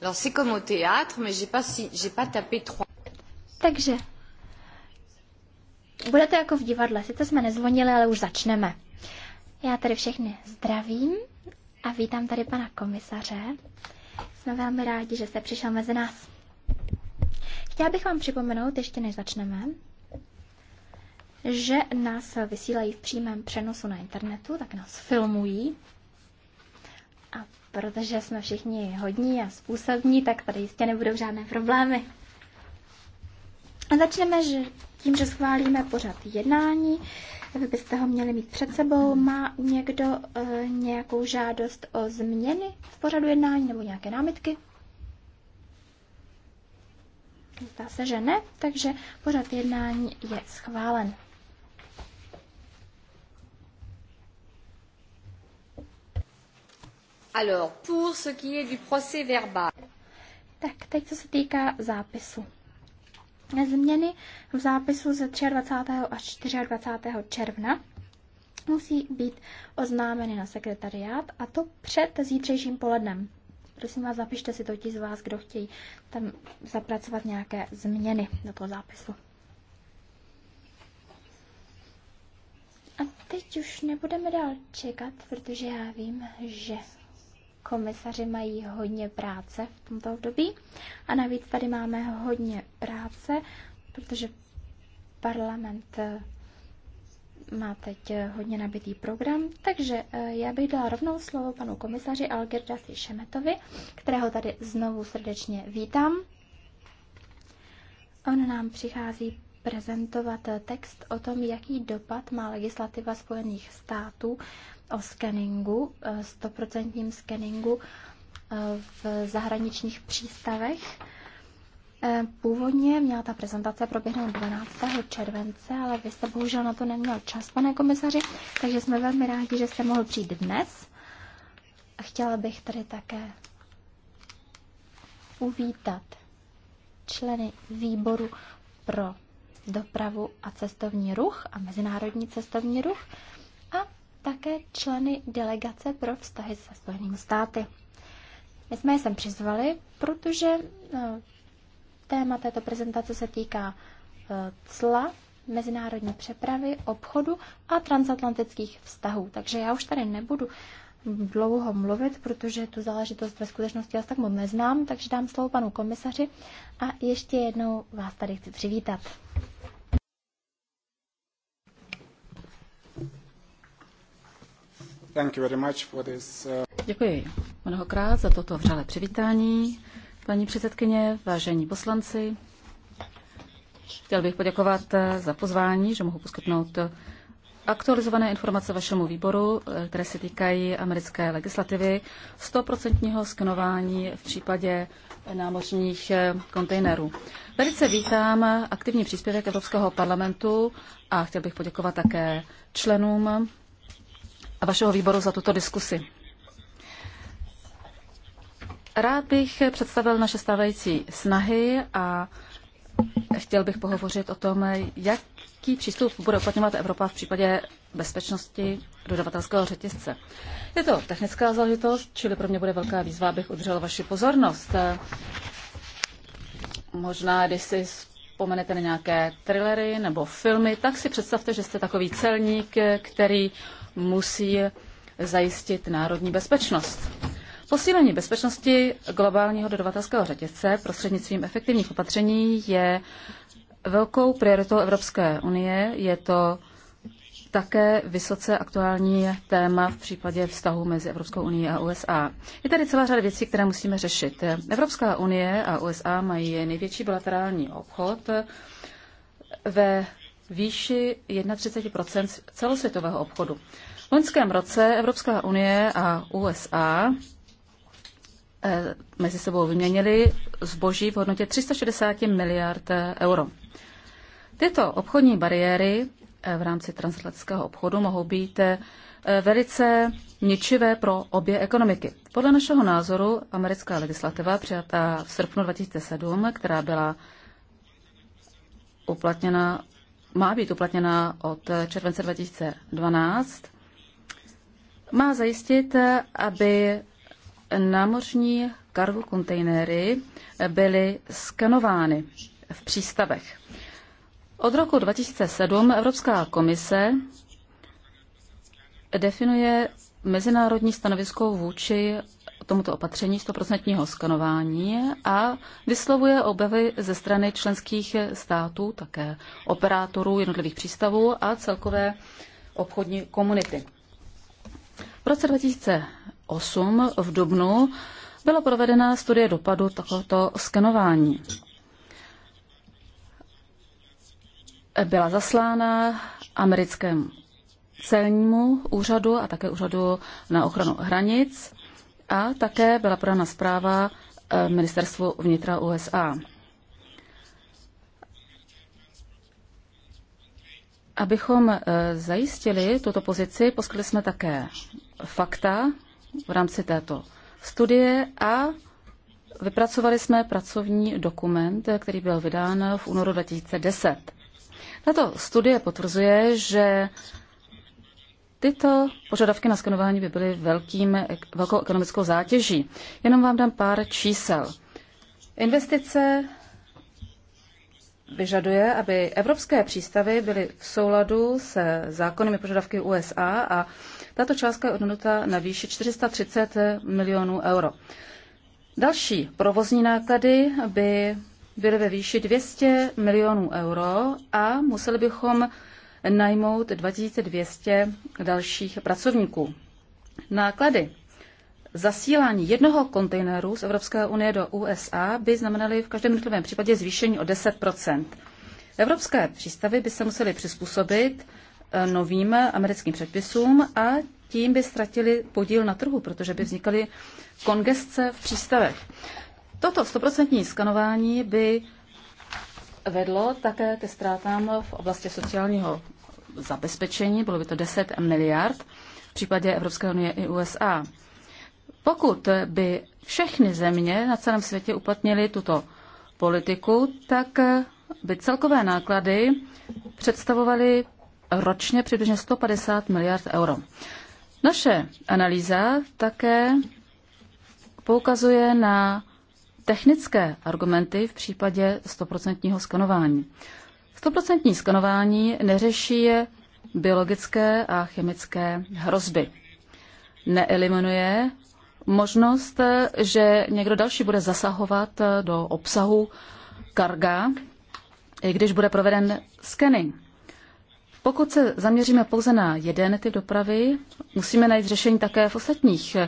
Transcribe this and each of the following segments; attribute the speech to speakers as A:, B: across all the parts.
A: Alors c'est comme au théâtre, mais j'ai pas si j'ai pas tapé trois. Takže
B: bude to jako v divadle, sice jsme nezvonili, ale už začneme. Já tady všechny zdravím a vítám tady pana komisaře. Jsme velmi rádi, že jste přišel mezi nás. Chtěla bych vám připomenout, ještě než začneme, že nás vysílají v přímém přenosu na internetu, tak nás filmují. A protože jsme všichni hodní a způsobní, tak tady jistě nebudou žádné problémy. A začneme že tím, že schválíme pořad jednání. Vy byste ho měli mít před sebou. Má někdo e, nějakou žádost o změny v pořadu jednání nebo nějaké námitky? Zdá se, že ne, takže pořad jednání je schválen. Alors, pour ce qui est du procès verbal. Tak teď, co se týká zápisu. Změny v zápisu ze 23. až 24. června musí být oznámeny na sekretariát a to před zítřejším polednem. Prosím vás, zapište si to ti z vás, kdo chtějí tam zapracovat nějaké změny do toho zápisu. A teď už nebudeme dál čekat, protože já vím, že komisaři mají hodně práce v tomto období. A navíc tady máme hodně práce, protože parlament eh, má teď eh, hodně nabitý program, takže eh, já bych dala rovnou slovo panu komisaři Algirdasi Šemetovi, kterého tady znovu srdečně vítám. On nám přichází prezentovat text o tom, jaký dopad má legislativa Spojených států o skeningu, eh, stoprocentním skeningu eh, v zahraničních přístavech. Eh, původně měla ta prezentace proběhnout 12. července, ale vy jste bohužel na to neměl čas, pane komisaři, takže jsme velmi rádi, že jste mohl přijít dnes. Chtěla bych tady také uvítat členy výboru pro dopravu a cestovní ruch a mezinárodní cestovní ruch a také členy delegace pro vztahy se Spojenými státy. My jsme je sem přizvali, protože eh, téma této prezentace se týká eh, cla, mezinárodní přepravy, obchodu a transatlantických vztahů. Takže já už tady nebudu dlouho mluvit, protože tu záležitost ve skutečnosti já tak moc neznám, takže dám slovo panu komisaři a ještě jednou vás tady chci přivítat.
C: Uh,
A: Děkuji mnohokrát za toto vřelé přivítání. Paní předsedkyně, vážení poslanci, chtěl bych poděkovat eh, za pozvání, že mohu poskytnout aktualizované informace vašemu výboru, eh, které se týkají americké legislativy, 100% skenování v případě námořních eh, kontejnerů. Velice vítám aktivní příspěvek Evropského parlamentu a chtěl bych poděkovat také členům a vašeho výboru za tuto diskusi. Rád bych představil naše stávající snahy a chtěl bych pohovořit o tom, jaký přístup bude uplatňovat Evropa v případě bezpečnosti dodavatelského řetězce. Je to technická záležitost, čili pro mě bude velká výzva, abych udržel vaši pozornost. Možná, když si vzpomenete na nějaké trillery nebo filmy, tak si představte, že jste takový celník, který musí zajistit národní bezpečnost. Posílení bezpečnosti globálního dodavatelského řetězce prostřednictvím efektivních opatření je velkou prioritou Evropské unie. Je to také vysoce aktuální téma v případě vztahu mezi Evropskou unii a USA. Je tady celá řada věcí, které musíme řešit. Evropská unie a USA mají největší bilaterální obchod ve výši 31 celosvětového obchodu. V loňském roce Evropská unie a USA eh, mezi sebou vyměnili zboží v hodnotě 360 miliard euro. Tyto obchodní bariéry eh, v rámci transatlantického obchodu mohou být eh, velice ničivé pro obě ekonomiky. Podle našeho názoru americká legislativa přijatá v srpnu 2007, která byla uplatněna, má být uplatněna od července 2012, má zajistit, aby námořní kargo kontejnery byly skanovány v přístavech. Od roku 2007 Evropská komise definuje mezinárodní stanovisko vůči tomuto opatření 100% skanování a vyslovuje obavy ze strany členských států, také operátorů jednotlivých přístavů a celkové obchodní komunity. V roce 2008 v Dubnu byla provedena studie dopadu tohoto skenování. Byla zaslána americkému celnímu úřadu a také úřadu na ochranu hranic a také byla podána zpráva eh, ministerstvu vnitra USA. Abychom eh, zajistili tuto pozici, poskytli jsme také fakta v rámci této studie a vypracovali jsme pracovní dokument, eh, který byl vydán v únoru 2010. Tato studie potvrzuje, že tyto požadavky na skenování by byly velkým, velkou ekonomickou zátěží. Jenom vám dám pár čísel. Investice vyžaduje, aby evropské přístavy byly v souladu se zákonnými požadavky USA a tato částka je odhadnuta na výši 430 milionů euro. Další provozní náklady by byly ve výši 200 milionů euro a museli bychom najmout 2200 dalších pracovníků. Náklady Zasílání jednoho kontejneru z Evropské unie do USA by znamenaly v každém jednotlivém případě zvýšení o 10 Evropské přístavy by se musely přizpůsobit eh, novým americkým předpisům a tím by ztratili podíl na trhu, protože by vznikaly kongesce v přístavech. Toto stoprocentní skanování by vedlo také ke ztrátám v oblasti sociálního zabezpečení, bylo by to 10 miliard v případě Evropské unie i USA. Pokud by všechny země na celém světě uplatnily tuto politiku, tak by celkové náklady představovaly ročně přibližně 150 miliard euro. Naše analýza také poukazuje na technické argumenty v případě 100% skanování. 100% skanování neřeší biologické a chemické hrozby. Neeliminuje možnost, že někdo další bude zasahovat do obsahu karga, i když bude proveden scanning. Pokud se zaměříme pouze na jeden typ dopravy, musíme najít řešení také v ostatních um,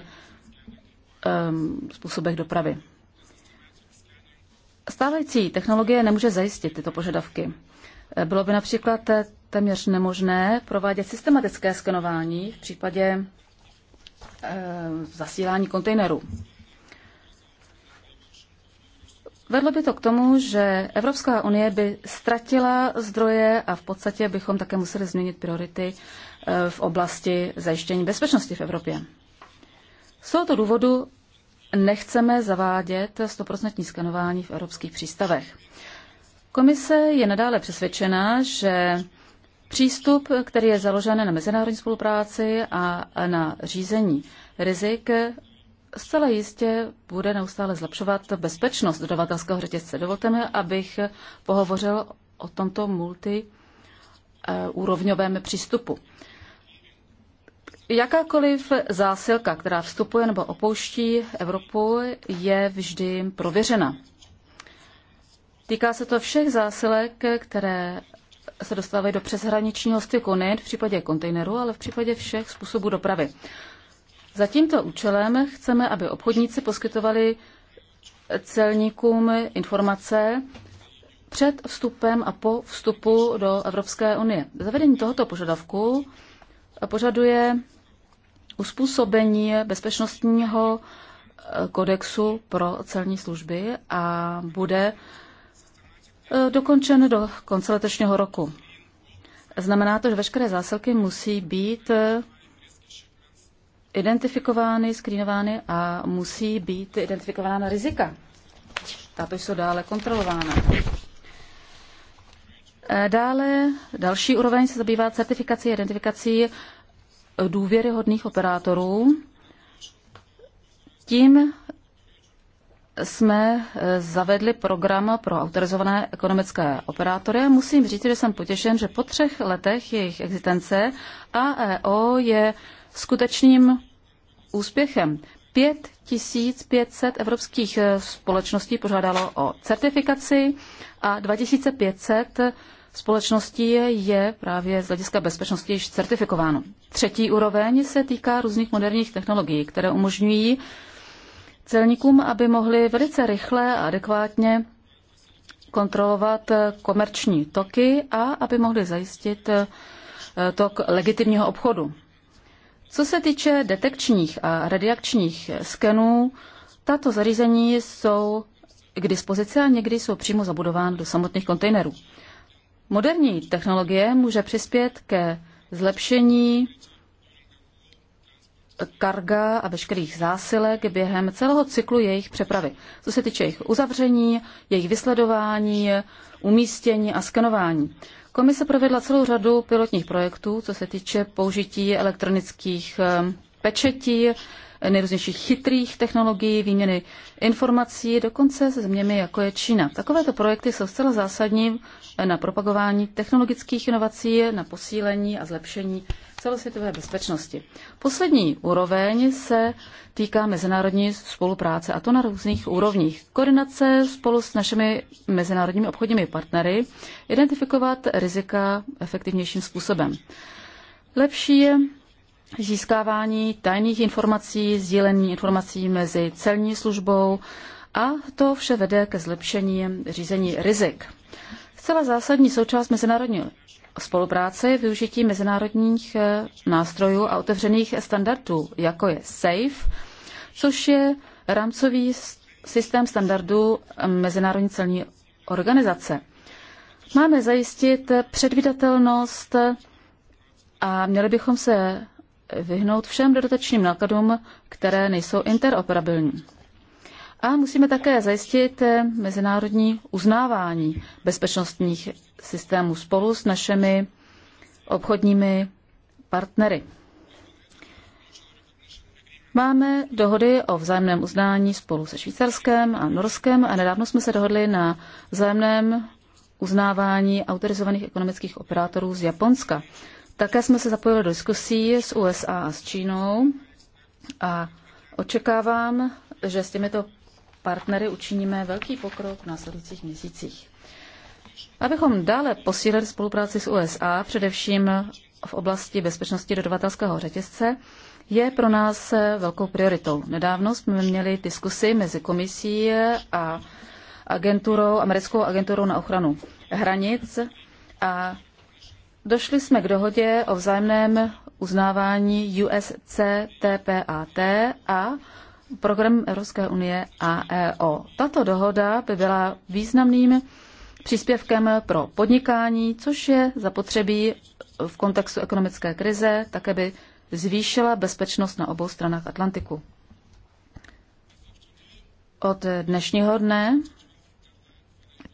A: způsobech dopravy. Stávající technologie nemůže zajistit tyto požadavky. Bylo by například téměř nemožné provádět systematické skenování v případě Eh, zasílání kontejnerů. Vedlo by to k tomu, že Evropská unie by ztratila zdroje a v podstatě bychom také museli změnit priority eh, v oblasti zajištění bezpečnosti v Evropě. Z tohoto důvodu nechceme zavádět 100% skanování v evropských přístavech. Komise je nadále přesvědčena, že Přístup, který je založen na mezinárodní spolupráci a na řízení rizik, zcela jistě bude neustále zlepšovat bezpečnost dodavatelského řetězce. Dovolte mi, abych pohovořil o tomto multiúrovňovém přístupu. Jakákoliv zásilka, která vstupuje nebo opouští Evropu, je vždy prověřena. Týká se to všech zásilek, které se dostávají do přeshraničního styku, nejen v případě kontejneru, ale v případě všech způsobů dopravy. Za tímto účelem chceme, aby obchodníci poskytovali celníkům informace před vstupem a po vstupu do Evropské unie. Zavedení tohoto požadavku požaduje uspůsobení bezpečnostního kodexu pro celní služby a bude E, dokončen do konce letošního roku. Znamená to, že veškeré zásilky musí být e, identifikovány, skrýnovány a musí být identifikována rizika. Tato jsou dále kontrolována. E, dále další úroveň se zabývá certifikací a identifikací důvěryhodných operátorů. Tím jsme eh, zavedli program pro autorizované ekonomické operátory. Musím říct, že jsem potěšen, že po třech letech jejich existence AEO je skutečným úspěchem. 5500 evropských eh, společností požádalo o certifikaci a 2500 společností je právě z hlediska bezpečnosti již certifikováno. Třetí úroveň se týká různých moderních technologií, které umožňují celníkům, aby mohli velice rychle a adekvátně kontrolovat komerční toky a aby mohli zajistit eh, tok legitimního obchodu. Co se týče detekčních a radiakčních skenů, tato zařízení jsou k dispozici a někdy jsou přímo zabudovány do samotných kontejnerů. Moderní technologie může přispět ke zlepšení karga a veškerých zásilek během celého cyklu jejich přepravy. Co se týče jejich uzavření, jejich vysledování, umístění a skenování. Komise provedla celou řadu pilotních projektů, co se týče použití elektronických eh, pečetí, nejrůznějších chytrých technologií, výměny informací, dokonce se zeměmi, jako je Čína. Takovéto projekty jsou zcela zásadní eh, na propagování technologických inovací, na posílení a zlepšení celosvětové bezpečnosti. Poslední úroveň se týká mezinárodní spolupráce, a to na různých úrovních. Koordinace spolu s našimi mezinárodními obchodními partnery, identifikovat rizika efektivnějším způsobem. Lepší je získávání tajných informací, sdílení informací mezi celní službou a to vše vede ke zlepšení řízení rizik. Zcela zásadní součást mezinárodní spolupráce je využití mezinárodních eh, nástrojů a otevřených standardů, jako je SAFE, což je rámcový systém standardů eh, Mezinárodní celní organizace. Máme zajistit předvídatelnost a měli bychom se vyhnout všem dodatečným nákladům, které nejsou interoperabilní. A musíme také zajistit eh, mezinárodní uznávání bezpečnostních systémů spolu s našimi obchodními partnery. Máme dohody o vzájemném uznání spolu se Švýcarskem a Norskem a nedávno jsme se dohodli na vzájemném uznávání autorizovaných ekonomických operátorů z Japonska. Také jsme se zapojili do diskusí s USA a s Čínou a očekávám, že s těmito partnery učiníme velký pokrok v následujících měsících. Abychom dále posílili spolupráci s USA, především v oblasti bezpečnosti dodavatelského řetězce, je pro nás velkou prioritou. Nedávno jsme měli diskusy mezi komisí a agenturou, americkou agenturou na ochranu hranic a došli jsme k dohodě o vzájemném uznávání USCTPAT a program Evropské unie a EO. Tato dohoda by byla významným příspěvkem pro podnikání, což je zapotřebí v kontextu ekonomické krize, také by zvýšila bezpečnost na obou stranách Atlantiku. Od dnešního dne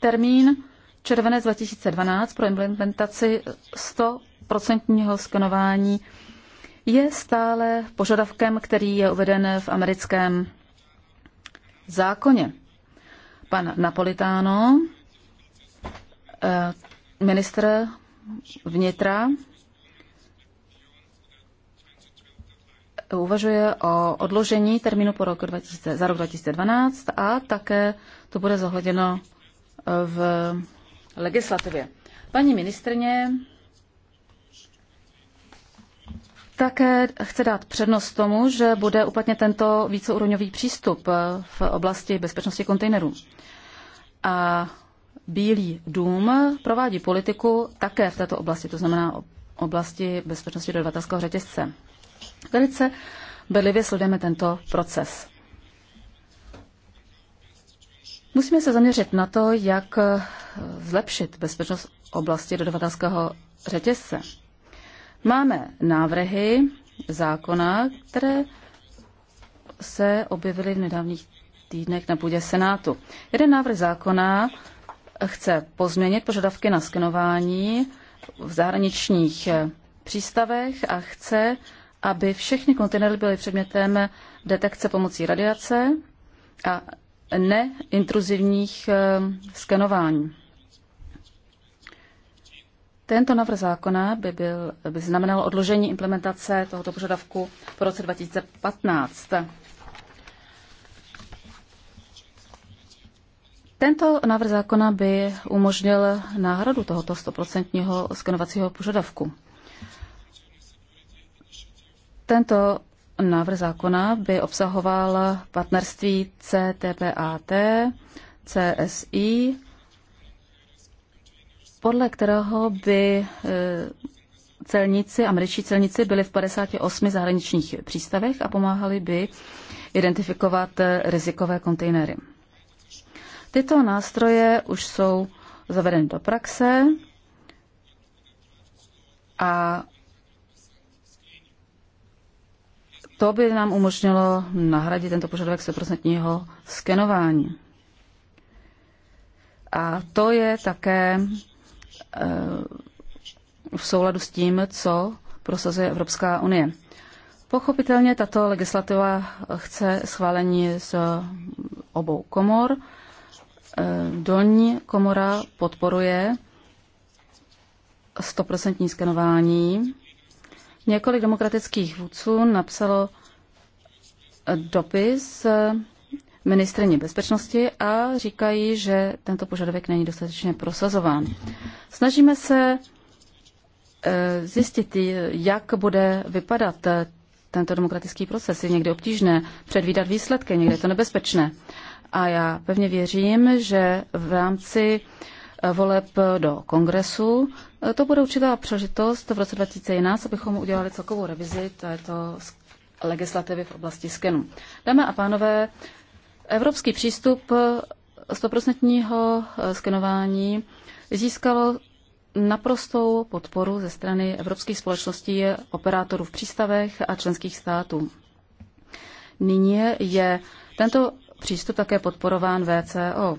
A: termín červenec 2012 pro implementaci 100% skenování je stále požadavkem, který je uveden v americkém zákoně. Pan Napolitano, eh, ministr vnitra, uvažuje o odložení termínu po roku 2000, za rok 2012 a také to bude zohleděno v legislativě. Paní ministrně také chce dát přednost tomu, že bude uplatně tento víceúrovňový přístup eh, v oblasti bezpečnosti kontejnerů. A Bílý dům provádí politiku také v této oblasti, to znamená oblasti bezpečnosti dodavatelského řetězce. Velice bedlivě sledujeme tento proces. Musíme se zaměřit na to, jak eh, zlepšit bezpečnost oblasti dodavatelského řetězce. Máme návrhy zákona, které se objevily v nedávných týdnech na půdě Senátu. Jeden návrh zákona chce pozměnit požadavky na skenování v zahraničních přístavech a chce, aby všechny kontejnery byly předmětem detekce pomocí radiace a neintruzivních eh, skenování. Tento návrh zákona by, byl, by znamenal odložení implementace tohoto požadavku po roce 2015. Tento návrh zákona by umožnil náhradu tohoto 100% skenovacího požadavku. Tento návrh zákona by obsahoval partnerství CTPAT, CSI podle kterého by e, celníci, američtí celníci byli v 58 zahraničních přístavech a pomáhali by identifikovat e, rizikové kontejnery. Tyto nástroje už jsou zavedeny do praxe a to by nám umožnilo nahradit tento požadavek 100% skenování. A to je také Eh, v souladu s tím, co prosazuje Evropská unie. Pochopitelně tato legislativa chce schválení z obou komor. Eh, dolní komora podporuje 100% skenování. Několik demokratických vůdců napsalo dopis eh, ministrně bezpečnosti a říkají, že tento požadavek není dostatečně prosazován. Snažíme se eh, zjistit, jak bude vypadat eh, tento demokratický proces. Je někdy obtížné předvídat výsledky, někdy je to nebezpečné. A já pevně věřím, že v rámci eh, voleb do kongresu. To bude určitá příležitost v roce 2011, abychom udělali celkovou revizi této legislativy v oblasti skenu. Dámy a pánové, Evropský přístup 100% eh, skenování získalo naprostou podporu ze strany evropských společností, operátorů v přístavech a členských států. Nyní je tento přístup také podporován VCO.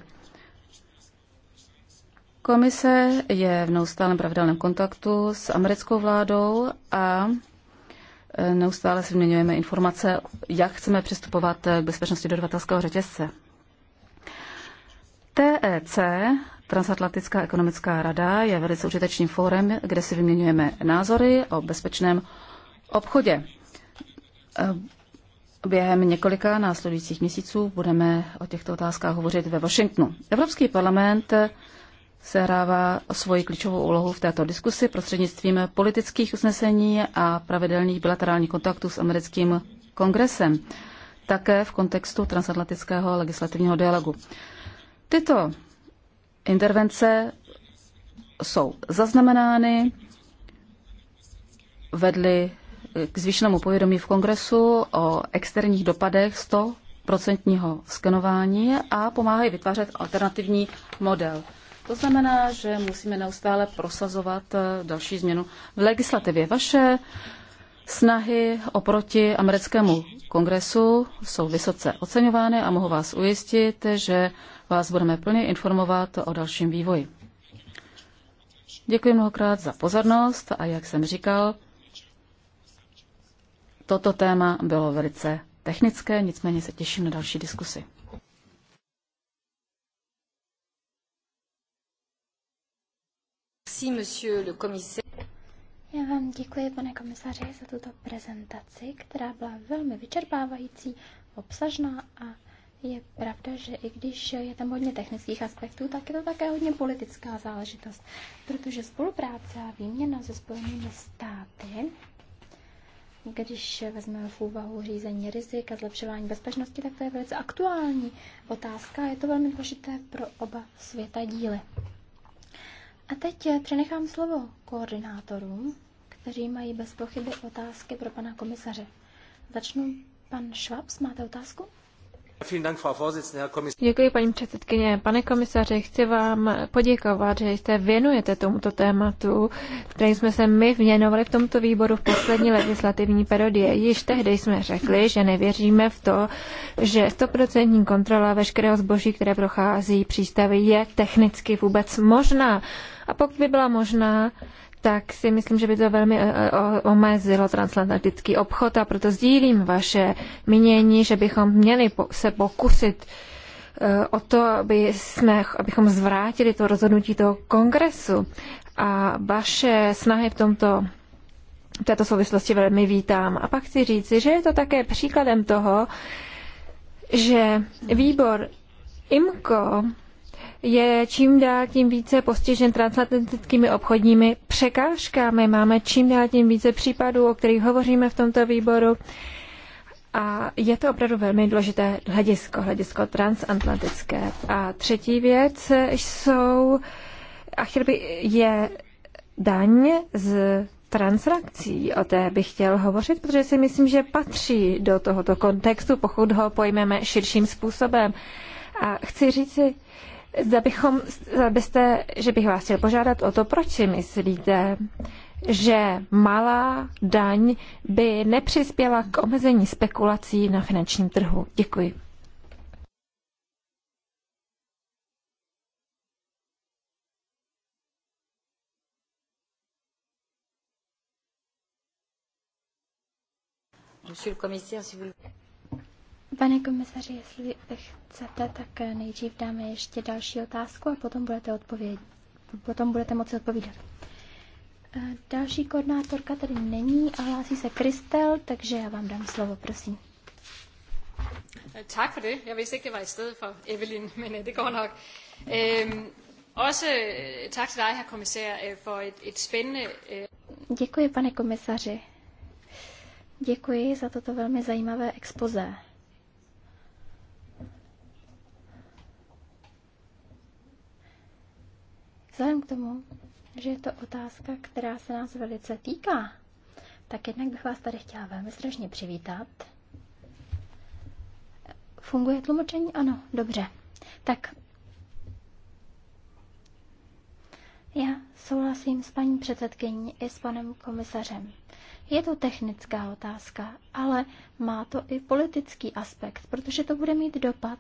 A: Komise je v neustálém pravidelném kontaktu s americkou vládou a neustále si vyměňujeme informace, jak chceme přistupovat k bezpečnosti dodavatelského řetězce. TEC, Transatlantická ekonomická rada, je velice užitečným fórem, kde si vyměňujeme názory o bezpečném obchodě. Během několika následujících měsíců budeme o těchto otázkách hovořit ve Washingtonu. Evropský parlament sehrává svoji klíčovou úlohu v této diskusi prostřednictvím politických usnesení a pravidelných bilaterálních kontaktů s americkým kongresem, také v kontextu transatlantického legislativního dialogu. Tyto intervence jsou zaznamenány, vedly k zvýšenému povědomí v kongresu o externích dopadech 100 skenování a pomáhají vytvářet alternativní model. To znamená, že musíme neustále prosazovat eh, další změnu v legislativě. Vaše snahy oproti americkému kongresu jsou vysoce oceňovány a mohu vás ujistit, že vás budeme plně informovat o dalším vývoji. Děkuji mnohokrát za pozornost a jak jsem říkal, toto téma bylo velice technické, nicméně se těším na další diskusy. Merci, monsieur le commissaire.
B: Já vám děkuji, pane komisaři, za tuto prezentaci, která byla velmi vyčerpávající, obsažná a je pravda, že i když je tam hodně technických aspektů, tak je to také hodně politická záležitost, protože spolupráce a výměna se Spojenými státy, když vezmeme v úvahu řízení rizik a zlepšování bezpečnosti, tak to je velice aktuální otázka a je to velmi důležité pro oba světa díly. A teď přenechám slovo koordinátorům, kteří mají bez pochyby otázky pro pana komisaře.
D: Začnu. Pan Švabs, máte otázku? Děkuji, paní předsedkyně. Pane komisaři, chci vám poděkovat, že jste věnujete tomuto tématu, které jsme se my věnovali v tomto výboru v poslední legislativní periodě. Již tehdy jsme řekli, že nevěříme v to, že stoprocentní kontrola veškerého zboží, které prochází přístavy, je technicky vůbec možná. A pokud by byla možná, tak si myslím, že by to velmi eh, eh, omezilo transatlantický obchod a proto sdílím vaše mínění, že bychom měli se pokusit eh, o to, aby jsme, abychom zvrátili to rozhodnutí toho kongresu. A vaše snahy v tomto v této souvislosti velmi vítám. A pak chci říci, že je to také příkladem toho, že výbor IMCO je čím dál tím více postižen transatlantickými obchodními překážkami. Máme čím dál tím více případů, o kterých hovoříme v tomto výboru. A je to opravdu velmi důležité hledisko, hledisko transatlantické. A třetí věc jsou, a chtěl by, je daň z transakcí. O té bych chtěl hovořit, protože si myslím, že patří do tohoto kontextu, pokud ho pojmeme širším způsobem. A chci říci, Zda, bychom, zda byste, že bych vás chtěl požádat o to, proč si myslíte, že malá daň by nepřispěla k omezení spekulací na finančním trhu. Děkuji.
B: Pane komisaři, jestli chcete, tak nejdřív dáme ještě další otázku a potom budete, odpověd... potom budete moci odpovídat. Eh, další koordinátorka tady není a hlásí se Kristel, takže já vám dám slovo, prosím.
D: Eh, tak for det. Jeg vidste ikke, det var i stedet for Evelyn, men eh, det går nok. Øhm, også tak til dig, kommissær, for et, et spændende...
B: Děkuji, pane komisaři. Děkuji za toto velmi zajímavé expoze. Vzhledem k tomu, že je to otázka, která se nás velice týká, tak jednak bych vás tady chtěla velmi strašně přivítat. Funguje tlumočení? Ano, dobře. Tak já souhlasím s paní předsedkyní i s panem komisařem. Je to technická otázka, ale má to i politický aspekt, protože to bude mít dopad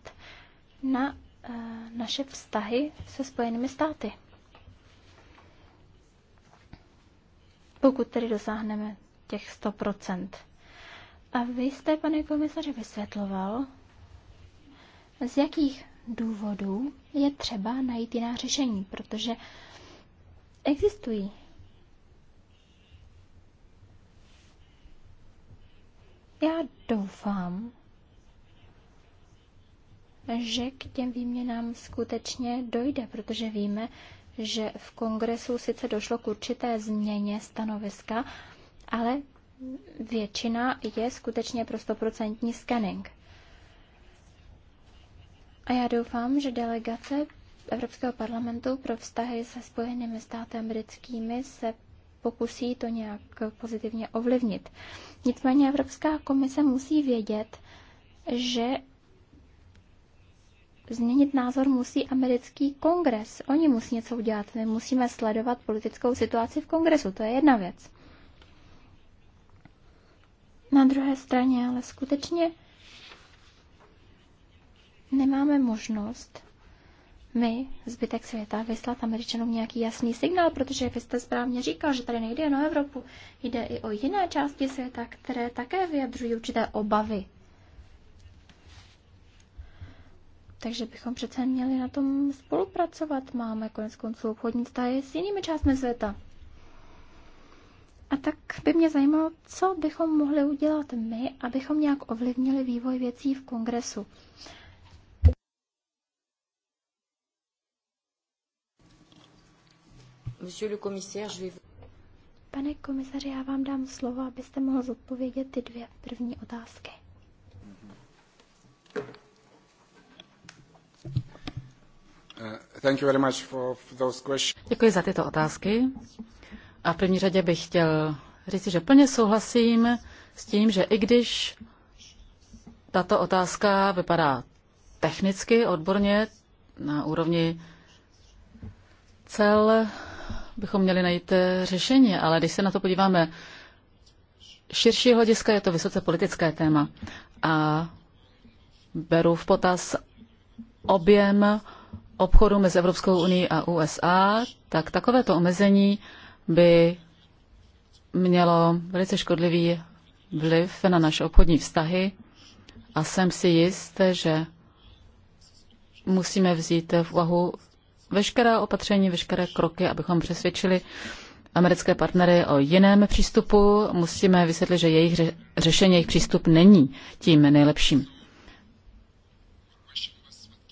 B: na e, naše vztahy se Spojenými státy. pokud tedy dosáhneme těch 100%. A vy jste, pane komisaři, vysvětloval, z jakých důvodů je třeba najít jiná řešení, protože existují. Já doufám, že k těm výměnám skutečně dojde, protože víme, že v kongresu sice došlo k určité změně stanoviska, ale většina je skutečně pro stoprocentní scanning. A já doufám, že delegace Evropského parlamentu pro vztahy se Spojenými státy americkými se pokusí to nějak pozitivně ovlivnit. Nicméně Evropská komise musí vědět, že Změnit názor musí americký kongres. Oni musí něco udělat. My musíme sledovat politickou situaci v kongresu. To je jedna věc. Na druhé straně ale skutečně nemáme možnost my, zbytek světa, vyslat Američanům nějaký jasný signál, protože vy jste správně říkal, že tady nejde jen o Evropu, jde i o jiné části světa, které také vyjadřují určité obavy Takže bychom přece měli na tom spolupracovat. Máme konec konců obchodní vztahy s jinými částmi světa. A tak by mě zajímalo, co bychom mohli udělat my, abychom nějak ovlivnili vývoj věcí v kongresu. Pane komisaři, já vám dám slovo, abyste mohl zodpovědět ty dvě první otázky.
C: Mhm. Uh,
A: Děkuji za tyto otázky. A v první řadě bych chtěl říct, že plně souhlasím s tím, že i když tato otázka vypadá technicky, odborně, na úrovni cel bychom měli najít řešení, ale když se na to podíváme širší hlediska, je to vysoce politické téma. A beru v potaz objem obchodu mezi Evropskou unii a USA, tak takovéto omezení by mělo velice škodlivý vliv na naše obchodní vztahy a jsem si jist, že musíme vzít v úvahu veškerá opatření, veškeré kroky, abychom přesvědčili americké partnery o jiném přístupu. Musíme vysvětlit, že jejich řešení, jejich přístup není tím nejlepším.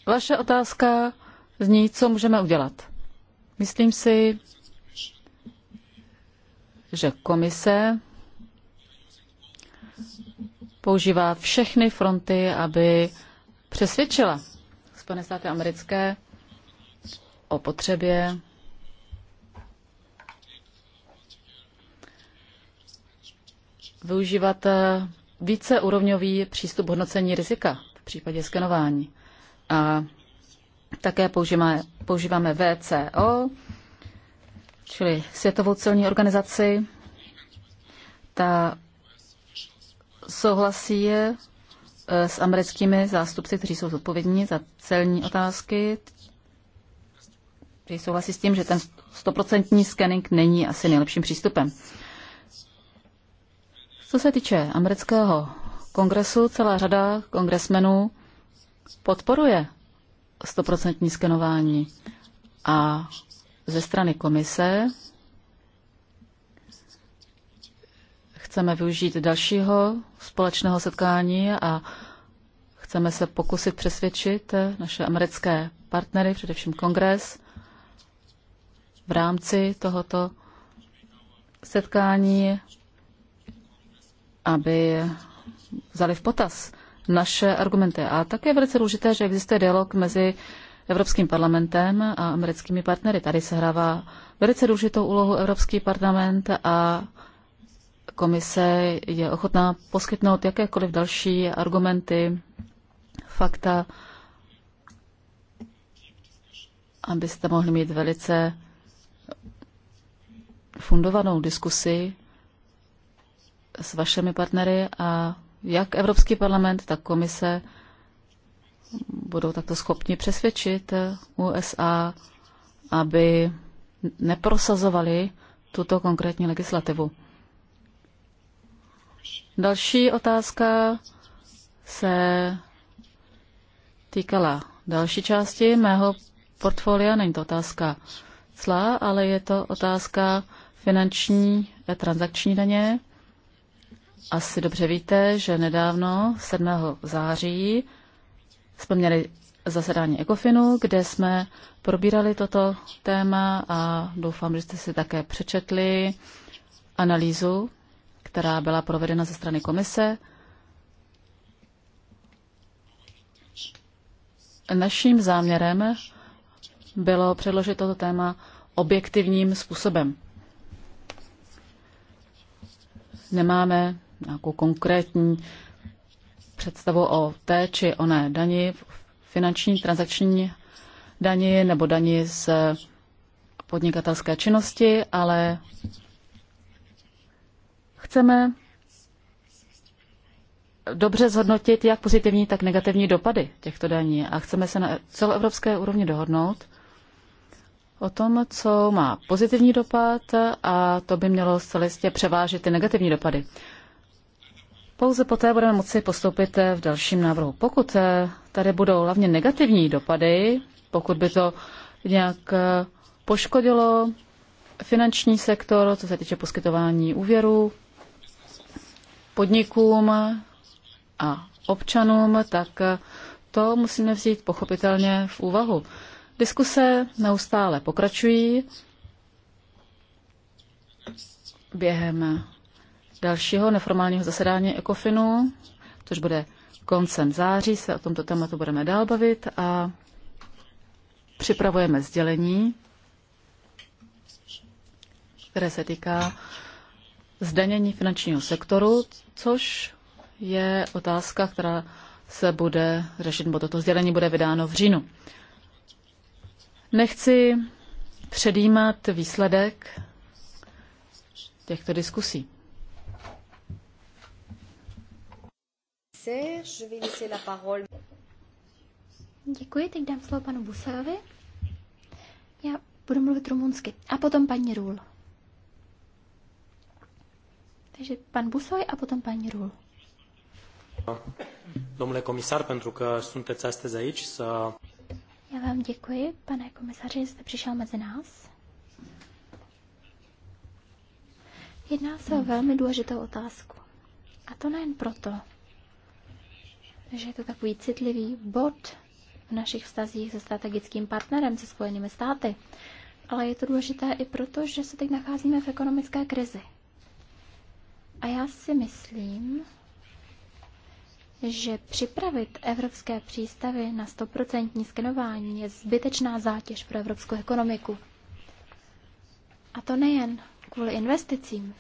A: Vaše otázka z ní, co můžeme udělat. Myslím si, že komise používá všechny fronty, aby přesvědčila Spojené státy americké o potřebě využívat eh, úrovňový přístup hodnocení rizika v případě skenování. A také používáme, používáme VCO, čili Světovou celní organizaci. Ta souhlasí je eh, s americkými zástupci, kteří jsou zodpovědní za celní otázky, kteří souhlasí s tím, že ten stoprocentní scanning není asi nejlepším přístupem. Co se týče amerického kongresu, celá řada kongresmenů podporuje stoprocentní skenování. A ze strany komise chceme využít dalšího společného setkání a chceme se pokusit přesvědčit naše americké partnery, především kongres, v rámci tohoto setkání, aby vzali v potaz naše argumenty. A také je velice důležité, že existuje dialog mezi Evropským parlamentem a americkými partnery. Tady se hrává velice důležitou úlohu Evropský parlament a komise je ochotná poskytnout jakékoliv další argumenty, fakta, abyste mohli mít velice fundovanou diskusi s vašimi partnery a jak Evropský parlament, tak komise budou takto schopni přesvědčit USA, aby neprosazovali tuto konkrétní legislativu. Další otázka se týkala další části mého portfolia. Není to otázka cla, ale je to otázka finanční a eh, transakční daně. Asi dobře víte, že nedávno, 7. září, jsme měli zasedání Ekofinu, kde jsme probírali toto téma a doufám, že jste si také přečetli analýzu, která byla provedena ze strany komise. Naším záměrem bylo předložit toto téma objektivním způsobem. Nemáme nějakou konkrétní představu o té či oné dani, finanční transakční dani nebo dani z podnikatelské činnosti, ale chceme dobře zhodnotit jak pozitivní, tak negativní dopady těchto daní a chceme se na celoevropské úrovni dohodnout o tom, co má pozitivní dopad a to by mělo zcela jistě převážit ty negativní dopady. Pouze poté budeme moci postoupit eh, v dalším návrhu. Pokud eh, tady budou hlavně negativní dopady, pokud by to nějak eh, poškodilo finanční sektor, co se týče poskytování úvěru podnikům a občanům, tak to musíme vzít pochopitelně v úvahu. Diskuse neustále pokračují během dalšího neformálního zasedání ECOFINu, což bude koncem září, se o tomto tématu budeme dál bavit a připravujeme sdělení, které se týká zdanění finančního sektoru, což je otázka, která se bude řešit, bo toto sdělení bude vydáno v říjnu. Nechci předjímat výsledek těchto diskusí.
B: commissaire. Je vais laisser la parole. Děkuji, teď dám slovo panu Busajovi. Já budu mluvit rumunsky. A potom paní Růl. Takže pan Busoj a potom paní Růl.
E: Domnule komisar, pentru că sunteți astăzi aici să...
B: Já vám děkuji, pane komisaři, že jste přišel mezi nás. Jedná se o velmi důležitou otázku. A to nejen proto, že je to takový citlivý bod v našich vztazích se strategickým partnerem, se Spojenými státy. Ale je to důležité i proto, že se teď nacházíme v ekonomické krizi. A já si myslím, že připravit evropské přístavy na 100% skenování je zbytečná zátěž pro evropskou ekonomiku. A to nejen kvůli investicím,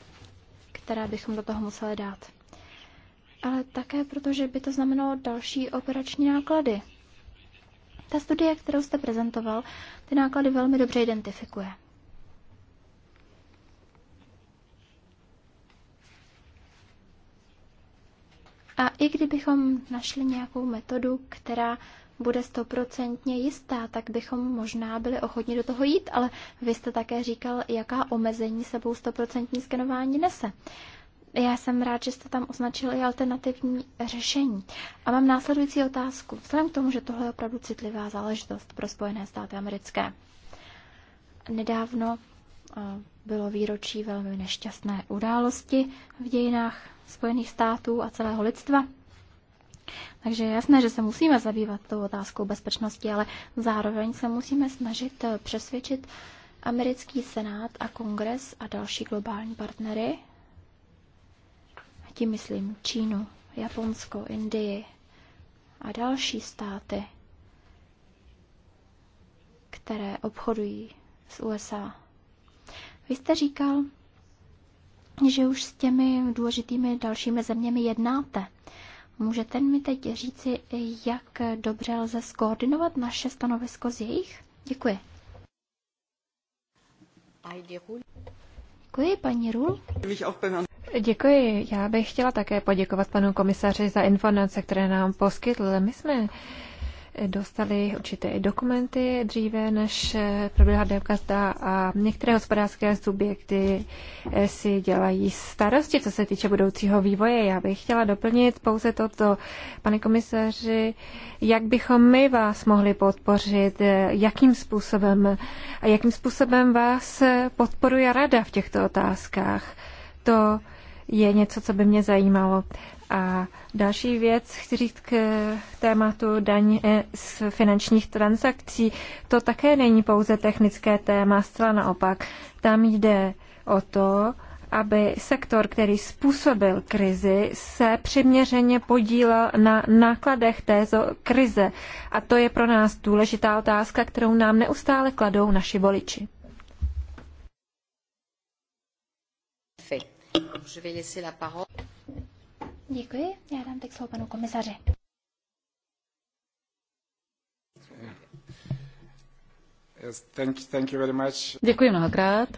B: které bychom do toho museli dát ale také proto, že by to znamenalo další operační náklady. Ta studie, kterou jste prezentoval, ty náklady velmi dobře identifikuje. A i kdybychom našli nějakou metodu, která bude stoprocentně jistá, tak bychom možná byli ochotni do toho jít, ale vy jste také říkal, jaká omezení sebou stoprocentní skenování nese. Já jsem rád, že jste tam označil i alternativní řešení. A mám následující otázku. Vzhledem k tomu, že tohle je opravdu citlivá záležitost pro Spojené státy americké. Nedávno eh, bylo výročí velmi nešťastné události v dějinách Spojených států a celého lidstva. Takže je jasné, že se musíme zabývat tou otázkou bezpečnosti, ale zároveň se musíme snažit eh, přesvědčit americký senát a kongres a další globální partnery tím myslím Čínu, Japonsko, Indii a další státy, které obchodují s USA. Vy jste říkal, že už s těmi důležitými dalšími zeměmi jednáte. Můžete mi teď říci, jak dobře lze skoordinovat naše stanovisko z jejich?
D: Děkuji. Děkuji, paní Rul. Děkuji. Já bych chtěla také poděkovat panu komisaři za informace, které nám poskytl. My jsme dostali určité dokumenty dříve, než proběhla debkazda a některé hospodářské subjekty si dělají starosti, co se týče budoucího vývoje. Já bych chtěla doplnit pouze toto, pane komisaři, jak bychom my vás mohli podpořit, jakým způsobem a jakým způsobem vás podporuje rada v těchto otázkách. To je něco, co by mě zajímalo. A další věc, chci říct k tématu daň eh, z finančních transakcí. To také není pouze technické téma, zcela naopak. Tam jde o to, aby sektor, který způsobil krizi, se přiměřeně podílel na nákladech této krize. A to je pro nás důležitá otázka, kterou nám neustále kladou naši voliči.
B: Je vais laisser la parole. Děkuji. Já dám teď slovo panu
A: komisaři.
C: Yes, thank, thank you very much. Děkuji
A: mnohokrát.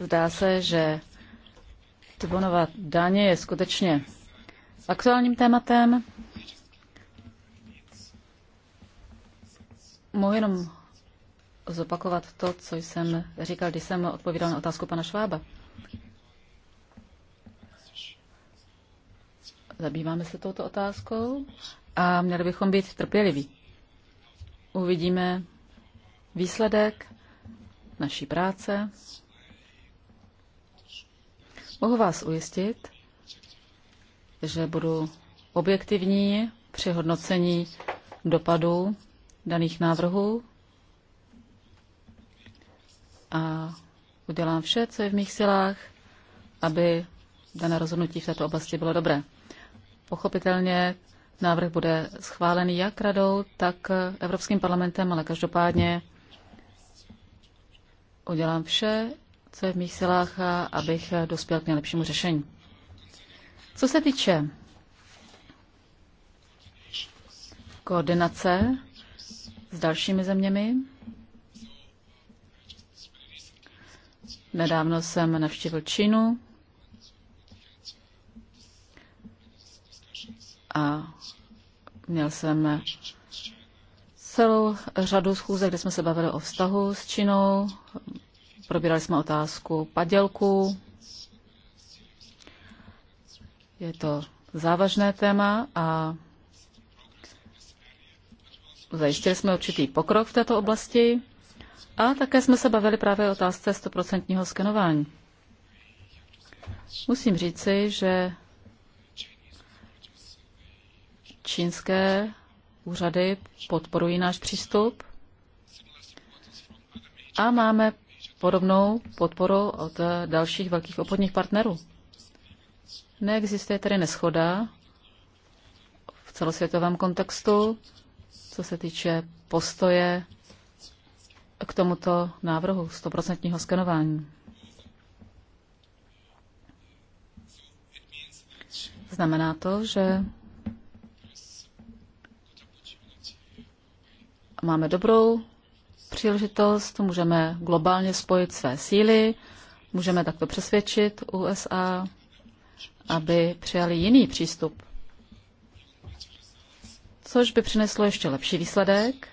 A: Zdá se, že Tibonova daně je skutečně aktuálním tématem. Mohu jenom zopakovat to, co jsem říkal, když jsem odpovídal na otázku pana Švába. Zabýváme se touto otázkou a měli bychom být trpěliví. Uvidíme výsledek naší práce. Mohu vás ujistit, že budu objektivní při hodnocení dopadů daných návrhů a udělám vše, co je v mých silách, aby dané rozhodnutí v této oblasti bylo dobré pochopitelně návrh bude schválen jak radou, tak Evropským parlamentem, ale každopádně udělám vše, co je v mých silách, abych dospěl k nejlepšímu řešení. Co se týče koordinace s dalšími zeměmi, nedávno jsem navštívil Čínu, a měl jsem celou řadu schůzek, kde jsme se bavili o vztahu s Čínou. Probírali jsme otázku padělků. Je to závažné téma a zajistili jsme určitý pokrok v této oblasti. A také jsme se bavili právě o otázce 100% skenování. Musím říci, že čínské úřady podporují náš přístup a máme podobnou podporu od dalších velkých obchodních partnerů. Neexistuje tedy neschoda v celosvětovém kontextu, co se týče postoje k tomuto návrhu stoprocentního skenování. Znamená to, že máme dobrou příležitost, můžeme globálně spojit své síly, můžeme takto přesvědčit USA, aby přijali jiný přístup, což by přineslo ještě lepší výsledek,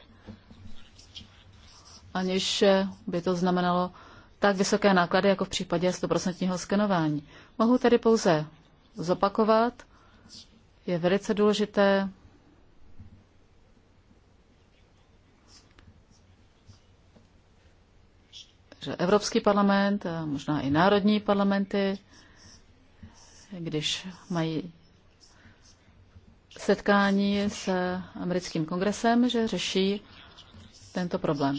A: aniž by to znamenalo tak vysoké náklady, jako v případě 100% skenování. Mohu tedy pouze zopakovat, je velice důležité že Evropský parlament a možná i národní parlamenty, když mají setkání s americkým kongresem, že řeší tento problém.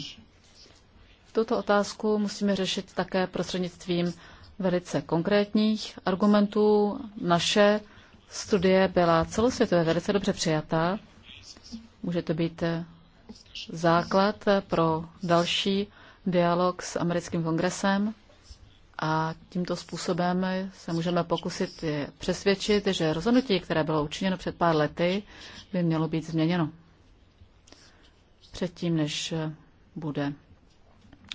A: Tuto otázku musíme řešit také prostřednictvím velice konkrétních argumentů. Naše studie byla celosvětově velice dobře přijatá. Může to být základ pro další dialog s americkým kongresem a tímto způsobem se můžeme pokusit je přesvědčit, že rozhodnutí, které bylo učiněno před pár lety, by mělo být změněno předtím, než bude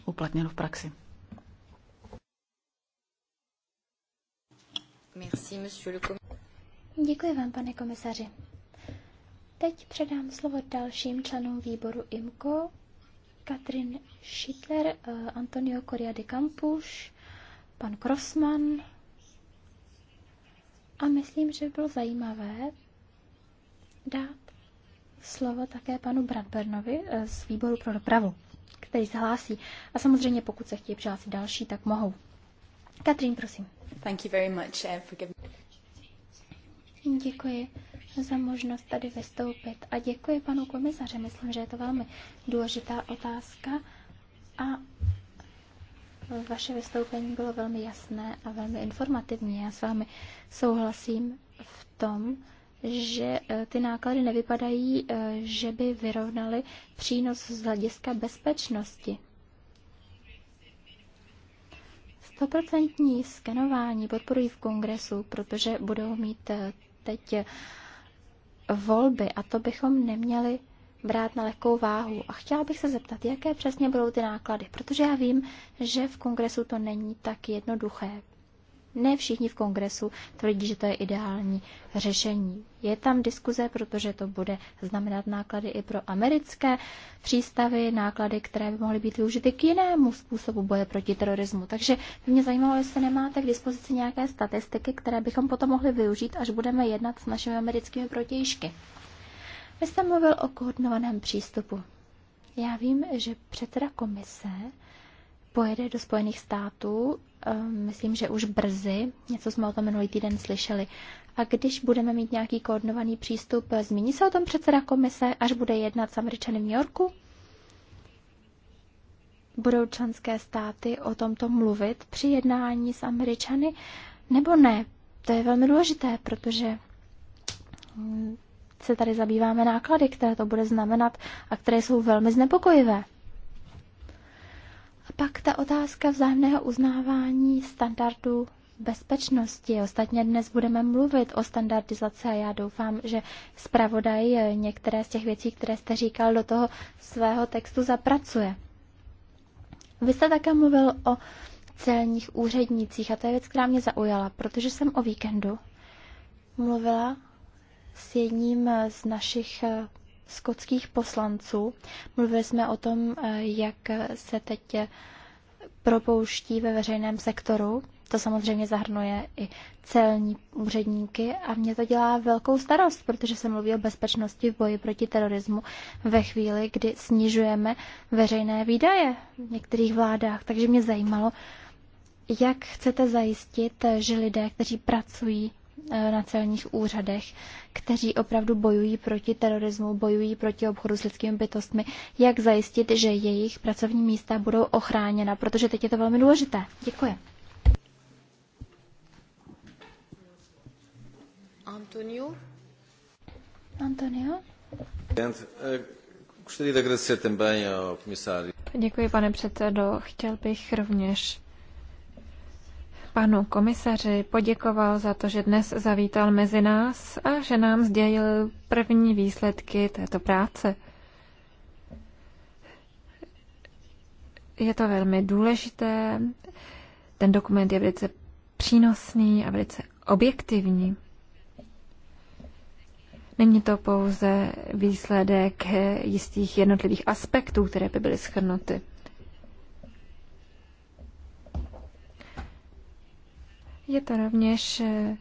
A: uplatněno v praxi.
B: Děkuji vám, pane komisaři. Teď předám slovo dalším členům výboru IMCO Katrin Schittler, eh, Antonio Coria de Campus, pan Krosman. A myslím, že bylo zajímavé dát slovo také panu Bradbernovi eh, z výboru pro dopravu, který se hlásí. A samozřejmě, pokud se chtějí přihlásit další, tak mohou. Katrin, prosím.
A: Thank you very much for giving...
B: Děkuji za možnost tady vystoupit. A děkuji panu komisaře. myslím, že je to velmi důležitá otázka a vaše vystoupení bylo velmi jasné a velmi informativní. Já s vámi souhlasím v tom, že e, ty náklady nevypadají, e, že by vyrovnaly přínos z hlediska bezpečnosti. Stoprocentní skenování podporují v kongresu, protože budou mít e, teď volby a to bychom neměli brát na lehkou váhu. A chtěla bych se zeptat, jaké přesně budou ty náklady, protože já vím, že v kongresu to není tak jednoduché ne všichni v kongresu tvrdí, že to je ideální řešení. Je tam diskuze, protože to bude znamenat náklady i pro americké přístavy, náklady, které by mohly být využity k jinému způsobu boje proti terorismu. Takže by mě zajímalo, jestli nemáte k dispozici nějaké statistiky, které bychom potom mohli využít, až budeme jednat s našimi americkými protějšky. Vy jste mluvil o koordinovaném přístupu. Já vím, že předseda komise pojede do Spojených států, eh, myslím, že už brzy, něco jsme o tom minulý týden slyšeli. A když budeme mít nějaký koordinovaný přístup, eh, zmíní se o tom předseda komise, až bude jednat s Američany v New Yorku? Budou členské státy o tomto mluvit při jednání s Američany, nebo ne? To je velmi důležité, protože mm, se tady zabýváme náklady, které to bude znamenat a které jsou velmi znepokojivé. A pak ta otázka vzájemného uznávání standardů bezpečnosti. Ostatně dnes budeme mluvit o standardizaci a já doufám, že zpravodaj některé z těch věcí, které jste říkal, do toho svého textu zapracuje. Vy jste také mluvil o celních úřednících a to je věc, která mě zaujala, protože jsem o víkendu mluvila s jedním z našich skotských poslanců. Mluvili jsme o tom, eh, jak se teď eh, propouští ve veřejném sektoru. To samozřejmě zahrnuje i celní úředníky a mě to dělá velkou starost, protože se mluví o bezpečnosti v boji proti terorismu ve chvíli, kdy snižujeme veřejné výdaje v některých vládách. Takže mě zajímalo, jak chcete zajistit, že lidé, kteří pracují Eh, na celních úřadech, kteří opravdu bojují proti terorismu, bojují proti obchodu s lidskými bytostmi, jak zajistit, že jejich pracovní místa budou ochráněna, protože teď je to velmi důležité. Děkuji.
A: Antonio?
D: Antonio? Děkuji, pane předsedo. Chtěl bych rovněž panu komisaři poděkoval za to, že dnes zavítal mezi nás a že nám sdělil první výsledky této práce. Je to velmi důležité. Ten dokument je velice přínosný a velice objektivní. Není to pouze výsledek jistých jednotlivých aspektů, které by byly schrnuty. Je to rovněž eh,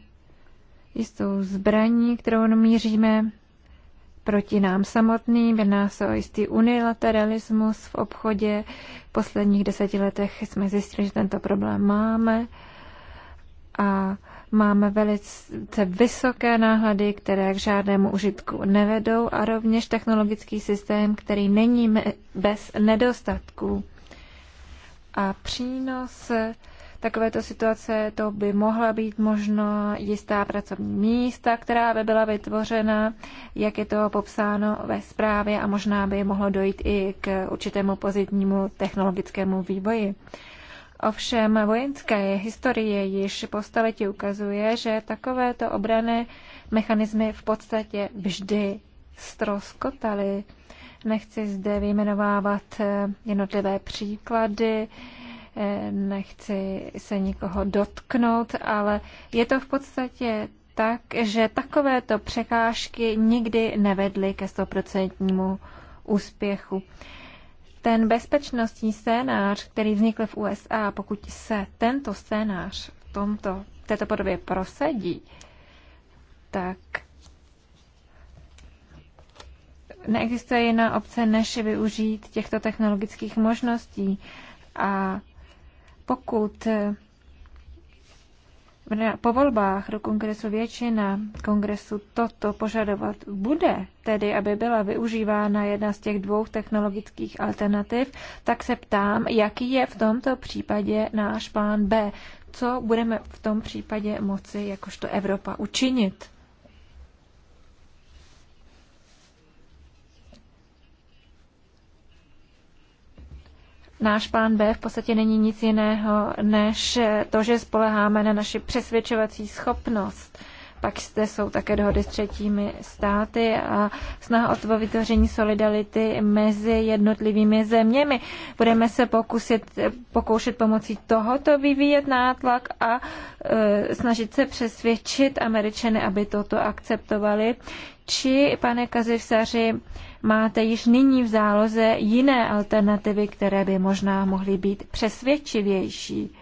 D: jistou zbraní, kterou míříme proti nám samotným. Jedná se o jistý unilateralismus v obchodě. V posledních deseti letech jsme zjistili, že tento problém máme a máme velice vysoké náhlady, které k žádnému užitku nevedou a rovněž technologický systém, který není bez nedostatků. A přínos takovéto situace, to by mohla být možno jistá pracovní místa, která by byla vytvořena, jak je to popsáno ve zprávě a možná by mohlo dojít i k určitému pozitivnímu technologickému vývoji. Ovšem vojenské historie již po staletí ukazuje, že takovéto obrané mechanismy v podstatě vždy stroskotaly. Nechci zde vyjmenovávat eh, jednotlivé příklady, Eh, nechci se nikoho dotknout, ale je to v podstatě tak, že takovéto překážky nikdy nevedly ke stoprocentnímu úspěchu. Ten bezpečnostní scénář, který vznikl v USA, pokud se tento scénář v, tomto, v této podobě prosadí, tak neexistuje jiná obce, než využít těchto technologických možností. A pokud eh, po volbách do kongresu většina kongresu toto požadovat bude, tedy aby byla využívána jedna z těch dvou technologických alternativ, tak se ptám, jaký je v tomto případě náš plán B. Co budeme v tom případě moci jakožto Evropa učinit? náš plán B v podstatě není nic jiného, než to, že spoleháme na naši přesvědčovací schopnost. Pak jste, jsou také dohody s třetími státy a snaha o vytvoření solidarity mezi jednotlivými zeměmi. Budeme se pokusit, pokoušet pomocí tohoto vyvíjet nátlak a e, snažit se přesvědčit američany, aby toto akceptovali. Či, pane Kazivsaři, e, máte již nyní v záloze jiné alternativy, které by možná mohly být přesvědčivější.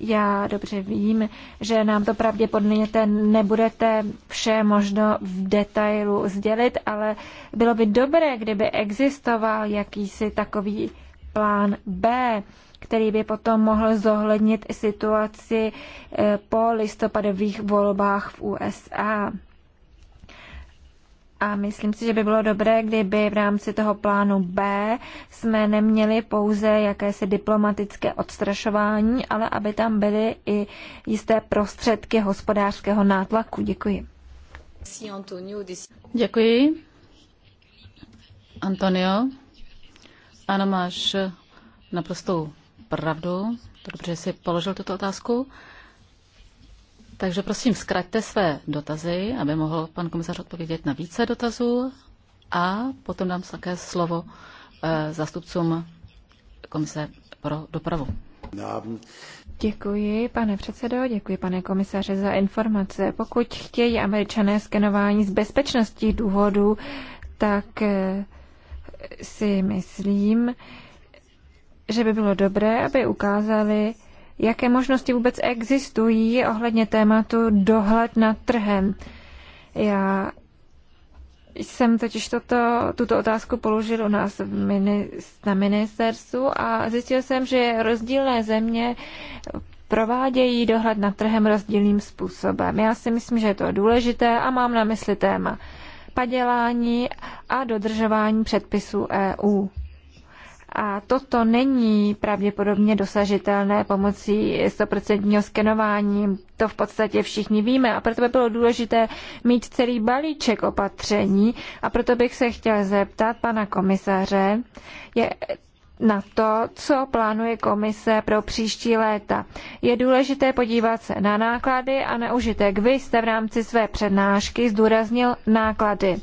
D: Já dobře vím, že nám to pravděpodobně nebudete vše možno v detailu sdělit, ale bylo by dobré, kdyby existoval jakýsi takový plán B, který by potom mohl zohlednit situaci eh, po listopadových volbách v USA. A myslím si, že by bylo dobré, kdyby v rámci toho plánu B jsme neměli pouze jakési diplomatické odstrašování, ale aby tam byly i jisté prostředky hospodářského nátlaku. Děkuji.
A: Děkuji. Antonio, ano, máš naprostou pravdu. Dobře, že jsi položil tuto otázku. Takže prosím, zkraťte své dotazy, aby mohl pan komisař odpovědět na více dotazů a potom dám také slovo eh, zastupcům komise pro dopravu.
D: Děkuji, pane předsedo, děkuji, pane komisaře, za informace. Pokud chtějí američané skenování z bezpečnostních důvodů, tak eh, si myslím, že by bylo dobré, aby ukázali, jaké možnosti vůbec existují ohledně tématu dohled nad trhem. Já jsem totiž toto, tuto otázku položil u nás v na ministerstvu a zjistil jsem, že rozdílné země provádějí dohled nad trhem rozdílným způsobem. Já si myslím, že je to důležité a mám na mysli téma padělání a dodržování předpisů EU. A toto není pravděpodobně dosažitelné pomocí 100% skenování. To v podstatě všichni víme a proto by bylo důležité mít celý balíček opatření a proto bych se chtěl zeptat pana komisaře je na to, co plánuje komise pro příští léta. Je důležité podívat se na náklady a na užitek. Vy jste v rámci své přednášky zdůraznil náklady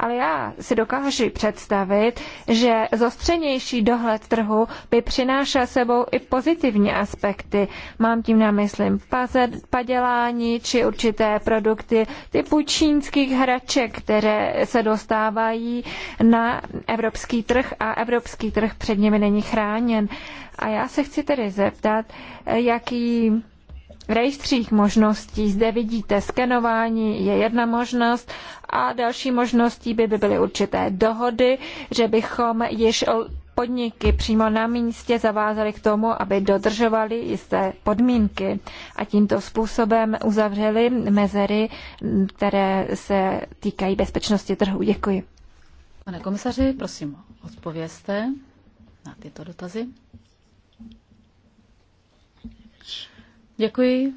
D: ale já si dokážu představit, že zostřenější dohled trhu by přinášel sebou i pozitivní aspekty. Mám tím na mysli padělání či určité produkty typu čínských hraček, které se dostávají na evropský trh a evropský trh před nimi není chráněn. A já se chci tedy zeptat, jaký v rejstřích možností. Zde vidíte, skenování je jedna možnost a další možností by, by byly určité dohody, že bychom již podniky přímo na místě zavázali k tomu, aby dodržovali jisté podmínky a tímto způsobem uzavřeli mezery, které se týkají bezpečnosti trhu. Děkuji.
A: Pane komisaři, prosím, odpovězte na tyto dotazy. Děkuji.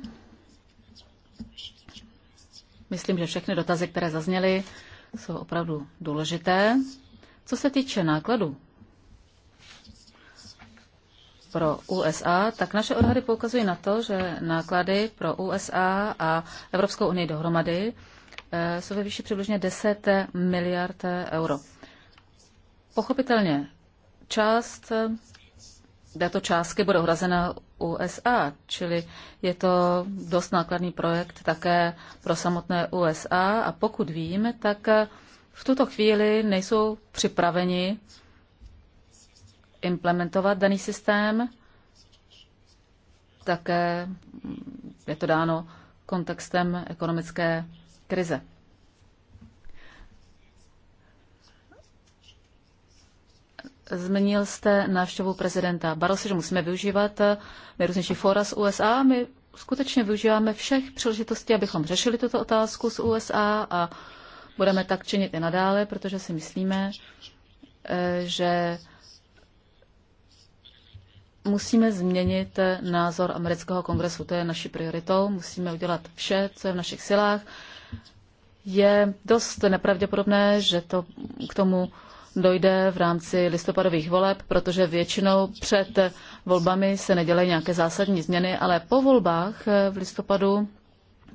A: Myslím, že všechny dotazy, které zazněly, jsou opravdu důležité. Co se týče nákladů pro USA, tak naše odhady poukazují na to, že náklady pro USA a Evropskou unii dohromady eh, jsou ve výši přibližně 10 miliard euro. Pochopitelně část této částky bude hrazena USA, čili je to dost nákladný projekt také pro samotné USA a pokud vím, tak v tuto chvíli nejsou připraveni implementovat daný systém. Také je to dáno kontextem ekonomické krize. Zmínil jste návštěvu prezidenta Barrosa, že musíme využívat nejrůznější fora z USA. My skutečně využíváme všech příležitostí, abychom řešili tuto otázku z USA a budeme tak činit i nadále, protože si myslíme, eh, že musíme změnit názor amerického kongresu. To je naší prioritou. Musíme udělat vše, co je v našich silách. Je dost nepravděpodobné, že to k tomu dojde v rámci listopadových voleb, protože většinou před volbami se nedělají nějaké zásadní změny, ale po volbách eh, v listopadu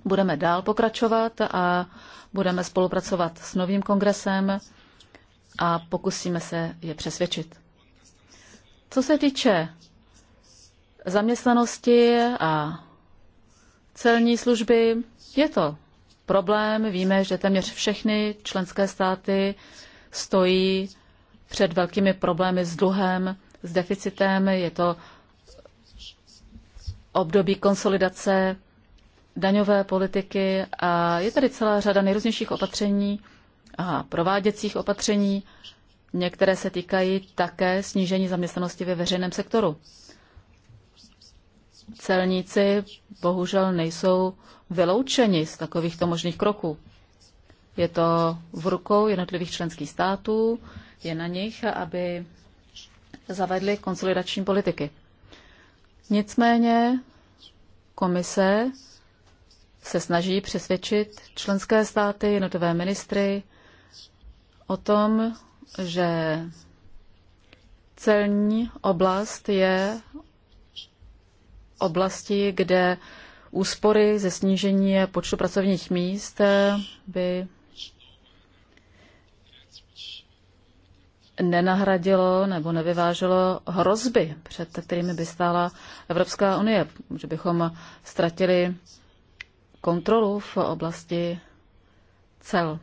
A: budeme dál pokračovat a budeme spolupracovat s novým kongresem a pokusíme se je přesvědčit. Co se týče zaměstnanosti a celní služby, je to problém. Víme, že téměř všechny členské státy stojí před velkými problémy s dluhem, s deficitem. Je to období konsolidace daňové politiky a je tady celá řada nejrůznějších opatření a prováděcích opatření. Některé se týkají také snížení zaměstnanosti ve veřejném sektoru. Celníci bohužel nejsou vyloučeni z takovýchto možných kroků. Je to v rukou jednotlivých členských států, je na nich, aby zavedli konsolidační politiky. Nicméně komise se snaží přesvědčit členské státy, jednotlivé ministry o tom, že celní oblast je oblasti, kde úspory ze snížení počtu pracovních míst by nenahradilo nebo nevyváželo hrozby, před kterými by stála Evropská unie, že bychom ztratili kontrolu v oblasti cel.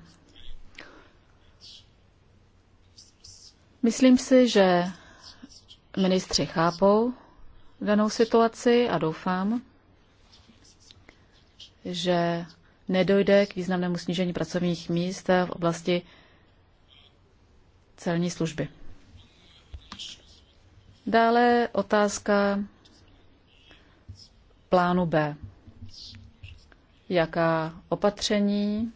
A: Myslím si, že ministři chápou danou situaci a doufám, že nedojde k významnému snížení pracovních míst v oblasti celní služby. Dále otázka plánu B. Jaká opatření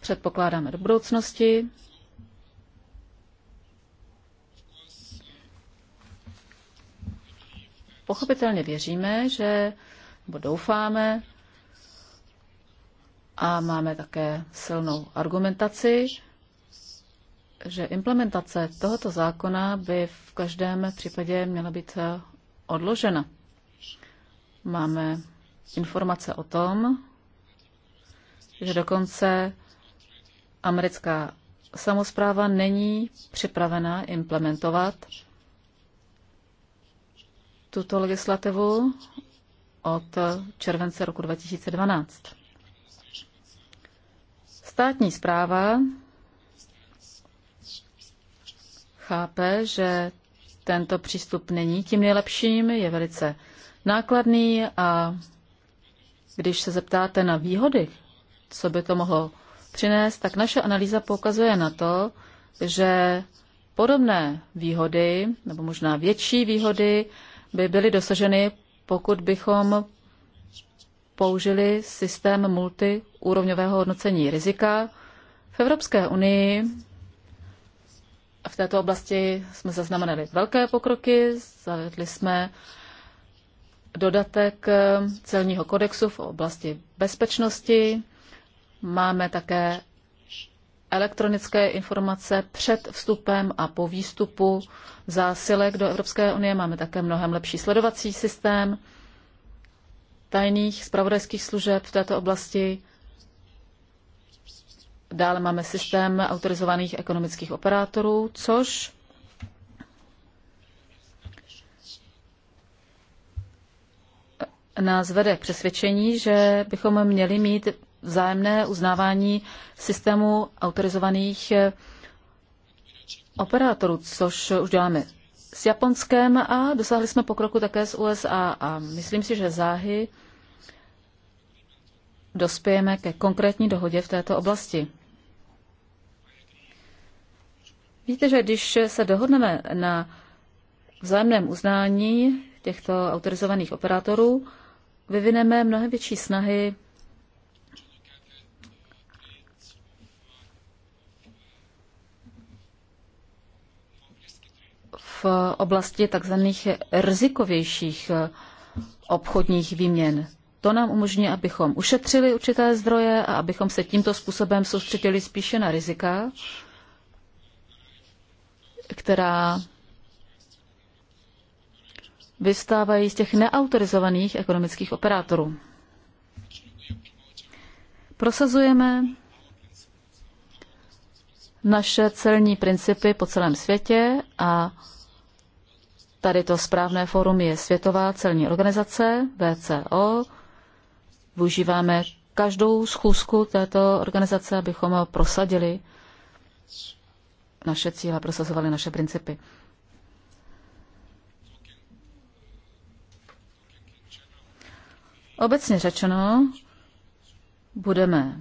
A: předpokládáme do budoucnosti? Pochopitelně věříme, že, nebo doufáme, a máme také silnou argumentaci, že implementace tohoto zákona by v každém případě měla být eh, odložena. Máme informace o tom, že dokonce americká samozpráva není připravena implementovat tuto legislativu od eh, července roku 2012. Státní zpráva chápe, že tento přístup není tím nejlepším, je velice nákladný a když se zeptáte na výhody, co by to mohlo přinést, tak naše analýza poukazuje na to, že podobné výhody, nebo možná větší výhody, by byly dosaženy, pokud bychom použili systém multiúrovňového hodnocení rizika. V Evropské unii v této oblasti jsme zaznamenali velké pokroky. Zavedli jsme dodatek eh, celního kodexu v oblasti bezpečnosti. Máme také elektronické informace před vstupem a po výstupu zásilek do Evropské unie. Máme také mnohem lepší sledovací systém tajných spravodajských služeb v této oblasti. Dále máme systém autorizovaných ekonomických operátorů, což nás vede k přesvědčení, že bychom měli mít vzájemné uznávání systému autorizovaných eh, operátorů, což už děláme s Japonskem a dosáhli jsme pokroku také s USA a myslím si, že záhy dospějeme ke konkrétní dohodě v této oblasti. Víte, že když se dohodneme na vzájemném uznání těchto autorizovaných operátorů, vyvineme mnohem větší snahy v oblasti takzvaných rizikovějších obchodních výměn. To nám umožní, abychom ušetřili určité zdroje a abychom se tímto způsobem soustředili spíše na rizika, která vystávají z těch neautorizovaných ekonomických operátorů. Prosazujeme naše celní principy po celém světě a tady to správné fórum je Světová celní organizace, VCO. Využíváme každou schůzku této organizace, abychom prosadili naše cíle, prosazovali naše principy. Obecně řečeno, budeme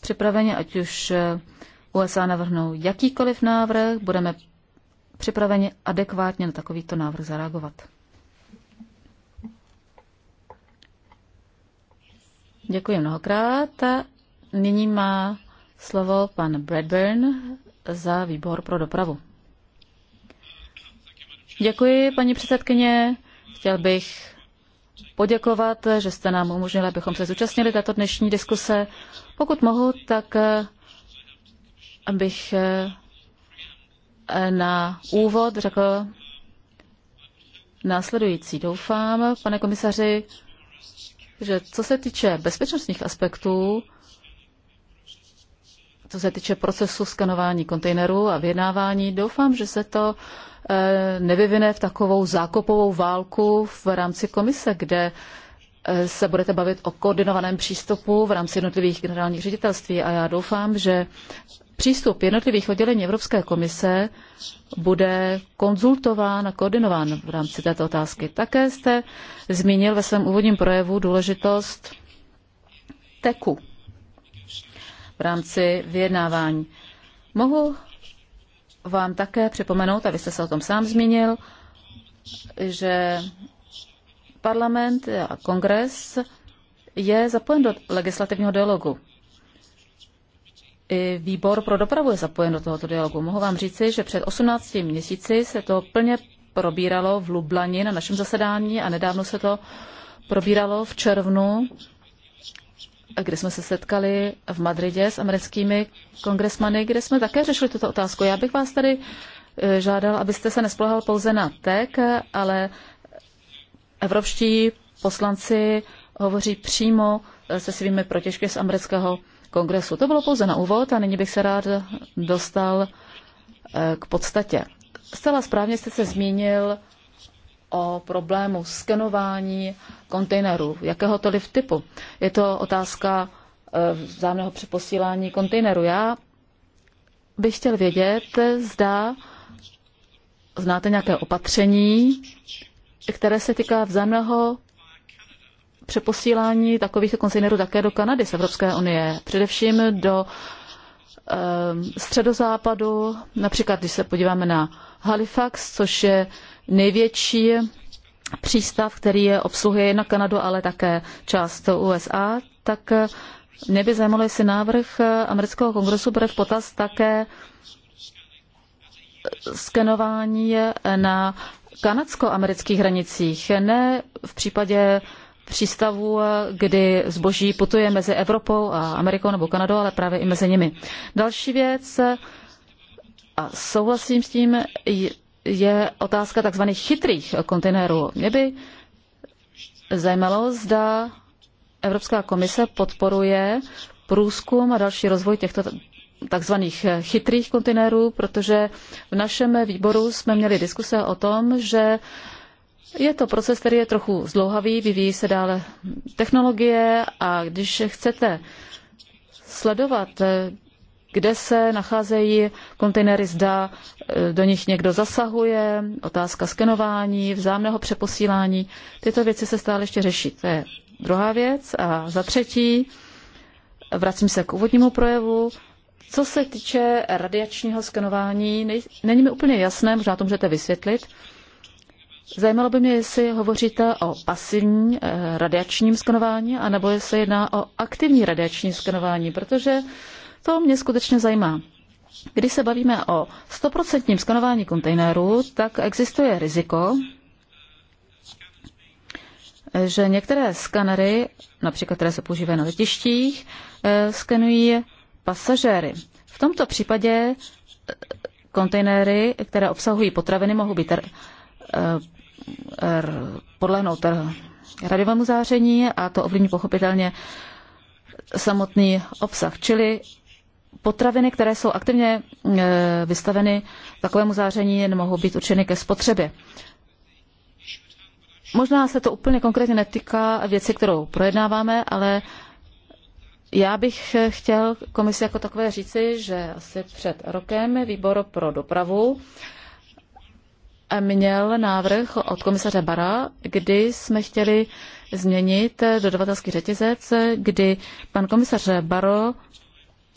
A: připraveni, ať už USA navrhnou jakýkoliv návrh, budeme připraveni adekvátně na takovýto návrh zareagovat. Děkuji mnohokrát. Nyní má slovo pan Bradburn za výbor pro dopravu. Děkuji, paní předsedkyně. Chtěl bych poděkovat, že jste nám umožnili, abychom se zúčastnili této dnešní diskuse. Pokud mohu, tak eh, abych eh, na úvod řekl následující. Doufám, pane komisaři, že co se týče bezpečnostních aspektů, co se týče procesu skanování kontejnerů a vyjednávání. Doufám, že se to eh, nevyvine v takovou zákopovou válku v rámci komise, kde eh, se budete bavit o koordinovaném přístupu v rámci jednotlivých generálních ředitelství a já doufám, že přístup jednotlivých oddělení Evropské komise bude konzultován a koordinován v rámci této otázky. Také jste zmínil ve svém úvodním projevu důležitost teku v rámci vyjednávání. Mohu vám také připomenout, a vy jste se o tom sám zmínil, že parlament a kongres je zapojen do legislativního dialogu. I výbor pro dopravu je zapojen do tohoto dialogu. Mohu vám říci, že před 18 měsíci se to plně probíralo v Lublani na našem zasedání a nedávno se to probíralo v červnu kde jsme se setkali v Madridě s americkými kongresmany, kde jsme také řešili tuto otázku. Já bych vás tady eh, žádal, abyste se nespolehal pouze na TEK, ale evropští poslanci hovoří přímo eh, se svými protěžky z amerického kongresu. To bylo pouze na úvod a nyní bych se rád dostal eh, k podstatě. Zcela správně jste se zmínil o problému skenování kontejnerů, jakéhotoliv typu. Je to otázka eh, vzájemného přeposílání kontejneru. Já bych chtěl vědět, zda znáte nějaké opatření, které se týká vzájemného přeposílání takových kontejnerů také do Kanady z Evropské unie, především do eh, středozápadu, například když se podíváme na Halifax, což je největší přístav, který je obsluhuje jednak Kanadu, ale také část USA, tak mě by zajímalo, jestli návrh amerického kongresu bere v potaz také skenování na kanadsko-amerických hranicích, ne v případě přístavů, kdy zboží putuje mezi Evropou a Amerikou nebo Kanadou, ale právě i mezi nimi. Další věc, a souhlasím s tím, je otázka tzv. chytrých kontejnerů. Mě by zajímalo, zda Evropská komise podporuje průzkum a další rozvoj těchto takzvaných chytrých kontejnerů, protože v našem výboru jsme měli diskuse o tom, že je to proces, který je trochu zdlouhavý, vyvíjí se dále technologie a když chcete sledovat kde se nacházejí kontejnery, zda e, do nich někdo zasahuje, otázka skenování, vzájemného přeposílání. Tyto věci se stále ještě řeší. To je druhá věc. A za třetí, vracím se k úvodnímu projevu, co se týče radiačního skenování, není mi úplně jasné, možná to můžete vysvětlit. Zajímalo by mě, jestli hovoříte o pasivní e, radiačním skenování, anebo jestli jedná o aktivní radiační skenování, protože to mě skutečně zajímá. Když se bavíme o 100% skanování kontejnerů, tak existuje riziko, že některé skanery, například které se používají na letištích, eh, skenují pasažéry. V tomto případě eh, kontejnery, které obsahují potraviny, mohou být r- eh, r- podlehnout r- radiovému záření a to ovlivní pochopitelně samotný obsah. Čili potraviny, které jsou aktivně e, vystaveny takovému záření, nemohou být určeny ke spotřebě. Možná se to úplně konkrétně netýká věci, kterou projednáváme, ale já bych chtěl komisi jako takové říci, že asi před rokem výbor pro dopravu měl návrh od komisaře Bara, kdy jsme chtěli změnit dodavatelský řetězec, kdy pan komisař Baro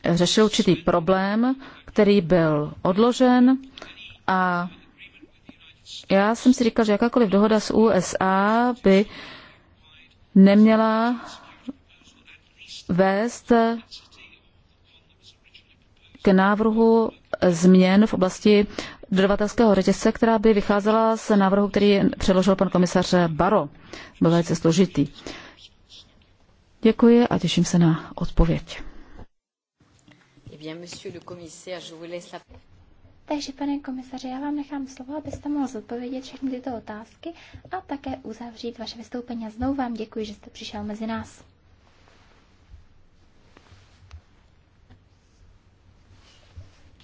A: řešil určitý problém, který byl odložen a já jsem si říkal, že jakákoliv dohoda s USA by neměla vést k návrhu změn v oblasti dodavatelského řetězce, která by vycházela z návrhu, který předložil pan komisař Baro. Byl velice složitý. Děkuji a těším se na odpověď bien, monsieur le commissaire, je vous laisse la...
B: Takže, pane komisaři, já vám nechám slovo, abyste mohl zodpovědět všechny tyto otázky a také uzavřít vaše vystoupení. A znovu vám děkuji, že jste přišel mezi nás.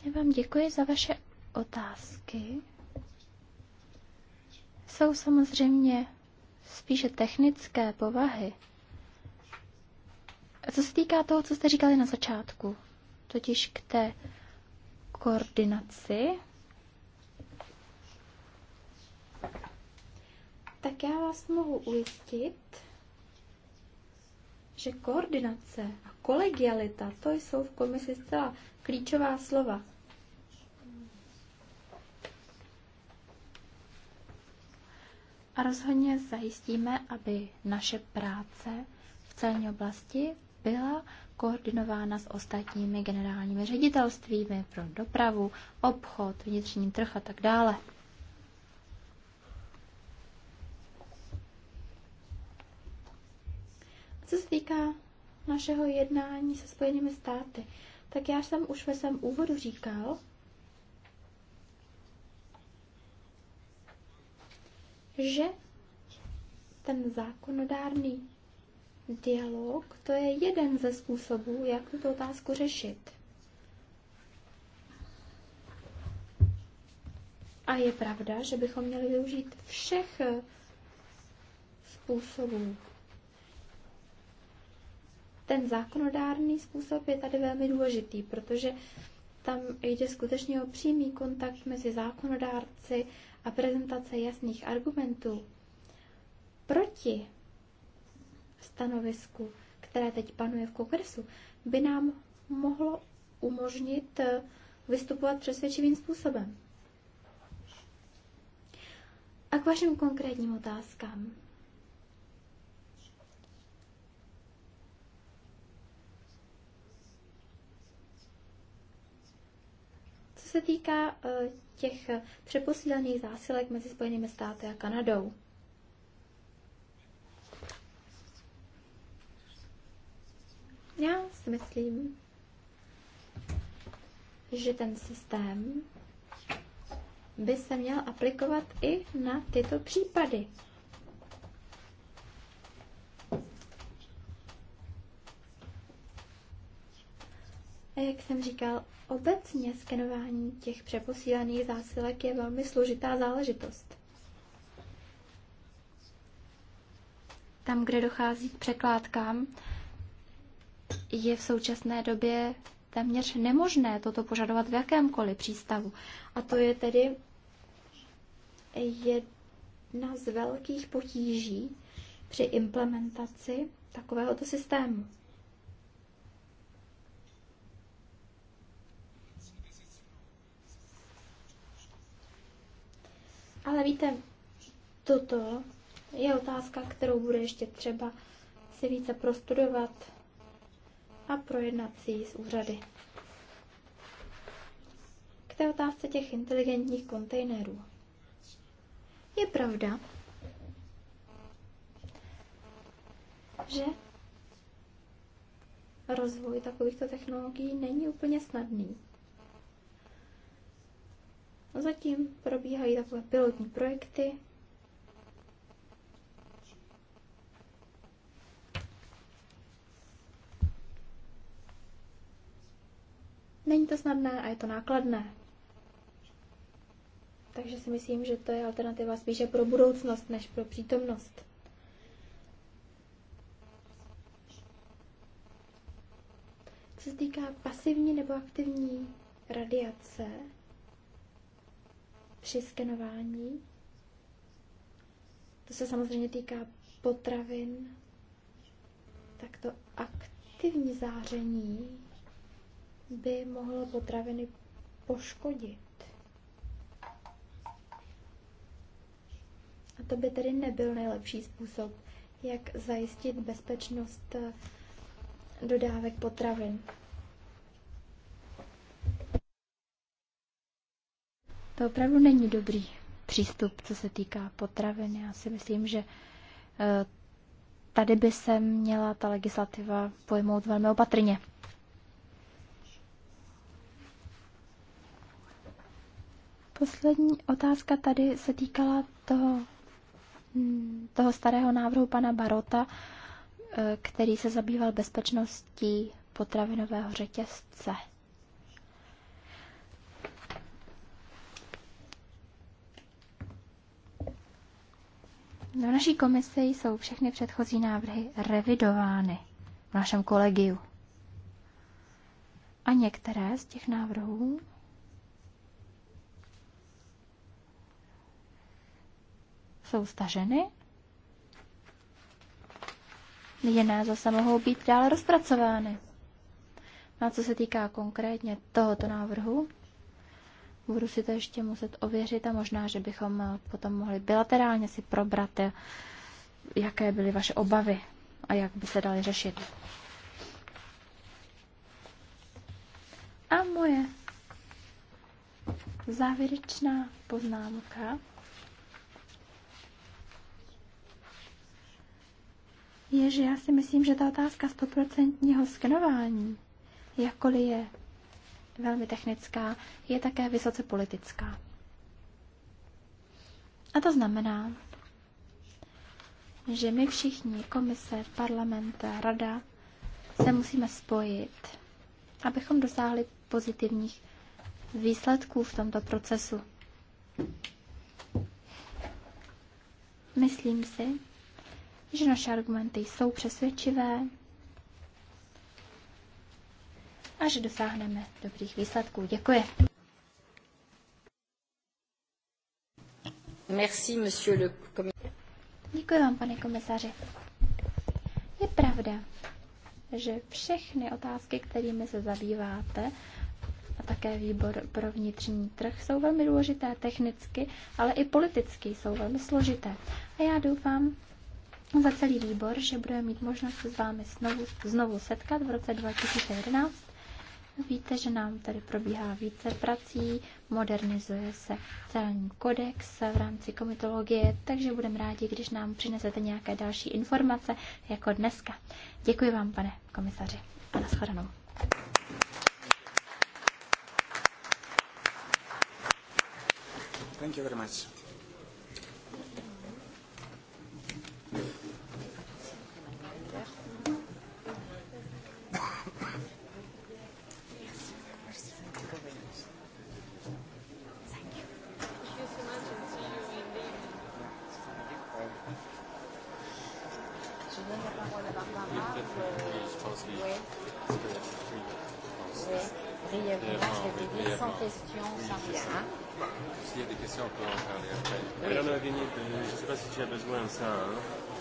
B: Já vám děkuji za vaše otázky. Jsou samozřejmě spíše technické povahy. co se týká toho, co jste říkali na začátku, totiž k té koordinaci. Tak já vás mohu ujistit, že koordinace a kolegialita, to jsou v komisi zcela klíčová slova. A rozhodně zajistíme, aby naše práce v celní oblasti byla koordinována s ostatními generálními ředitelstvími pro dopravu, obchod, vnitřní trh a tak dále. Co se týká našeho jednání se Spojenými státy, tak já jsem už ve svém úvodu říkal, že ten zákonodárný Dialog to je jeden ze způsobů, jak tuto otázku řešit. A je pravda, že bychom měli využít všech způsobů. Ten zákonodárný způsob je tady velmi důležitý, protože tam jde skutečně o přímý kontakt mezi zákonodárci a prezentace jasných argumentů proti stanovisku, které teď panuje v kongresu, by nám mohlo umožnit eh, vystupovat přesvědčivým způsobem. A k vašim konkrétním otázkám. Co se týká eh, těch eh, přeposílených zásilek mezi Spojenými státy a Kanadou. Já si myslím, že ten systém by se měl aplikovat i na tyto případy. A jak jsem říkal, obecně skenování těch přeposílaných zásilek je velmi složitá záležitost. Tam, kde dochází k překládkám, je v současné době téměř nemožné toto požadovat v jakémkoliv přístavu. A to je tedy jedna z velkých potíží při implementaci takovéhoto systému. Ale víte, toto je otázka, kterou bude ještě třeba si více prostudovat, a projednat si ji s úřady. K té otázce těch inteligentních kontejnerů. Je pravda, že rozvoj takovýchto technologií není úplně snadný. Zatím probíhají takové pilotní projekty, Není to snadné a je to nákladné. Takže si myslím, že to je alternativa spíše pro budoucnost než pro přítomnost. Co se týká pasivní nebo aktivní radiace při skenování, to se samozřejmě týká potravin, tak to aktivní záření by mohlo potraviny poškodit. A to by tedy nebyl nejlepší způsob, jak zajistit bezpečnost eh, dodávek potravin. To opravdu není dobrý přístup, co se týká potravin. Já si myslím, že eh, tady by se měla ta legislativa pojmout velmi opatrně. Poslední otázka tady se týkala toho, mm, toho starého návrhu pana Barota, e, který se zabýval bezpečností potravinového řetězce. Do naší komise jsou všechny předchozí návrhy revidovány v našem kolegiu. A některé z těch návrhů jsou staženy. Jiné zase mohou být dále rozpracovány. No a co se týká konkrétně tohoto návrhu, budu si to ještě muset ověřit a možná, že bychom potom mohli bilaterálně si probrat, jaké byly vaše obavy a jak by se daly řešit. A moje závěrečná poznámka je, že já si myslím, že ta otázka stoprocentního skenování, jakkoliv je velmi technická, je také vysoce politická. A to znamená, že my všichni, komise, parlament, rada, se musíme spojit, abychom dosáhli pozitivních výsledků v tomto procesu. Myslím si, že naše argumenty jsou přesvědčivé a že dosáhneme dobrých výsledků. Děkuji. Merci, monsieur le Děkuji vám, pane komisaři. Je pravda, že všechny otázky, kterými se zabýváte, a také výbor pro vnitřní trh jsou velmi důležité technicky, ale i politicky jsou velmi složité. A já doufám, za celý výbor, že budeme mít možnost se s vámi znovu, znovu setkat v roce 2011. Víte, že nám tady probíhá více prací, modernizuje se celní kodex v rámci komitologie, takže budeme rádi, když nám přinesete nějaké další informace, jako dneska. Děkuji vám, pane komisaři, a nashledanou.
C: Thank you very much.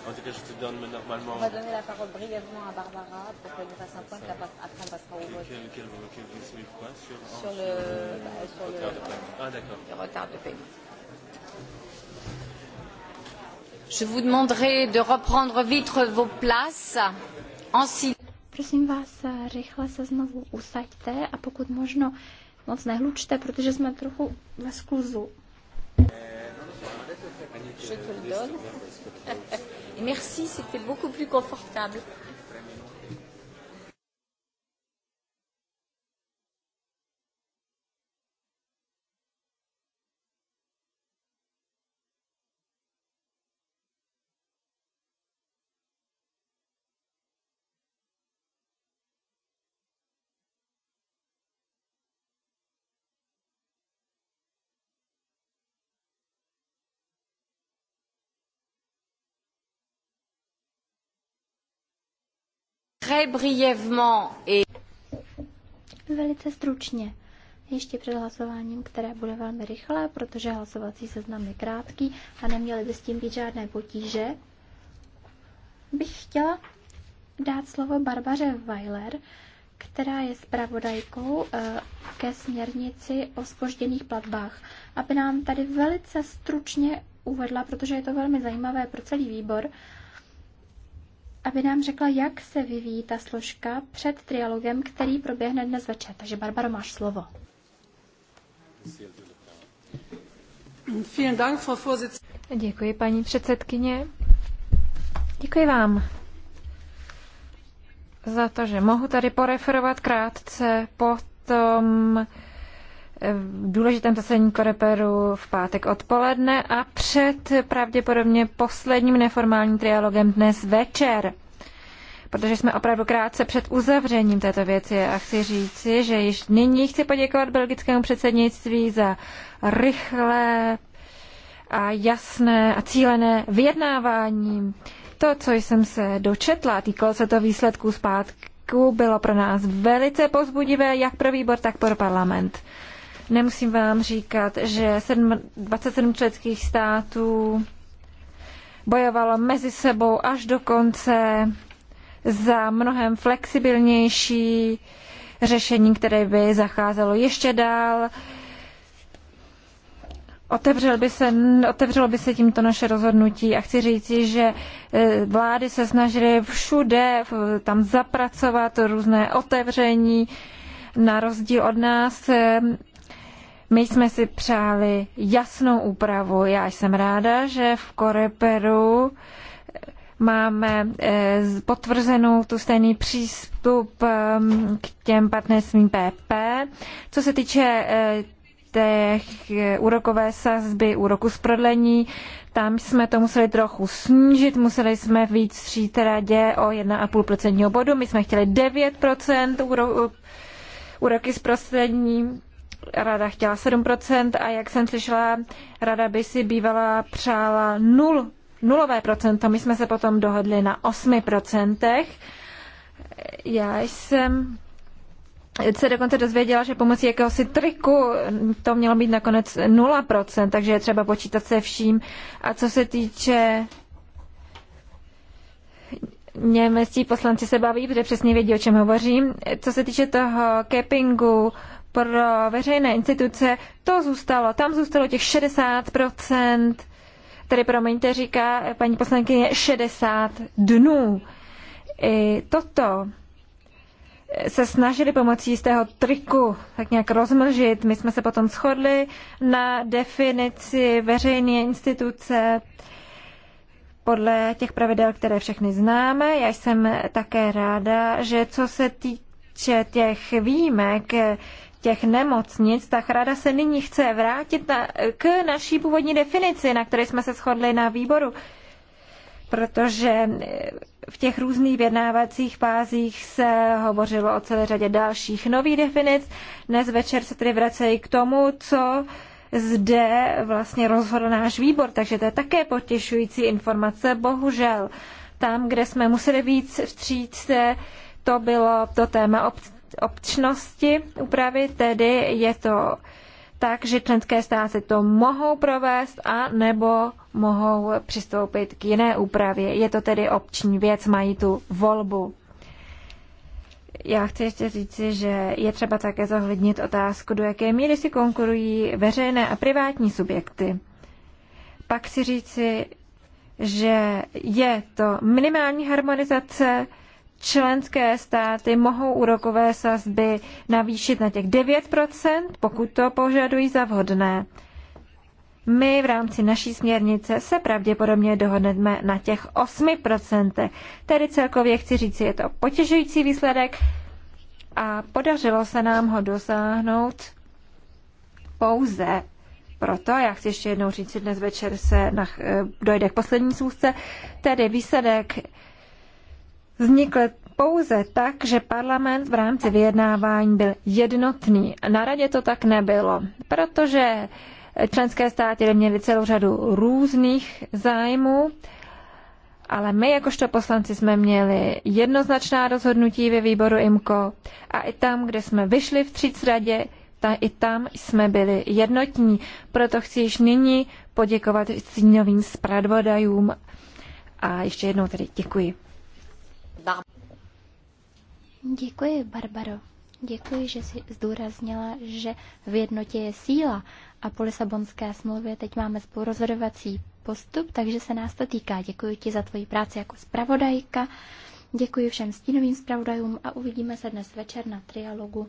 E: En tout cas, je te donne
C: normalement. On va donner
A: la parole brièvement à Barbara pour qu'elle nous fasse un point, après on passera au vote.
C: Quel, quel, quel, celui de quoi sur, sur, le, retard de paiement. Ah, d'accord. Le retard de paiement.
A: Je vous demanderai de reprendre vite
B: vos places en silence. Prosím vás, rychle se znovu usaďte a pokud možno moc nehlučte, protože jsme trochu ve skluzu.
E: Je to le
A: Merci, c'était
C: beaucoup plus confortable.
A: Très brièvement et...
B: Velice stručně. Ještě před hlasováním, které bude velmi rychlé, protože hlasovací seznam je krátký a neměly by s tím být žádné potíže, bych chtěla dát slovo Barbaře Weiler, která je zpravodajkou eh, ke směrnici o spožděných platbách, aby nám tady velice stručně uvedla, protože je to velmi zajímavé pro celý výbor, aby nám řekla, jak se vyvíjí ta složka před trialogem, který proběhne dnes
D: večer. Takže Barbaro, máš slovo. Děkuji, paní předsedkyně. Děkuji vám za to, že mohu tady poreferovat krátce po tom, v důležitém zasedání Koreperu v pátek odpoledne a před pravděpodobně posledním neformálním trialogem dnes večer. Protože jsme opravdu krátce před uzavřením této věci a chci říci, že již nyní chci poděkovat belgickému předsednictví za rychlé a jasné a cílené vyjednávání. To, co jsem se dočetla, týkalo se to výsledků zpátku bylo pro nás velice pozbudivé, jak pro výbor, tak pro parlament. Nemusím vám říkat, že 27 členských států bojovalo mezi sebou až do konce za mnohem flexibilnější řešení, které by zacházelo ještě dál. Otevřel by se, otevřelo by se tímto naše rozhodnutí a chci říci, že e, vlády se snažily všude tam zapracovat různé otevření. Na rozdíl od nás e, my jsme si přáli jasnou úpravu. Já jsem ráda, že v Koreperu eh, máme eh, potvrzenou tu stejný přístup ehm, k těm partnerstvím PP. Co se týče eh, těch úrokové sazby, úroku z prodlení, tam jsme to museli trochu snížit, museli jsme víc střít radě o 1,5% bodu, my jsme chtěli 9% úro, úroky z prostřední rada chtěla 7% a jak jsem slyšela, rada by si bývala přála 0, nulové procento. My jsme se potom dohodli na 8%. Já jsem se dokonce dozvěděla, že pomocí jakéhosi triku to mělo být nakonec 0%, takže je třeba počítat se vším. A co se týče němecí poslanci se baví, protože přesně vědí, o čem hovořím. Co se týče toho capingu, pro veřejné instituce, to zůstalo, tam zůstalo těch 60%, tedy promiňte, říká paní poslankyně 60 dnů. I toto se snažili pomocí jistého triku tak nějak rozmlžit. My jsme se potom shodli na definici veřejné instituce podle těch pravidel, které všechny známe. Já jsem také ráda, že co se týče těch výjimek, těch nemocnic, tak rada se nyní chce vrátit na, k naší původní definici, na které jsme se shodli na výboru. Protože eh, v těch různých vyjednávacích fázích se hovořilo o celé řadě dalších nových definic. Dnes večer se tedy vracejí k tomu, co zde vlastně rozhodl náš výbor, takže to je také potěšující informace. Bohužel tam, kde jsme museli víc vstříct, eh, to bylo to téma opčnosti úpravy, tedy je to tak, že členské státy to mohou provést a nebo mohou přistoupit k jiné úpravě. Je to tedy opční věc, mají tu volbu. Já chci ještě říci, že je třeba také zohlednit otázku, do jaké míry si konkurují veřejné a privátní subjekty. Pak si říci, že je to minimální harmonizace členské státy mohou úrokové sazby navýšit na těch 9%, pokud to požadují za vhodné. My v rámci naší směrnice se pravděpodobně dohodneme na těch 8%. Tedy celkově chci říct, je to potěžující výsledek a podařilo se nám ho dosáhnout pouze proto, já chci ještě jednou říct, že dnes večer se na, eh, dojde k poslední sůzce, tedy výsledek vznikl pouze tak, že parlament v rámci vyjednávání byl jednotný. Na radě to tak nebylo, protože členské státy měly celou řadu různých zájmů, ale my jakožto poslanci jsme měli jednoznačná rozhodnutí ve výboru IMCO a i tam, kde jsme vyšli v tříc radě, ta, i tam jsme byli jednotní. Proto chci již nyní poděkovat stínovým spravodajům a ještě jednou tedy děkuji.
B: Děkuji, Barbaro. Děkuji, že jsi zdůraznila, že v jednotě je síla a po Lisabonské smlouvě teď máme spolurozhodovací postup, takže se nás to týká. Děkuji ti za tvoji práci jako zpravodajka, děkuji všem stínovým zpravodajům a uvidíme se dnes večer na trialogu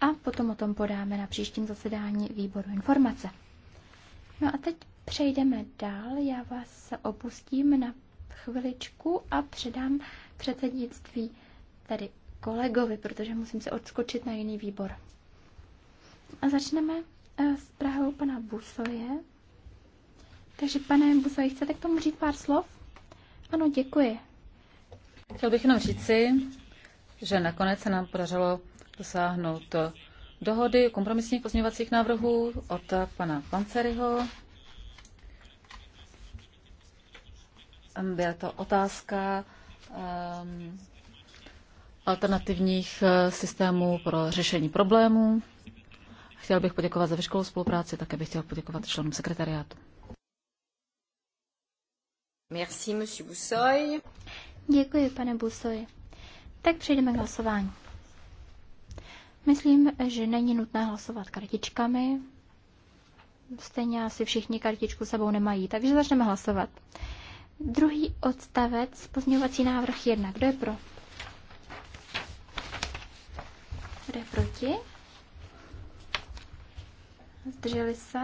B: a potom o tom podáme na příštím zasedání výboru informace. No a teď přejdeme dál, já vás opustím na chviličku a předám předsednictví, tady kolegovi, protože musím se odskočit na jiný výbor. A začneme eh, s Prahou pana Busoje. Takže pane Busoje, chcete k tomu říct pár slov? Ano, děkuji.
A: Chtěl bych jenom říci, že nakonec se nám podařilo dosáhnout dohody kompromisních pozměňovacích návrhů od pana Panceryho. Byla to otázka Ehm, alternativních eh, systémů pro řešení problémů. Chtěl bych poděkovat za veškerou spolupráci, také bych chtěl poděkovat členům sekretariátu.
B: Merci, monsieur Busoy. Děkuji, pane Busoy. Tak přejdeme k hlasování. Myslím, že není nutné hlasovat kartičkami. Stejně asi všichni kartičku sebou nemají, takže začneme hlasovat. Druhý odstavec, pozměňovací návrh 1. Kdo je pro? Kdo je proti? Zdrželi se?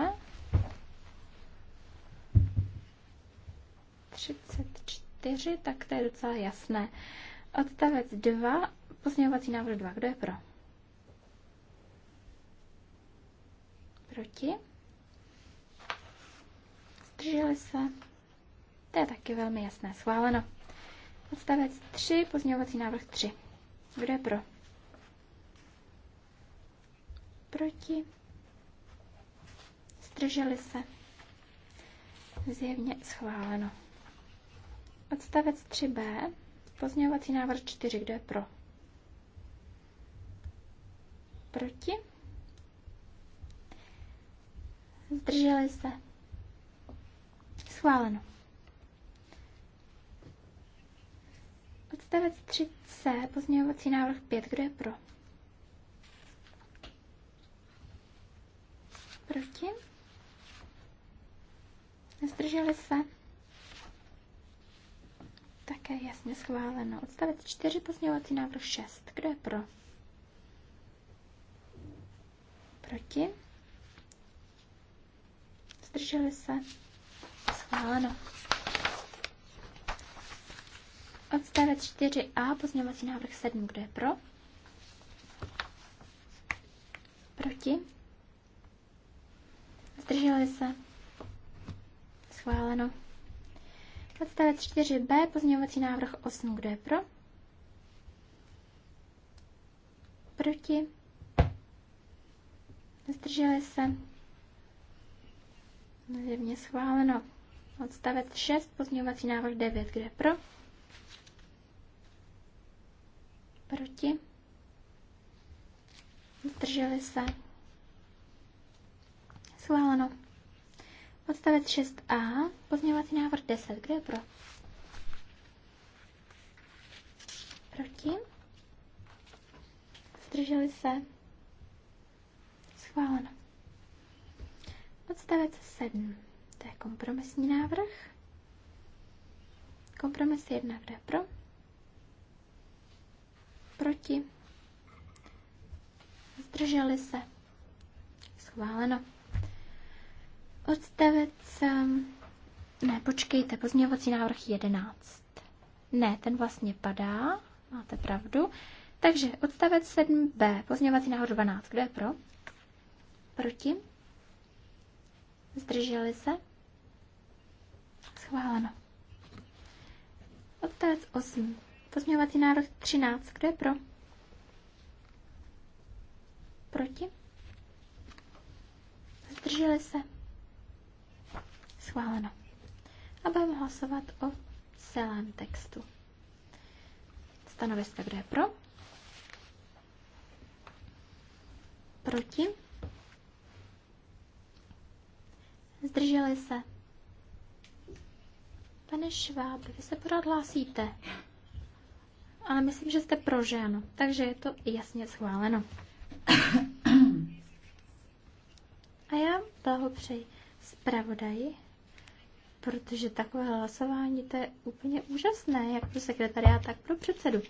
B: 34, tak to je docela jasné. Odstavec 2, pozměňovací návrh 2. Kdo je pro? Proti? Zdrželi se? To je taky velmi jasné. Schváleno. Odstavec 3, pozměňovací návrh 3. Kdo je pro? Proti? Zdrželi se? Zjevně schváleno. Odstavec 3b, pozměňovací návrh 4, kdo je pro? Proti? Zdrželi se? Schváleno. Odstavec 3c, pozměňovací návrh 5, kdo je pro? Proti? Nezdrželi se? Také jasně schváleno. Odstavec 4, pozměňovací návrh 6, kdo je pro? Proti? Zdrželi se? Schváleno. Odstavec 4a, pozměňovací návrh 7, kdo je pro? Proti? Zdrželi se? Schváleno. Odstavec 4b, pozměňovací návrh 8, kdo je pro? Proti? Zdrželi se? Zjevně schváleno. Odstavec 6, pozměňovací návrh 9, kdo je pro? Proti? Drželi se. Schváleno. Odstavec 6a, pozměňovací návrh 10. Kdo je pro? Proti? Zdrželi se. Schváleno. Odstavec 7. To je kompromisní návrh. Kompromis 1. Kdo je pro? Proti? Zdrželi se? Schváleno. Odstavec... Ehm, ne, počkejte, pozměňovací návrh 11. Ne, ten vlastně padá, máte pravdu. Takže odstavec 7b, pozměňovací návrh 12. Kdo je pro? Proti? Zdrželi se? Schváleno. Odstavec 8. Pozměňovací návrh 13. Kdo je pro? Proti? Zdrželi se? Schváleno. A budeme hlasovat o celém textu. Stanoviska, kdo je pro? Proti? Zdrželi se? Pane Šváb, vy se pořád hlásíte ale myslím, že jste pro ženu, takže je to jasně schváleno. A já blahopřeji zpravodaji, protože takové hlasování to je úplně úžasné, jak pro sekretariát, tak pro předsedu.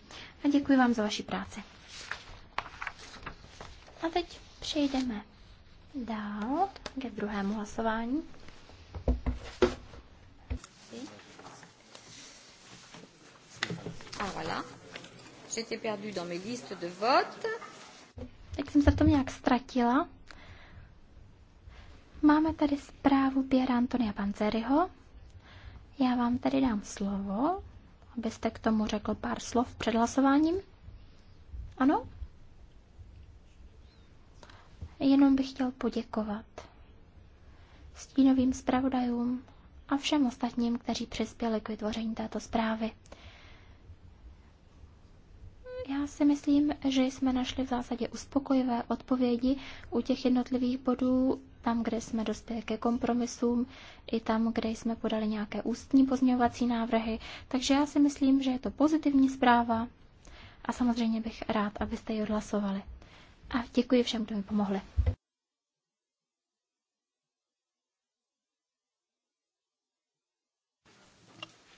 B: A děkuji vám za vaši práci. A teď přejdeme dál ke druhému hlasování. A ah, voilà j'étais perdue dans mes listes de vote. Tak jsem se v tom nějak ztratila. Máme tady zprávu Pěra Antonia Panzeriho. Já vám tady dám slovo, abyste k tomu řekl pár slov před hlasováním. Ano? Jenom bych chtěl poděkovat stínovým zpravodajům a všem ostatním, kteří přispěli k vytvoření této zprávy. Já si myslím, že jsme našli v zásadě uspokojivé odpovědi u těch jednotlivých bodů, tam, kde jsme dospěli ke kompromisům, i tam, kde jsme podali nějaké ústní pozměňovací návrhy. Takže já si myslím, že je to pozitivní zpráva a samozřejmě bych rád, abyste ji odhlasovali. A děkuji všem,
C: kdo mi pomohli.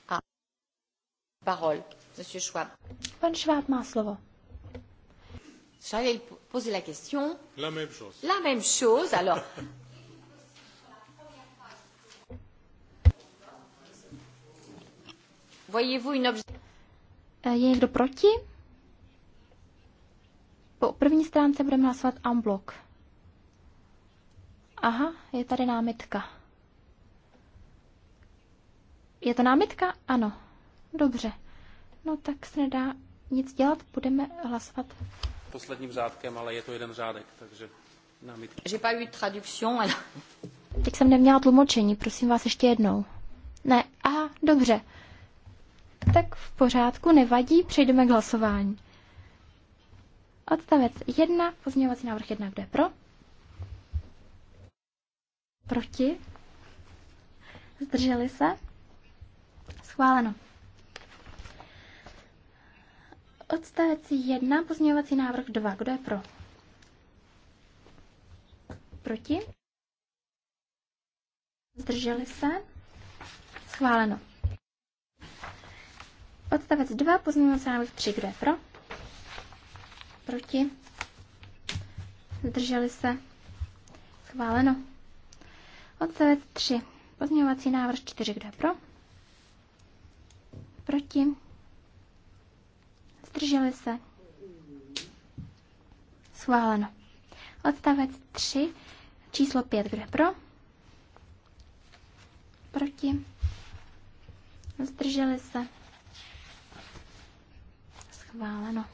C: A parole. Monsieur
A: Schwab.
B: Pan Schwab má slovo. J'allais poser la question. La même chose. La même chose, alors.
A: Voyez-vous une objection?
B: Eh, je někdo proti? Po první stránce budeme hlasovat bloc. Aha, je tady námitka. Je to námitka? Ano. Dobře no tak se nedá nic dělat, budeme hlasovat.
E: Posledním řádkem, ale je to jeden řádek, takže námitky. J'ai pas eu traduction, ale...
B: Teď jsem neměla tlumočení, prosím vás ještě jednou. Ne, aha, dobře. Tak v pořádku, nevadí, přejdeme k hlasování. Odstavec 1, pozměňovací návrh 1, kde pro? Proti? Zdrželi se? Schváleno. Odstavec 1, pozměňovací návrh 2. Kdo je pro? Proti? Zdrželi se? Schváleno. Odstavec 2, pozměňovací návrh 3. Kdo je pro? Proti? Zdrželi se? Schváleno. Odstavec 3, pozměňovací návrh 4. Kdo je pro? Proti? Zdrželi se? Schváleno. Odstavec 3, číslo 5, kde pro? Proti? Zdrželi se? Schváleno.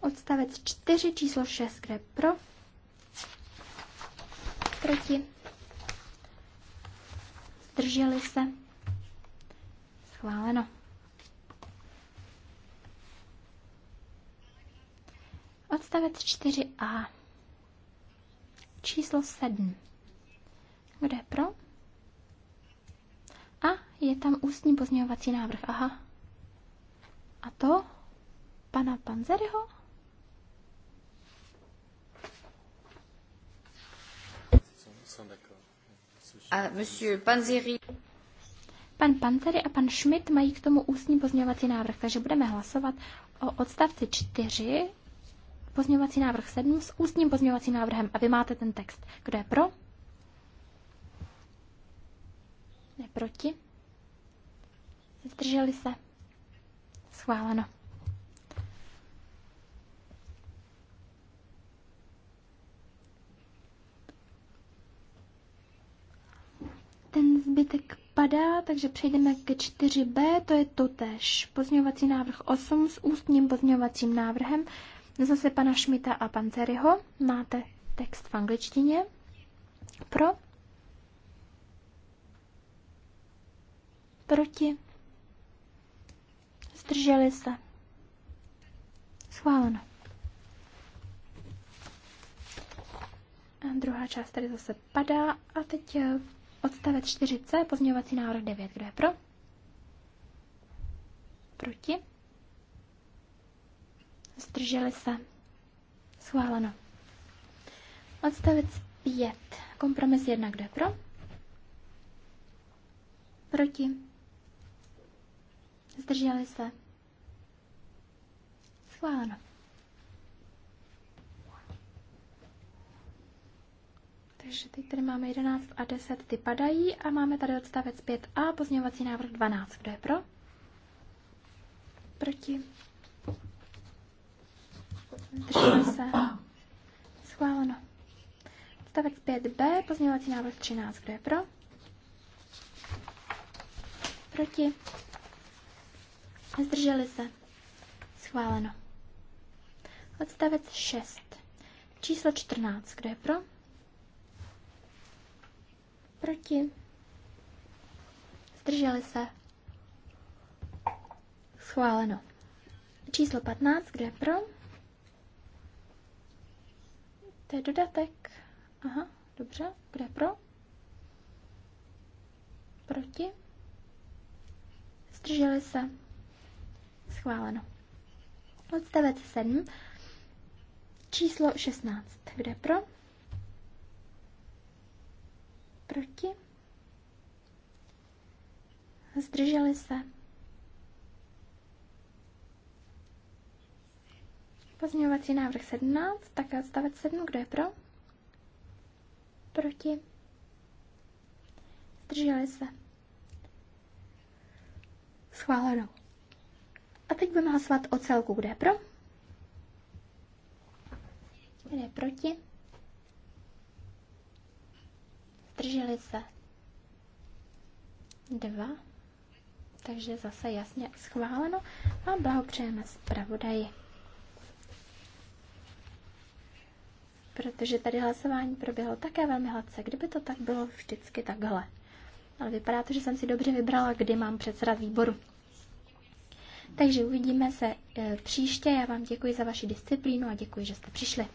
B: Odstavec 4, číslo 6, kde pro? Proti? Zdrželi se? Schváleno. Odstavec 4a. Číslo 7. Kdo je pro? A je tam ústní pozměňovací návrh. Aha. A to? Pana Panzeryho?
C: A monsieur Panzeri.
B: Pan Panzeri a pan Schmidt mají k tomu ústní pozměňovací návrh, takže budeme hlasovat o odstavci 4 Pozměňovací návrh 7 s ústním pozměňovacím návrhem a vy máte ten text. Kdo je pro? Je proti? Zdrželi se? Schváleno. ten zbytek padá, takže přejdeme ke 4b, to je totež. Pozměňovací návrh 8 s ústním pozměňovacím návrhem Zase pana Šmita a Panceryho. Máte text v angličtině. Pro. Proti. Zdrželi se. Schváleno. A druhá část tady zase padá. A teď eh, odstavec 4c, pozměňovací návrh 9. Kdo je pro? Proti? Zdrželi se. Schváleno. Odstavec 5. Kompromis 1. Kdo je pro? Proti? Zdrželi se? Schváleno. Takže teď tady máme 11 a 10, ty padají a máme tady odstavec 5a, pozměňovací návrh 12. Kdo je pro? Proti? zdrželi se, schváleno. Odstavec 5b, pozměňovací návrh 13, kdo je pro? Proti? Zdrželi se, schváleno. Odstavec 6, číslo 14, kdo je pro? Proti? Zdrželi se, schváleno. Číslo 15, kdo je pro? To je dodatek. Aha, dobře. Bude pro? Proti? Zdrželi se. Schváleno. Odstavec 7. Číslo 16. Kde pro? Proti? Zdrželi se. Pozměňovací návrh 17, tak odstavec 7, kdo je pro? Proti? Zdrželi se. Schváleno. A teď budeme hlasovat o celku, kdo je pro? Kdo je proti? Zdrželi se. Dva. Takže zase jasně schváleno a blahopřejeme zpravodaji. protože tady hlasování proběhlo také velmi hladce. Kdyby to tak bylo vždycky takhle. Ale vypadá to, že jsem si dobře vybrala, kdy mám předsedat výboru. Takže uvidíme se e, příště. Já vám děkuji za vaši disciplínu a děkuji, že jste přišli.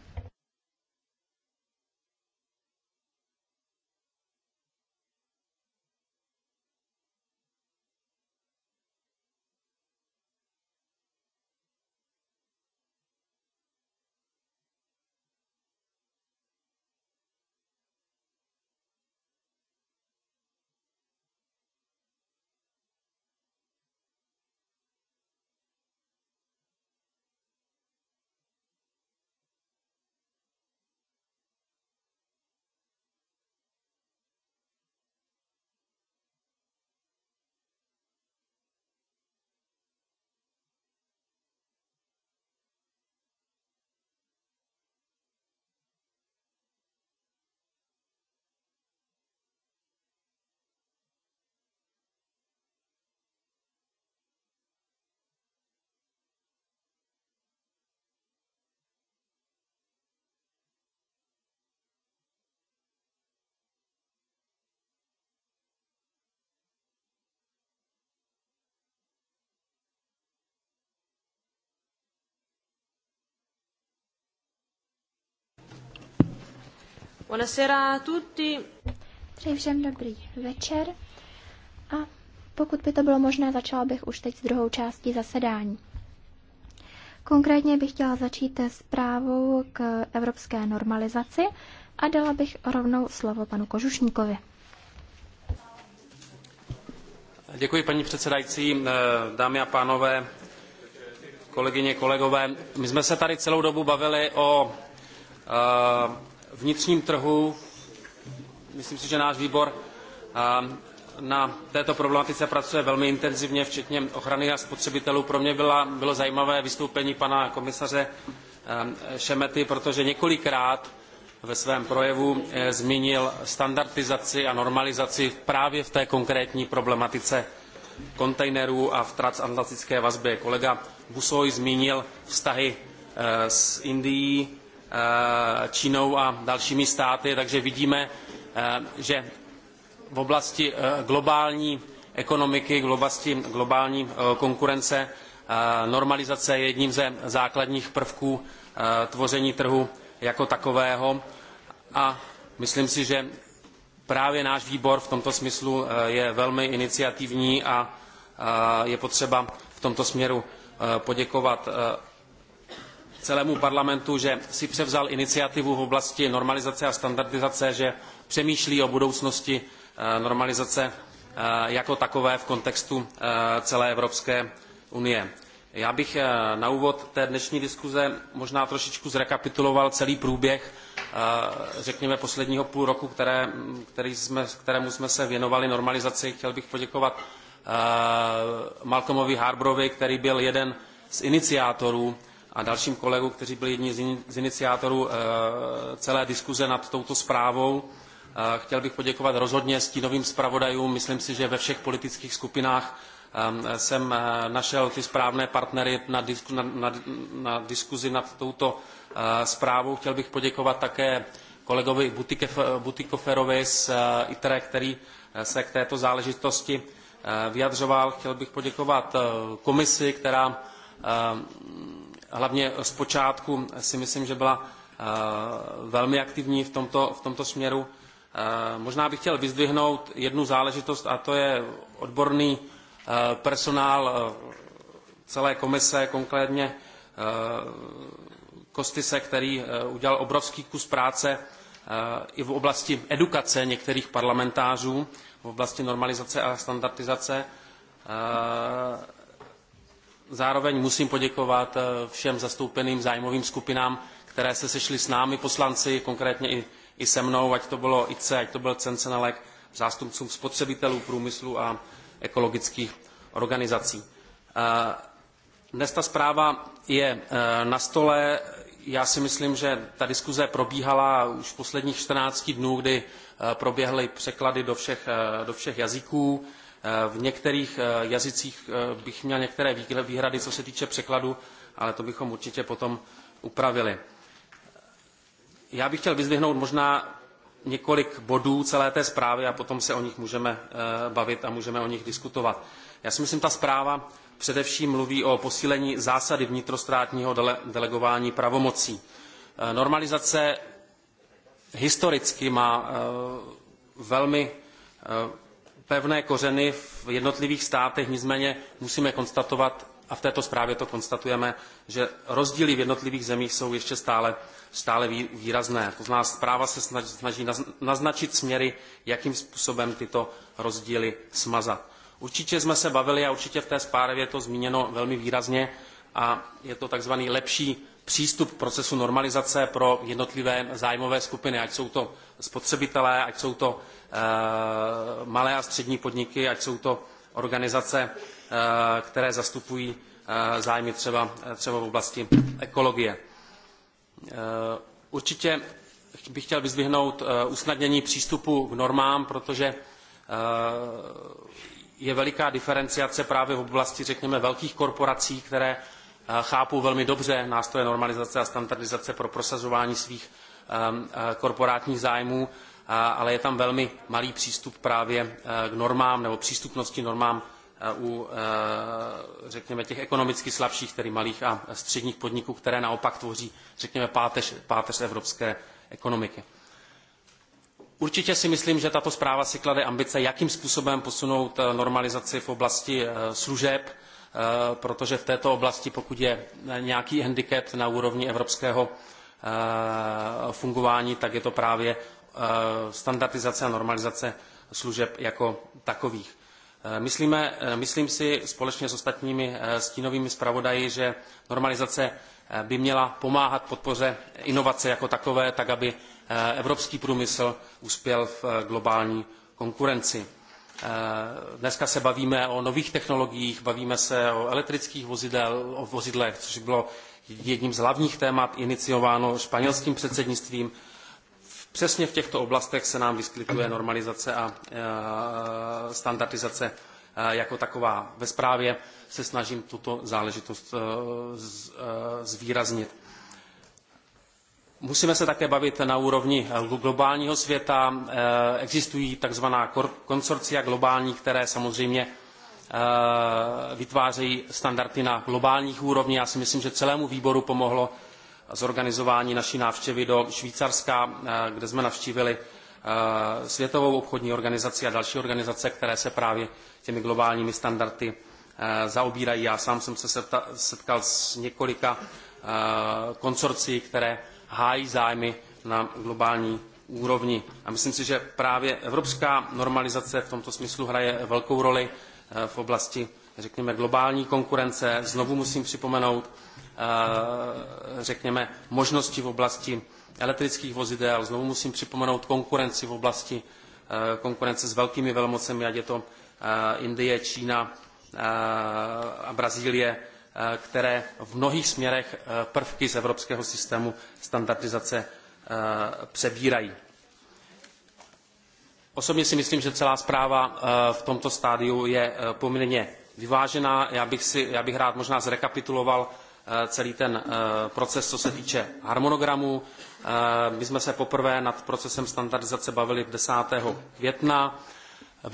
D: Buonasera a tutti. Přeji všem
B: dobrý večer. A pokud by to bylo možné, začala bych už teď s druhou částí zasedání. Konkrétně bych chtěla začít zprávou k evropské normalizaci a dala bych rovnou slovo panu Kožušníkovi.
E: Děkuji, paní předsedající, eh, dámy a pánové, kolegyně, kolegové. My jsme se tady celou dobu bavili o eh, vnitřním trhu, myslím si, že náš výbor ehm, na této problematice pracuje velmi intenzivně, včetně ochrany a spotřebitelů. Pro mě byla, bylo zajímavé vystoupení pana komisaře ehm, Šemety, protože několikrát ve svém projevu eh, zmínil standardizaci a normalizaci právě v té konkrétní problematice kontejnerů a v transatlantické vazbě. Kolega Busoj zmínil vztahy eh, s Indií, Eh, Čínou a dalšími státy, takže vidíme, eh, že v oblasti eh, globální ekonomiky, v oblasti globální konkurence normalizace je jedním ze základních prvků tvoření trhu jako takového a myslím si, že právě náš výbor v tomto smyslu je velmi iniciativní a je potřeba v tomto směru poděkovat celému parlamentu, že si převzal iniciativu v oblasti normalizace a standardizace, že přemýšlí o budoucnosti eh, normalizace eh, jako takové v kontextu eh, celé Evropské unie. Já bych na úvod té dnešní diskuze možná trošičku zrekapituloval celý průběh, řekněme, posledního půl roku, které, který jsme, kterému jsme se věnovali normalizaci. Chtěl bych poděkovat Malcolmovi Harbrovi, který byl jeden z iniciátorů a dalším kolegům, kteří byli jedni z iniciátorů eh, celé diskuze nad touto zprávou. Eh, chtěl bych poděkovat rozhodně stínovým zpravodajům. Myslím si, že ve všech politických skupinách ehm, jsem eh, našel ty správné partnery na, disku, na, na, na diskuzi nad touto zprávou. Chtěl bych poděkovat také kolegovi Butikoferovi z ITRE, který se k této záležitosti vyjadřoval. Chtěl bych poděkovat komisi, která ehm, hlavně zpočátku si myslím, že byla eh, velmi aktivní v tomto, v tomto směru. Eh, možná bych chtěl vyzdvihnout jednu záležitost a to je odborný eh, personál celé komise, konkrétně Kostise, který udělal obrovský kus práce i v oblasti edukace některých parlamentářů, v oblasti normalizace a standardizace. Zároveň musím poděkovat eh, všem zastoupeným zájmovým skupinám, které se sešly s námi poslanci, konkrétně i, i se mnou, ať to bylo ICE, ať to byl Cencenelek, zástupcům spotřebitelů, průmyslu a ekologických organizací. Eh, dnes ta zpráva je eh, na stole. Já si myslím, že ta diskuze probíhala už posledních 14 dnů, kdy proběhly překlady do všech, do všech jazyků. V některých eh, jazycích eh, bych měl některé výhrady, co se týče překladu, ale to bychom určitě potom upravili. Já bych chtěl vyzdvihnout možná několik bodů celé té zprávy a potom se o nich můžeme eh, bavit a můžeme o nich diskutovat. Já si myslím, ta zpráva především mluví o posílení zásady vnitrostátního dele delegování pravomocí. Normalizace historicky má velmi pevné kořeny v jednotlivých státech, nicméně musíme konstatovat, a v této zprávě to konstatujeme, že rozdíly v jednotlivých zemích jsou ještě stále, stále výrazné. To znamená, zpráva se snaží naznačit směry, jakým způsobem tyto rozdíly smazat. Určitě jsme se bavili a určitě v té zprávě je to zmíněno velmi výrazně a je to takzvaný lepší přístup k procesu normalizace pro jednotlivé zájmové skupiny, ať jsou to spotřebitelé, ať jsou to Eh, malé a střední podniky, ať jsou to organizace, eh, které zastupují eh, zájmy třeba, třeba v oblasti ekologie. Určitě bych chtěl vyzvihnout usnadnění přístupu k normám, protože je veliká diferenciace právě v oblasti, řekněme, velkých korporací, které chápou velmi dobře nástroje normalizace a standardizace pro prosazování svých korporátních zájmů ale je tam velmi malý přístup právě e, k normám nebo přístupnosti normám e, u, e, řekněme, těch ekonomicky slabších, tedy malých a středních podniků, které naopak tvoří, řekněme, páteř, páteř evropské ekonomiky. Určitě si myslím, že tato zpráva si klade ambice, jakým způsobem posunout normalizaci v oblasti služeb, protože v této oblasti, pokud je nějaký handicap na úrovni evropského fungování, tak je to právě Eh, standardizace a normalizace služeb jako takových. Eh, myslíme, eh, myslím si společně s ostatními stínovými zpravodaji, že normalizace by měla pomáhat podpoře inovace jako takové, tak aby evropský průmysl uspěl v globální konkurenci. Dneska se bavíme o nových technologiích, bavíme se o elektrických vozidel, o vozidlech, což bylo jedním z hlavních témat iniciováno španělským předsednictvím Přesně v těchto oblastech se nám vyskytuje normalizace a e, standardizace e, jako taková. Ve zprávě se snažím tuto záležitost e, zvýraznit. Musíme se také bavit na úrovni globálního světa. Existují takzvaná konsorcia globální, které samozřejmě vytvářejí standardy na globálních úrovni. Já si myslím, že celému výboru pomohlo zorganizování naší návštěvy do Švýcarska, eh, kde jsme navštívili eh, Světovou obchodní organizaci a další organizace, které se právě těmi globálními standardy eh, zaobírají. Já sám jsem se setkal s několika konsorcií, které hájí zájmy na globální úrovni. A myslím si, že právě evropská normalizace v tomto smyslu hraje velkou roli v oblasti, řekněme, globální konkurence. Znovu musím připomenout, řekněme, možnosti v oblasti elektrických vozidel. Znovu musím připomenout konkurenci v oblasti konkurence s velkými velmocemi, ať je to Indie, Čína a Brazílie, které v mnohých směrech prvky z evropského systému standardizace přebírají. Osobně si myslím, že celá zpráva v tomto stádiu je poměrně vyvážená. Já bych, si, já bych rád možná zrekapituloval Eh, celý ten eh, proces, co se týče harmonogramu. Eh, my jsme se poprvé nad procesem standardizace bavili 10. května.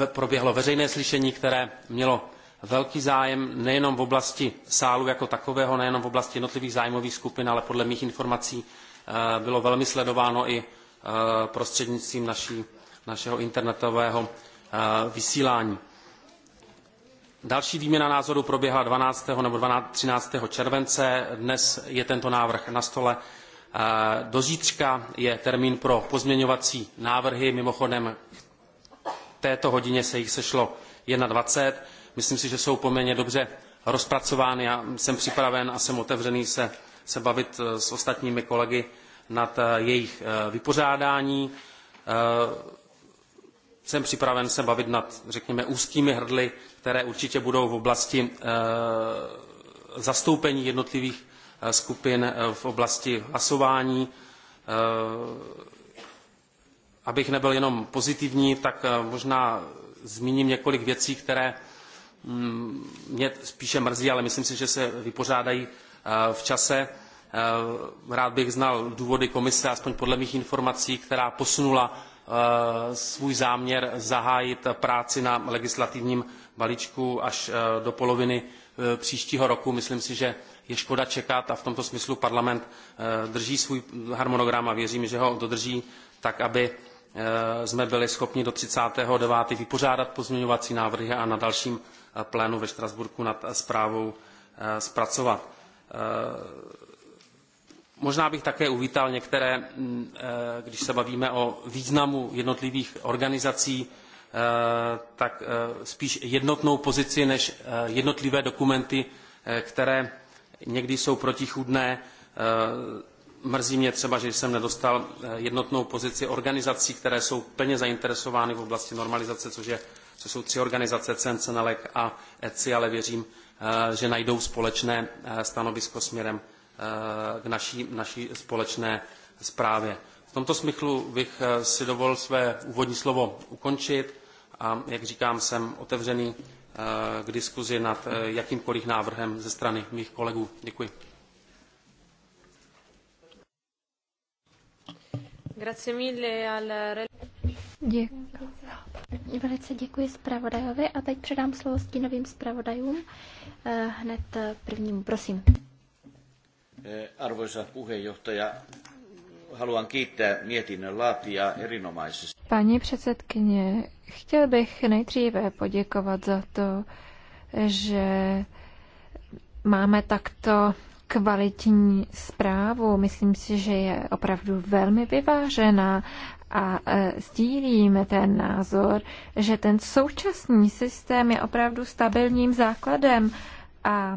E: Proběhlo veřejné slyšení, které mělo velký zájem nejenom v oblasti sálu jako takového, nejenom v oblasti jednotlivých zájmových skupin, ale podle mých informací bylo velmi sledováno i prostřednictvím naší, našeho internetového vysílání. Další výměna názorů proběhla 12. nebo 12, 13. července. Dnes je tento návrh na stole. E, do zítřka je termín pro pozměňovací návrhy. Mimochodem v této hodině se jich sešlo 21. Myslím si, že jsou poměrně dobře rozpracovány. Já jsem připraven a jsem otevřený se, se bavit e, s ostatními kolegy nad e, jejich vypořádání. Jsem připraven se bavit nad, řekněme, úzkými hrdly které určitě budou v oblasti eh, zastoupení jednotlivých eh, skupin eh, v oblasti hlasování. Abych nebyl jenom pozitivní, tak možná zmíním několik věcí, které mm, mě spíše mrzí, ale myslím si, že se vypořádají v čase. Rád bych znal důvody komise, aspoň podle mých informací, která posunula svůj záměr zahájit práci na legislativním balíčku až eh, do poloviny eh, příštího roku. Myslím si, že je škoda čekat a v tomto smyslu parlament eh, drží svůj harmonogram a věřím, že ho dodrží tak, aby jsme byli schopni do 39. vypořádat pozměňovací návrhy a na dalším plénu ve Štrasburku nad zprávou zpracovat. Možná bych také uvítal některé, mm, když se bavíme o významu jednotlivých organizací, Eh, tak eh, spíš jednotnou pozici než eh, jednotlivé dokumenty, které někdy jsou protichůdné. Mrzí mě třeba, že jsem nedostal jednotnou pozici organizací, které jsou plně zainteresovány v oblasti normalizace, což, je, což jsou tři organizace CEN, CENELEC a ECI, ale věřím, že najdou společné stanovisko směrem k naší, naší společné zprávě tomto smyslu bych eh, si dovolil své úvodní slovo ukončit a, jak říkám, jsem otevřený eh, k diskuzi nad eh, jakýmkoliv návrhem ze strany mých kolegů. Děkuji.
D: Děkuji.
B: Velice děkuji zpravodajovi a teď předám slovo stínovým zpravodajům hned
D: prvnímu. Prosím.
C: Arvoisa puheenjohtaja, haluan kiittää mietinnön laatijaa erinomaisesti.
D: Paní předsedkyně, chtěl bych nejdříve poděkovat za to, že máme takto kvalitní zprávu. Myslím si, že je opravdu velmi vyvážená a e, sdílíme ten názor, že ten současný systém je opravdu stabilním základem a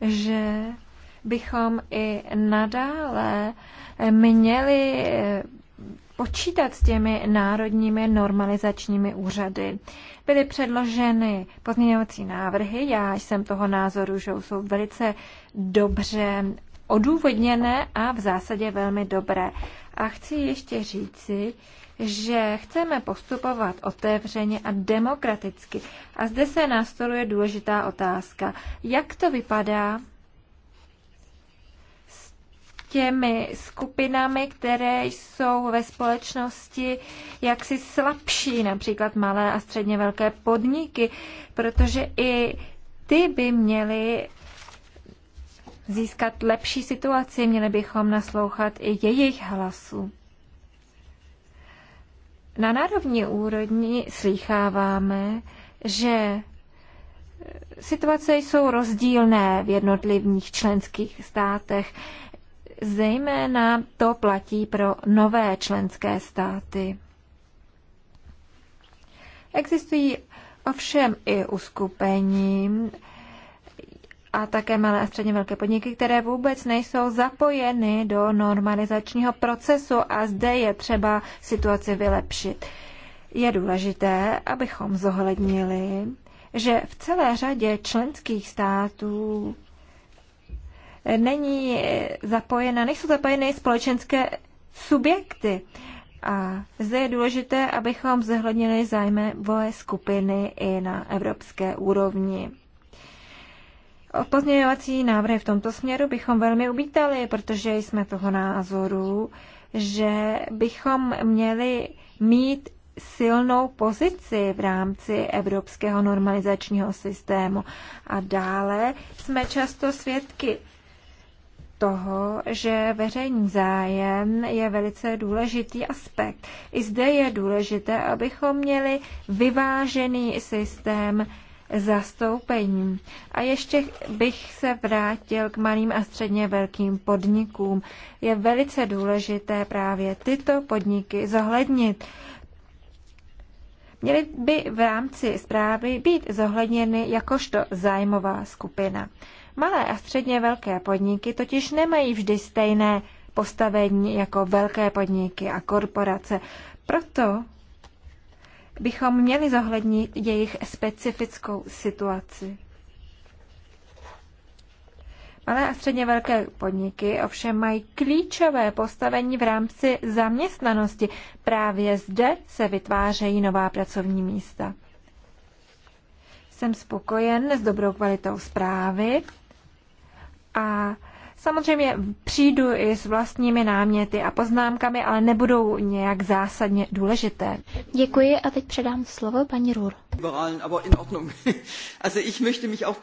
D: že bychom i nadále měli eh, počítat s těmi národními normalizačními úřady. Byly předloženy pozměňovací návrhy, já jsem toho názoru, že jsou velice dobře odůvodněné a v zásadě velmi dobré. A chci ještě říci, že chceme postupovat otevřeně a demokraticky. A zde se nastoluje důležitá otázka. Jak to vypadá těmi skupinami, které jsou ve společnosti jaksi slabší, například malé a středně velké podniky, protože i ty by měly získat lepší situaci, měli bychom naslouchat i jejich hlasu. Na národní úrovni slýcháváme, že situace jsou rozdílné v jednotlivých členských státech. Zejména to platí pro nové členské státy. Existují ovšem i uskupení a také malé a středně velké podniky, které vůbec nejsou zapojeny do normalizačního procesu a zde je třeba situaci vylepšit. Je důležité, abychom zohlednili, že v celé řadě členských států není zapojena, nejsou zapojeny společenské subjekty. A zde je důležité, abychom zohlednili zájmové skupiny i na evropské úrovni. Pozměňovací návrhy v tomto směru bychom velmi uvítali, protože jsme toho názoru, že bychom měli mít silnou pozici v rámci evropského normalizačního systému. A dále jsme často svědky toho, že veřejný zájem je velice důležitý aspekt. I zde je důležité, abychom měli vyvážený systém zastoupení. A ještě bych se vrátil k malým a středně velkým podnikům. Je velice důležité právě tyto podniky zohlednit. Měly by v rámci zprávy být zohledněny jakožto zájmová skupina. Malé a středně velké podniky totiž nemají vždy stejné postavení jako velké podniky a korporace. Proto bychom měli zohlednit jejich specifickou situaci. Malé a středně velké podniky ovšem mají klíčové postavení v rámci zaměstnanosti. Právě zde se vytvářejí nová pracovní místa. Jsem spokojen s dobrou kvalitou zprávy a samozřejmě přijdu i s vlastními náměty a poznámkami, ale nebudou nějak zásadně důležité. Děkuji a teď předám slovo paní Rur.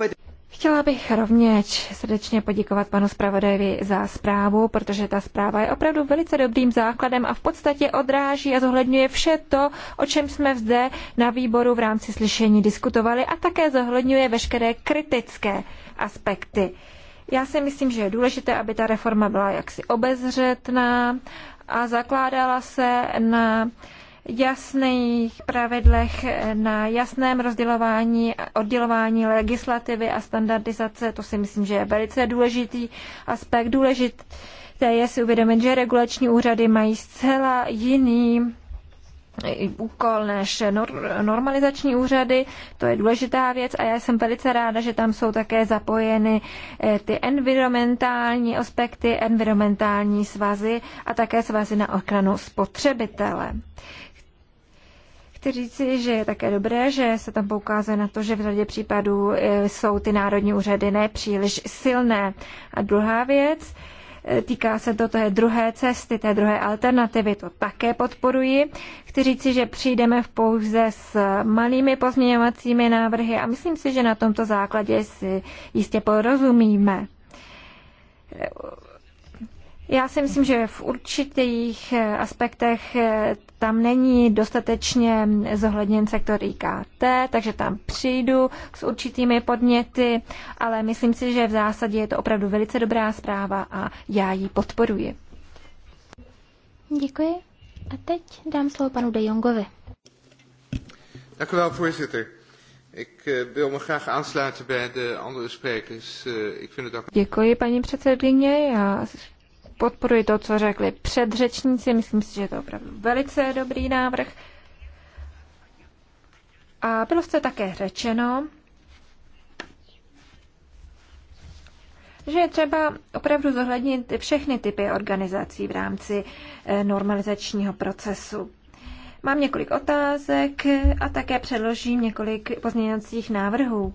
D: Chtěla bych rovněž srdečně poděkovat panu zpravodajovi za zprávu, protože ta zpráva je opravdu velice dobrým základem a v podstatě odráží a zohledňuje vše to, o čem jsme zde na výboru v rámci slyšení diskutovali a také zohledňuje veškeré kritické aspekty. Já si myslím, že je důležité, aby ta reforma byla jaksi obezřetná a zakládala se na jasných pravidlech, na jasném rozdělování, oddělování legislativy a standardizace. To si myslím, že je velice důležitý aspekt. Důležité je si uvědomit, že regulační úřady mají zcela jiný úkol než normalizační úřady. To je důležitá věc a já jsem velice ráda, že tam jsou také zapojeny eh, ty environmentální aspekty, environmentální svazy a také svazy na ochranu spotřebitele chci říci, že je také dobré, že se tam poukázuje na to, že v řadě případů eh, jsou ty národní úřady nepříliš silné. A druhá věc, Týká se to té druhé cesty, té druhé alternativy. To také podporuji. Chci říci, že přijdeme v pouze s malými pozměňovacími návrhy a myslím si, že na tomto základě si jistě porozumíme já si myslím, že v určitých eh, aspektech eh, tam není dostatečně zohledněn sektor IKT, takže tam přijdu s určitými podněty, ale myslím si, že v zásadě je to opravdu velice dobrá zpráva a já ji podporuji. Děkuji. A teď dám slovo panu De Jongovi.
C: Dank voorzitter. Ik eh, wil me graag aansluiten bij de andere sprekers. Ik vind het ook...
D: Děkuji, paní předsedkyně. Já podporuji to, co řekli předřečníci. Myslím si, že je to opravdu velice dobrý návrh. A bylo se také řečeno, že je třeba opravdu zohlednit všechny typy organizací v rámci eh, normalizačního procesu. Mám několik otázek a také předložím několik pozměňovacích návrhů.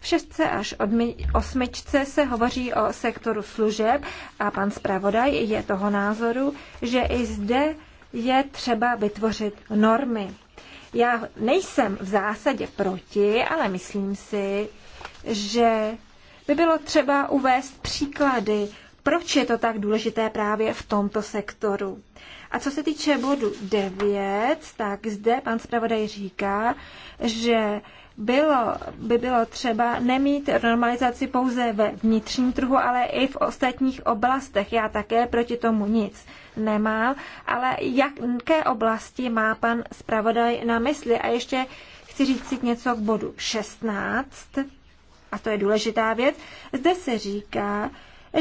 D: V šestce až odmi, osmičce se hovoří o sektoru služeb a pan zpravodaj je toho názoru, že i zde je třeba vytvořit normy. Já nejsem v zásadě proti, ale myslím si, že by bylo třeba uvést příklady, proč je to tak důležité právě v tomto sektoru. A co se týče bodu 9, tak zde pan zpravodaj říká, že bylo, by bylo třeba nemít normalizaci pouze ve vnitřním trhu, ale i v ostatních oblastech. Já také proti tomu nic nemám, ale jaké oblasti má pan zpravodaj na mysli? A ještě chci říct si něco k bodu 16, a to je důležitá věc. Zde se říká,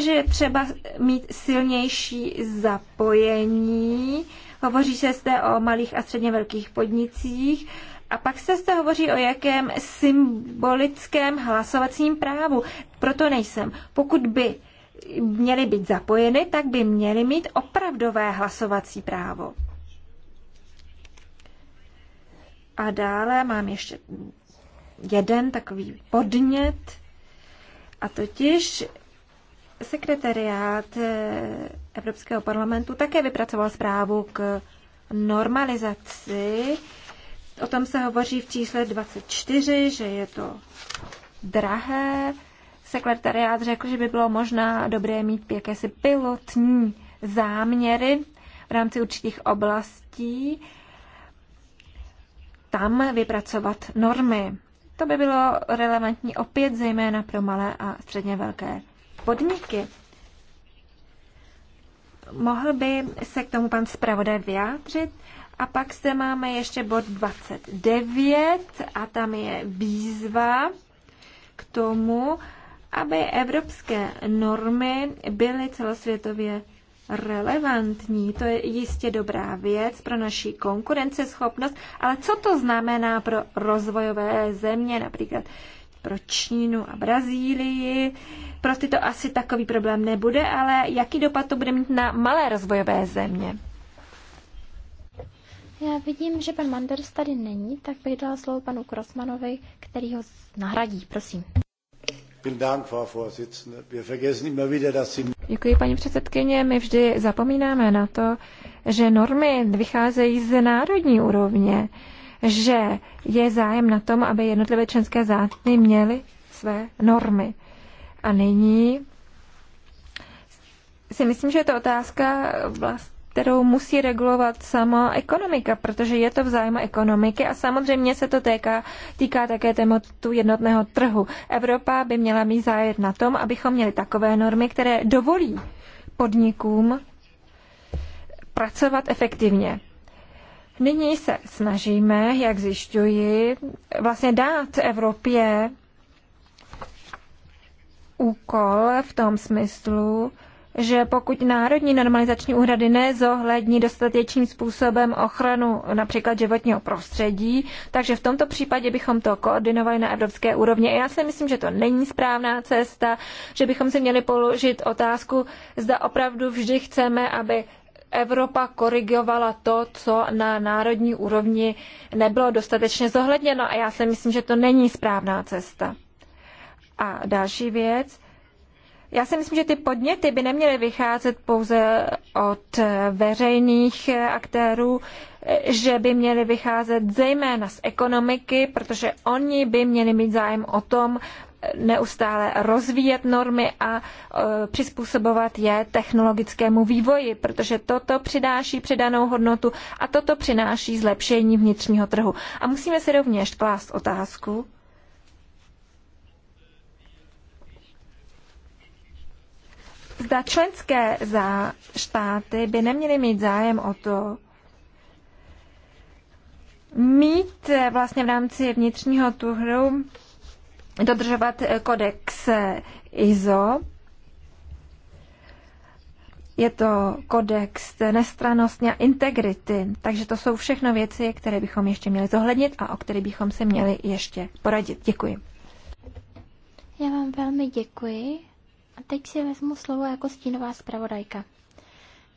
D: že je třeba mít silnější zapojení. Hovoří se zde o malých a středně velkých podnicích a pak se zde hovoří o jakém symbolickém hlasovacím právu. Proto nejsem. Pokud by měly být zapojeny, tak by měly mít opravdové hlasovací právo. A dále mám ještě jeden takový podnět, a totiž sekretariát eh, Evropského parlamentu také vypracoval zprávu k normalizaci O tom se hovoří v čísle 24, že je to drahé. Sekretariát řekl, že by bylo možná dobré mít jakési pilotní záměry v rámci určitých oblastí, tam vypracovat normy. To by bylo relevantní opět zejména pro malé a středně velké podniky. Mohl by se k tomu pan zpravodaj vyjádřit? A pak zde máme ještě bod 29 a tam je výzva k tomu, aby evropské normy byly celosvětově relevantní. To je jistě dobrá věc pro naši konkurenceschopnost, ale co to znamená pro rozvojové země, například pro Čínu a Brazílii? Pro ty to asi takový problém nebude, ale jaký dopad to bude mít na malé rozvojové země?
B: Já vidím, že pan Manders tady není, tak
D: bych dala slovo panu Krosmanovi, který ho
B: nahradí. Prosím.
D: Děkuji, paní předsedkyně. My vždy zapomínáme na to, že normy vycházejí z národní úrovně, že je zájem na tom, aby jednotlivé členské záty měly své normy. A nyní si myslím, že je to otázka vlast kterou musí regulovat sama ekonomika, protože je to v zájmu ekonomiky a samozřejmě se to týká, týká také tématu jednotného trhu. Evropa by měla mít zájem na tom, abychom měli takové normy, které dovolí podnikům pracovat efektivně. Nyní se snažíme, jak zjišťuji, vlastně dát Evropě úkol v tom smyslu, že pokud národní normalizační úhrady nezohlední dostatečným způsobem ochranu například životního prostředí, takže v tomto případě bychom to koordinovali na evropské úrovni. A já si myslím, že to není správná cesta, že bychom si měli položit otázku, zda opravdu vždy chceme, aby Evropa korigovala to, co na národní úrovni nebylo dostatečně zohledněno a já si myslím, že to není správná cesta. A další věc, já si myslím, že ty podněty by neměly vycházet pouze od veřejných aktérů, že by měly vycházet zejména z ekonomiky, protože oni by měli mít zájem o tom, neustále rozvíjet normy a e, přizpůsobovat je technologickému vývoji, protože toto přidáší přidanou hodnotu a toto přináší zlepšení vnitřního trhu. A musíme si rovněž klást otázku, zda členské za štáty by neměly mít zájem o to, mít vlastně v rámci vnitřního tuhru dodržovat kodex ISO. Je to kodex nestranosti a integrity, takže to jsou všechno věci, které bychom ještě měli zohlednit a o které bychom se měli ještě poradit. Děkuji.
B: Já vám velmi děkuji. A teď si vezmu slovo jako stínová zpravodajka.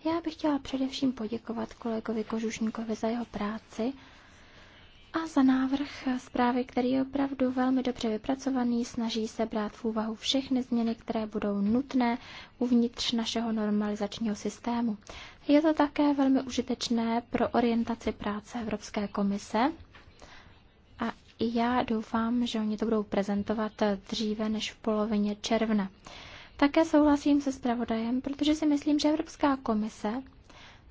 B: Já bych chtěla především poděkovat kolegovi Kožušníkovi za jeho práci a za návrh zprávy, který je opravdu velmi dobře vypracovaný, snaží se brát v úvahu všechny změny, které budou nutné uvnitř našeho normalizačního systému. Je to také velmi užitečné pro orientaci práce Evropské komise a já doufám, že oni to budou prezentovat dříve než v polovině června. Také souhlasím se zpravodajem, protože si myslím, že Evropská komise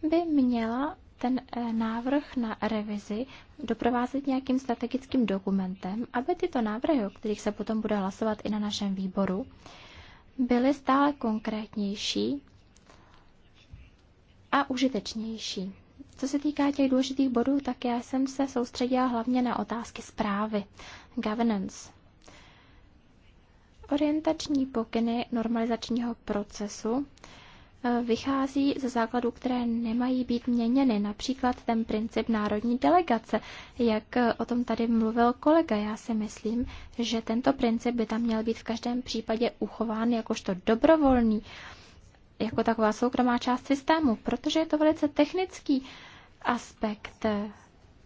B: by měla ten eh, návrh na revizi doprovázet nějakým strategickým dokumentem, aby tyto návrhy, o kterých se potom bude hlasovat i na našem výboru, byly stále konkrétnější a užitečnější. Co se týká těch důležitých bodů, tak já jsem se soustředila hlavně na otázky zprávy, governance. Orientační pokyny normalizačního procesu e, vychází ze základů, které nemají být měněny. Například ten princip národní delegace, jak e, o tom tady mluvil kolega. Já si myslím, že tento princip by tam měl být v každém případě uchován jakožto dobrovolný, jako taková soukromá část systému, protože je to velice technický aspekt.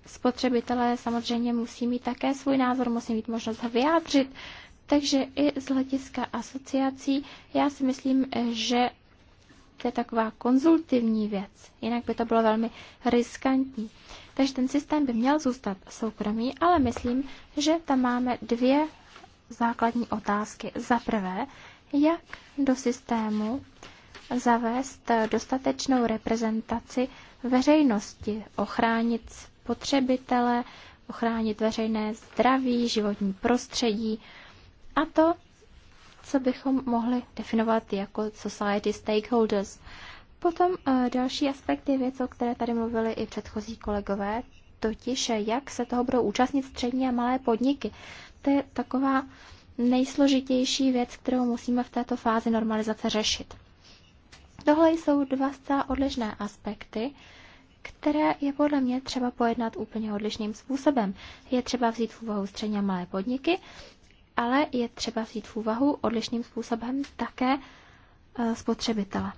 B: Spotřebitelé samozřejmě musí mít také svůj názor, musí mít možnost ho vyjádřit takže i z hlediska
C: asociací
B: já si myslím, že to je taková konzultivní věc, jinak by to bylo velmi riskantní. Takže ten systém by měl zůstat soukromý, ale myslím, že tam máme dvě základní otázky. Za prvé, jak do systému zavést dostatečnou reprezentaci veřejnosti, ochránit spotřebitele, ochránit veřejné zdraví, životní prostředí, a to, co bychom mohli definovat jako society stakeholders. Potom eh, další aspekt je věc, o které tady mluvili i předchozí kolegové, totiž eh, jak se toho budou účastnit střední a malé podniky. To je taková nejsložitější věc, kterou musíme v této fázi normalizace řešit. Tohle jsou dva zcela odlišné aspekty, které je podle mě třeba pojednat úplně odlišným způsobem. Je třeba vzít v úvahu středně malé podniky ale je třeba vzít v úvahu odlišným způsobem také eh, spotřebitele.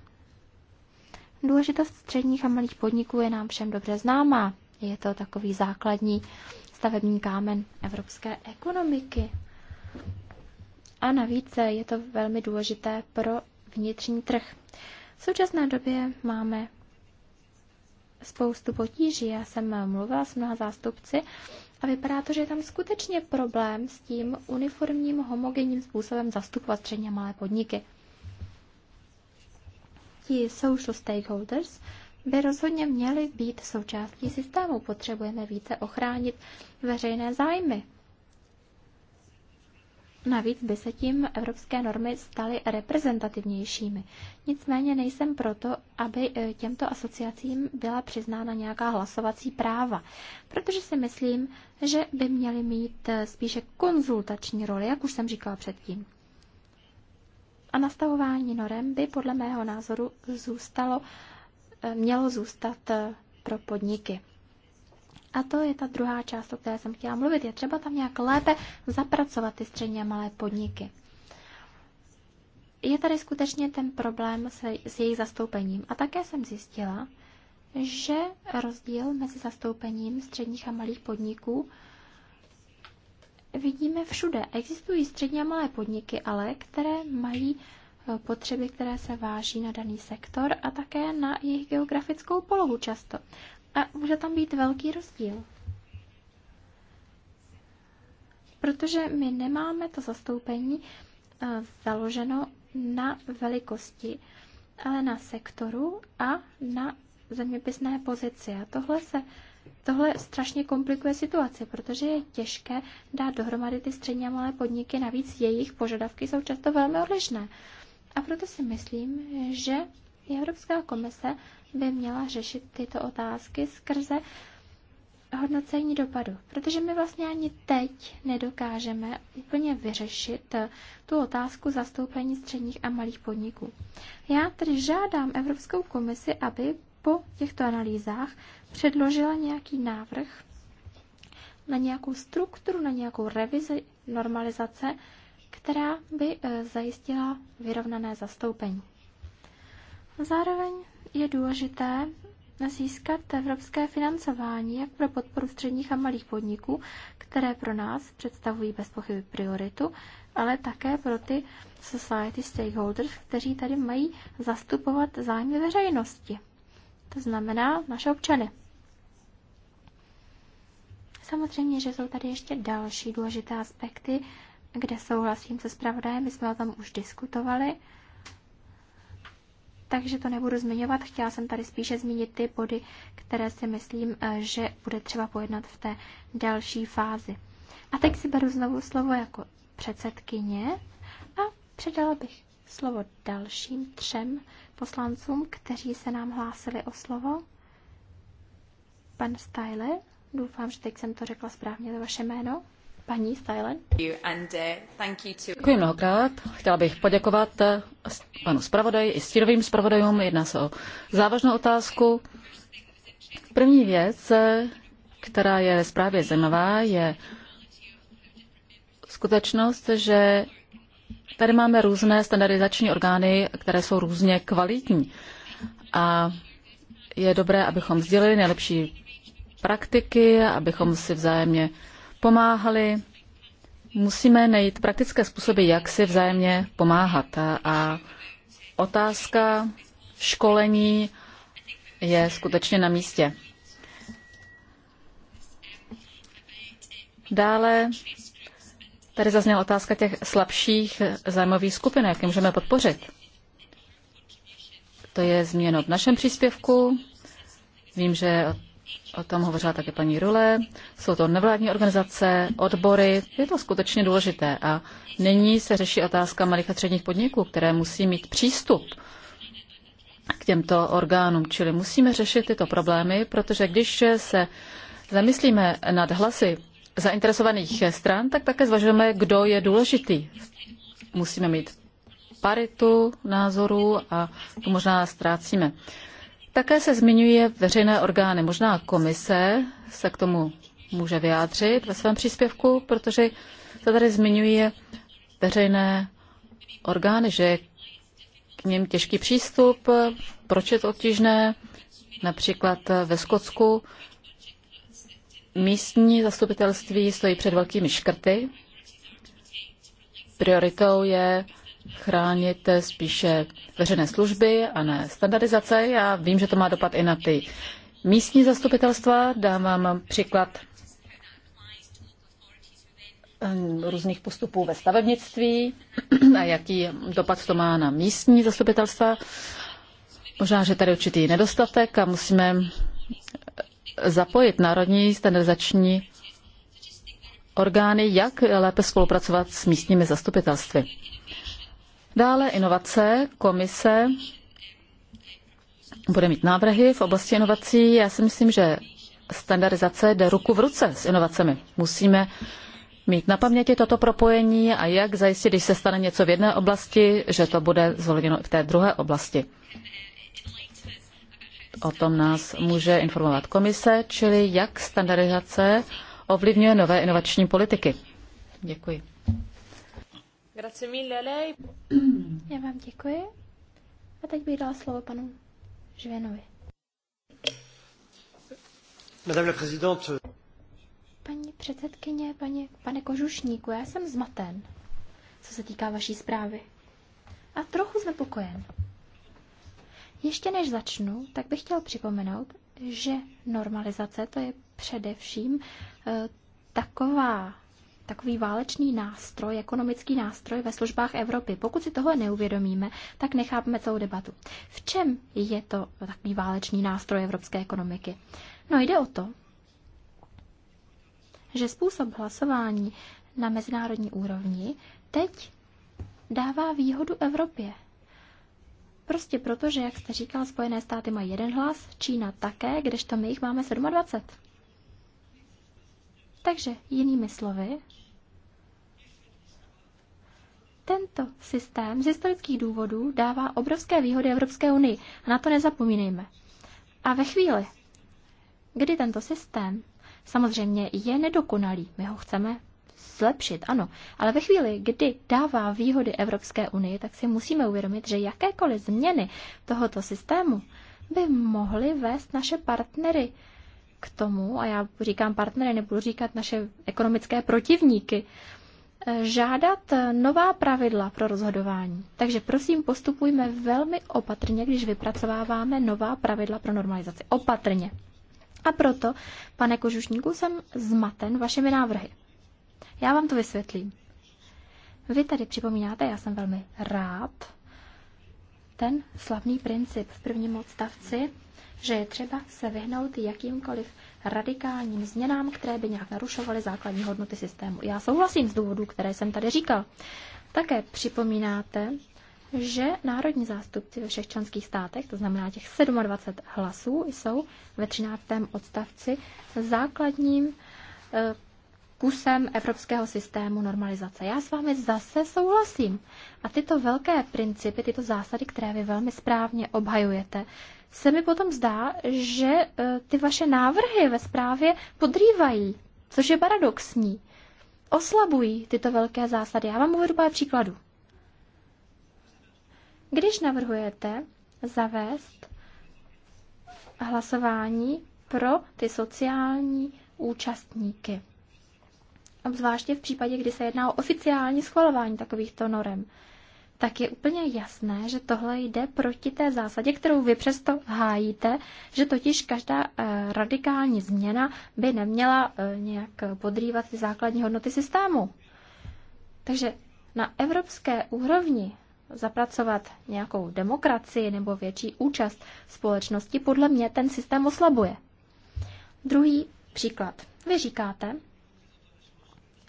B: Důležitost středních a malých podniků je nám všem dobře známá. Je to takový základní stavební kámen evropské ekonomiky. A navíc eh, je to velmi důležité pro vnitřní trh. V současné době máme spoustu potíží. Já jsem mluvila s mnoha zástupci a vypadá to, že je tam skutečně problém s tím uniformním, homogenním způsobem zastupovat středně malé podniky. Ti social stakeholders by rozhodně měli být součástí systému. Potřebujeme více ochránit veřejné zájmy Navíc by se tím evropské normy staly reprezentativnějšími. Nicméně nejsem proto, aby e, těmto asociacím byla přiznána nějaká hlasovací práva, protože si myslím, že by měly mít e, spíše konzultační roli, jak už jsem říkala předtím. A nastavování norem by podle mého názoru zůstalo, e, mělo zůstat pro podniky. A to je ta druhá část, o které jsem chtěla mluvit. Je třeba tam nějak lépe zapracovat ty středně a malé podniky. Je tady skutečně ten problém se, s jejich zastoupením. A také jsem zjistila, že rozdíl mezi zastoupením středních a malých podniků vidíme všude. Existují středně a malé podniky, ale které mají eh, potřeby, které se váží na daný sektor a také na jejich geografickou polohu často. A může tam být velký rozdíl. Protože my nemáme to zastoupení eh, založeno na velikosti, ale na sektoru a na zeměpisné pozici. A tohle se Tohle strašně komplikuje situaci, protože je těžké dát dohromady ty střední a malé podniky, navíc jejich požadavky jsou často velmi odlišné. A proto si myslím, že Evropská komise by měla řešit tyto otázky skrze hodnocení dopadu, protože my vlastně ani teď nedokážeme úplně vyřešit eh, tu otázku zastoupení středních a malých podniků. Já tedy žádám Evropskou komisi, aby po těchto analýzách předložila nějaký návrh na nějakou strukturu, na nějakou revizi normalizace, která by eh, zajistila vyrovnané zastoupení. Zároveň je důležité získat evropské financování jak pro podporu středních a malých podniků, které pro nás představují bez pochyby prioritu, ale také pro ty society stakeholders, kteří tady mají zastupovat zájmy veřejnosti. To znamená naše občany. Samozřejmě, že jsou tady ještě další důležité aspekty, kde souhlasím se zpravodajem, my jsme o tom už diskutovali takže to nebudu zmiňovat. Chtěla jsem tady spíše zmínit ty body, které si myslím, eh, že bude třeba pojednat v té další fázi. A teď si beru znovu slovo jako předsedkyně a předala bych slovo dalším třem poslancům, kteří se nám hlásili o slovo. Pan Styler, doufám, že teď jsem to řekla správně, to vaše jméno. Paní Stylen.
A: Uh, Děkuji mnohokrát. Chtěla bych poděkovat eh, panu zpravodaji i stírovým zpravodajům. Jedná se o závažnou otázku. První věc, eh, která je zprávě zajímavá, je skutečnost, že tady máme různé standardizační orgány, které jsou různě kvalitní. A je dobré, abychom sdělili nejlepší praktiky, abychom si vzájemně pomáhali. Musíme najít praktické způsoby, jak si vzájemně pomáhat. A otázka školení je skutečně na místě. Dále tady zazněla otázka těch slabších zájmových skupin, jak je můžeme podpořit. To je změno v našem příspěvku. Vím, že o tom hovořila také paní Rule, jsou to nevládní organizace, odbory, je to skutečně důležité. A nyní se řeší otázka malých a středních podniků, které musí mít přístup k těmto orgánům. Čili musíme řešit tyto problémy, protože když se zamyslíme nad hlasy zainteresovaných stran, tak také zvažujeme, kdo je důležitý. Musíme mít paritu názorů a tu možná ztrácíme. Také se zmiňuje veřejné orgány. Možná komise se k tomu může vyjádřit ve svém příspěvku, protože se tady zmiňuje veřejné orgány, že je k něm těžký přístup, proč je to obtížné, například ve Skotsku místní zastupitelství stojí před velkými škrty. Prioritou je chránit spíše veřejné služby a ne standardizace. Já vím, že to má dopad i na ty místní zastupitelstva. Dám vám příklad eh, různých postupů ve stavebnictví a jaký dopad to má na místní zastupitelstva. Možná, že tady určitý nedostatek a musíme eh, zapojit národní standardizační orgány, jak lépe spolupracovat s místními zastupitelstvy. Dále inovace, komise bude mít návrhy v oblasti inovací. Já si myslím, že standardizace jde ruku v ruce s inovacemi. Musíme mít na paměti toto propojení a jak zajistit, když se stane něco v jedné oblasti, že to bude zvoleno i v té druhé oblasti. O tom nás může informovat komise, čili jak standardizace ovlivňuje nové inovační politiky. Děkuji. Grazie mille lei.
B: Já vám děkuji. A teď bych dala slovo panu Žvenovi.
C: Madame la présidente.
B: Paní předsedkyně, paní, pane Kožušníku, já jsem zmaten, co se týká vaší zprávy. A trochu znepokojen. Ještě než začnu, tak bych chtěl připomenout, že normalizace to je především e, taková takový válečný nástroj, ekonomický nástroj ve službách Evropy. Pokud si toho neuvědomíme, tak nechápeme celou debatu. V čem je to takový válečný nástroj evropské ekonomiky? No jde o to, že způsob hlasování na mezinárodní úrovni teď dává výhodu Evropě. Prostě proto, že, jak jste říkal, Spojené státy mají jeden hlas, Čína také, kdežto my jich máme 27. Takže jinými slovy, tento systém z historických důvodů dává obrovské výhody Evropské unii. A na to nezapomínejme. A ve chvíli, kdy tento systém samozřejmě je nedokonalý, my ho chceme zlepšit, ano, ale ve chvíli, kdy dává výhody Evropské unii, tak si musíme uvědomit, že jakékoliv změny tohoto systému by mohly vést naše partnery k tomu, a já říkám partnery, nebudu říkat naše ekonomické protivníky, žádat nová pravidla pro rozhodování. Takže prosím, postupujme velmi opatrně, když vypracováváme nová pravidla pro normalizaci. Opatrně. A proto, pane Kožušníku, jsem zmaten vašimi návrhy. Já vám to vysvětlím. Vy tady připomínáte, já jsem velmi rád, ten slavný princip v prvním odstavci, že je třeba se vyhnout jakýmkoliv radikálním změnám, které by nějak narušovaly základní hodnoty systému. Já souhlasím z důvodů, které jsem tady říkal. Také připomínáte, že národní zástupci ve všech členských státech, to znamená těch 27 hlasů, jsou ve 13. odstavci základním eh, kusem evropského systému normalizace. Já s vámi zase souhlasím. A tyto velké principy, tyto zásady, které vy velmi správně obhajujete, se mi potom zdá, že e, ty vaše návrhy ve zprávě podrývají, což je paradoxní. Oslabují tyto velké zásady. Já vám uvedu pár příkladů. Když navrhujete zavést hlasování pro ty sociální účastníky obzvláště v případě, kdy se jedná o oficiální schvalování takovýchto norem, tak je úplně jasné, že tohle jde proti té zásadě, kterou vy přesto hájíte, že totiž každá eh, radikální změna by neměla eh, nějak podrývat ty základní hodnoty systému. Takže na evropské úrovni zapracovat nějakou demokracii nebo větší účast společnosti, podle mě ten systém oslabuje. Druhý příklad. Vy říkáte,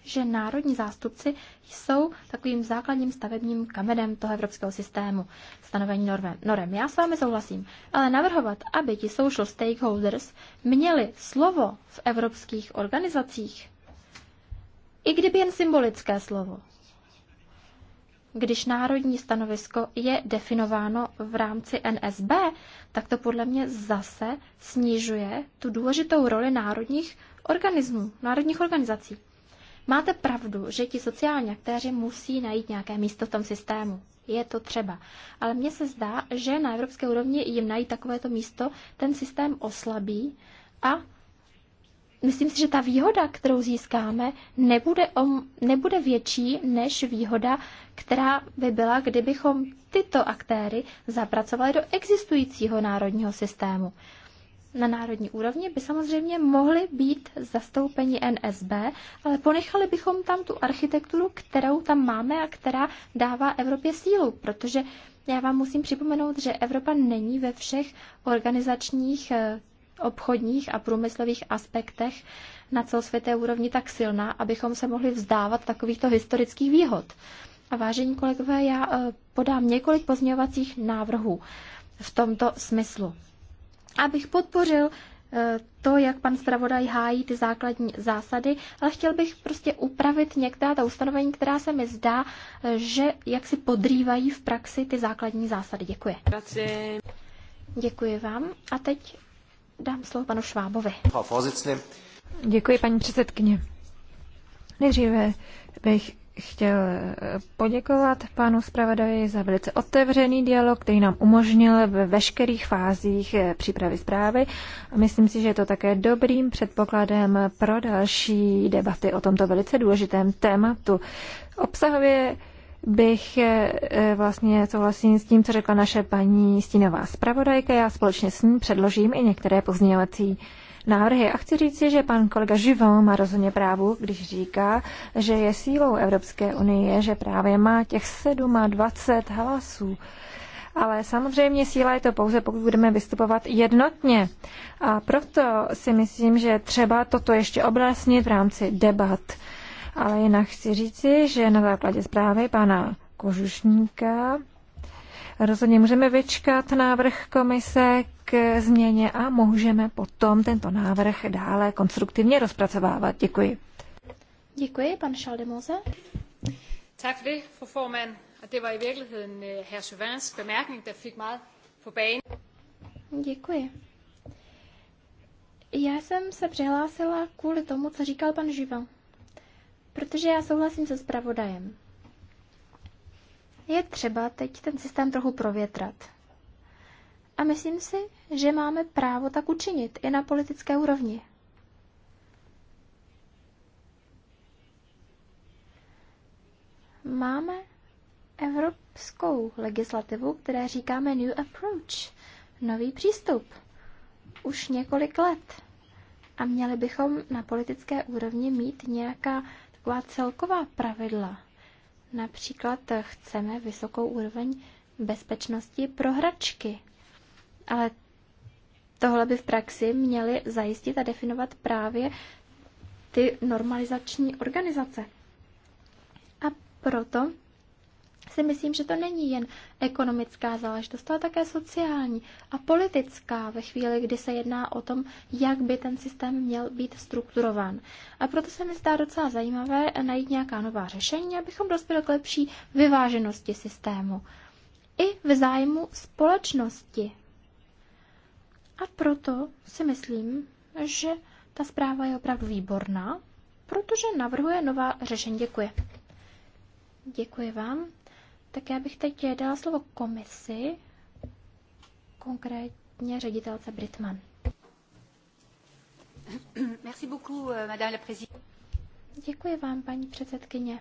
B: že národní zástupci jsou takovým základním stavebním kamenem toho evropského systému stanovení norem. Já s vámi souhlasím, ale navrhovat, aby ti social stakeholders měli slovo v evropských organizacích, i kdyby jen symbolické slovo, když národní stanovisko je definováno v rámci NSB, tak to podle mě zase snižuje tu důležitou roli národních organismů, národních organizací. Máte pravdu, že ti sociální aktéři musí najít nějaké místo v tom systému. Je to třeba. Ale mně se zdá, že na evropské úrovni jim najít takovéto místo ten systém oslabí a myslím si, že ta výhoda, kterou získáme, nebude, om, nebude větší než výhoda, která by byla, kdybychom tyto aktéry zapracovali do existujícího národního systému na národní úrovni by samozřejmě mohly být zastoupeni NSB, ale ponechali bychom tam tu architekturu, kterou tam máme a která dává Evropě sílu, protože já vám musím připomenout, že Evropa není ve všech organizačních, eh, obchodních a průmyslových aspektech na celosvěté úrovni tak silná, abychom se mohli vzdávat takovýchto historických výhod. A vážení kolegové, já eh, podám několik pozměňovacích návrhů v tomto smyslu abych podpořil eh, to, jak pan zpravodaj hájí ty základní zásady, ale chtěl bych prostě upravit některá ta ustanovení, která se mi zdá, eh, že jak si podrývají v praxi ty základní zásady. Děkuji. Děkuji, Děkuji vám a teď
D: dám slovo panu Švábovi. Děkuji, paní předsedkyně. Nejdříve bych chtěl poděkovat panu zpravodaji za velice otevřený dialog, který nám umožnil ve veškerých fázích eh, přípravy zprávy. A myslím si, že je to také dobrým předpokladem pro další debaty o tomto velice důležitém tématu. Obsahově bych eh, eh, vlastně souhlasím s tím, co řekla naše paní Stínová zpravodajka. Já společně s ní předložím i některé pozměňovací návrhy. A chci říct, že pan kolega Živon má rozhodně právu, když říká, že je sílou Evropské unie, že právě má těch 27 hlasů. Ale samozřejmě síla je to pouze, pokud budeme vystupovat jednotně. A proto si myslím, že třeba toto ještě oblastnit v rámci debat. Ale jinak chci říci, že na základě zprávy pana Kožušníka Rozhodně můžeme vyčkat návrh komise k změně a můžeme potom tento návrh dále konstruktivně rozpracovávat. Děkuji.
B: Děkuji, pan Šaldemoze.
A: Tak for det, fru formand. Og det var i virkeligheden øh, herr Chauvins bemærkning, der fik meget på banen.
B: Děkuji. Já jsem se přihlásila kvůli tomu, co říkal pan Živa. protože já souhlasím se zpravodajem je třeba teď ten systém trochu provětrat. A myslím si, že máme právo tak učinit i na politické úrovni. Máme evropskou legislativu, které říkáme New Approach, nový přístup, už několik let. A měli bychom na politické úrovni mít nějaká taková celková pravidla, Například chceme vysokou úroveň bezpečnosti pro hračky. Ale tohle by v praxi měly zajistit a definovat právě ty normalizační organizace. A proto si myslím, že to není jen ekonomická záležitost, ale také sociální a politická ve chvíli, kdy se jedná o tom, jak by ten systém měl být strukturován. A proto se mi zdá docela zajímavé najít nějaká nová řešení, abychom dospěli k lepší vyváženosti systému. I v zájmu společnosti. A proto si myslím, že ta zpráva je opravdu výborná, protože navrhuje nová řešení. Děkuji. Děkuji vám. Tak já bych teď dala slovo komisi, konkrétně ředitelce Britman.
A: Merci beaucoup, euh, madame la
B: Děkuji vám, paní předsedkyně.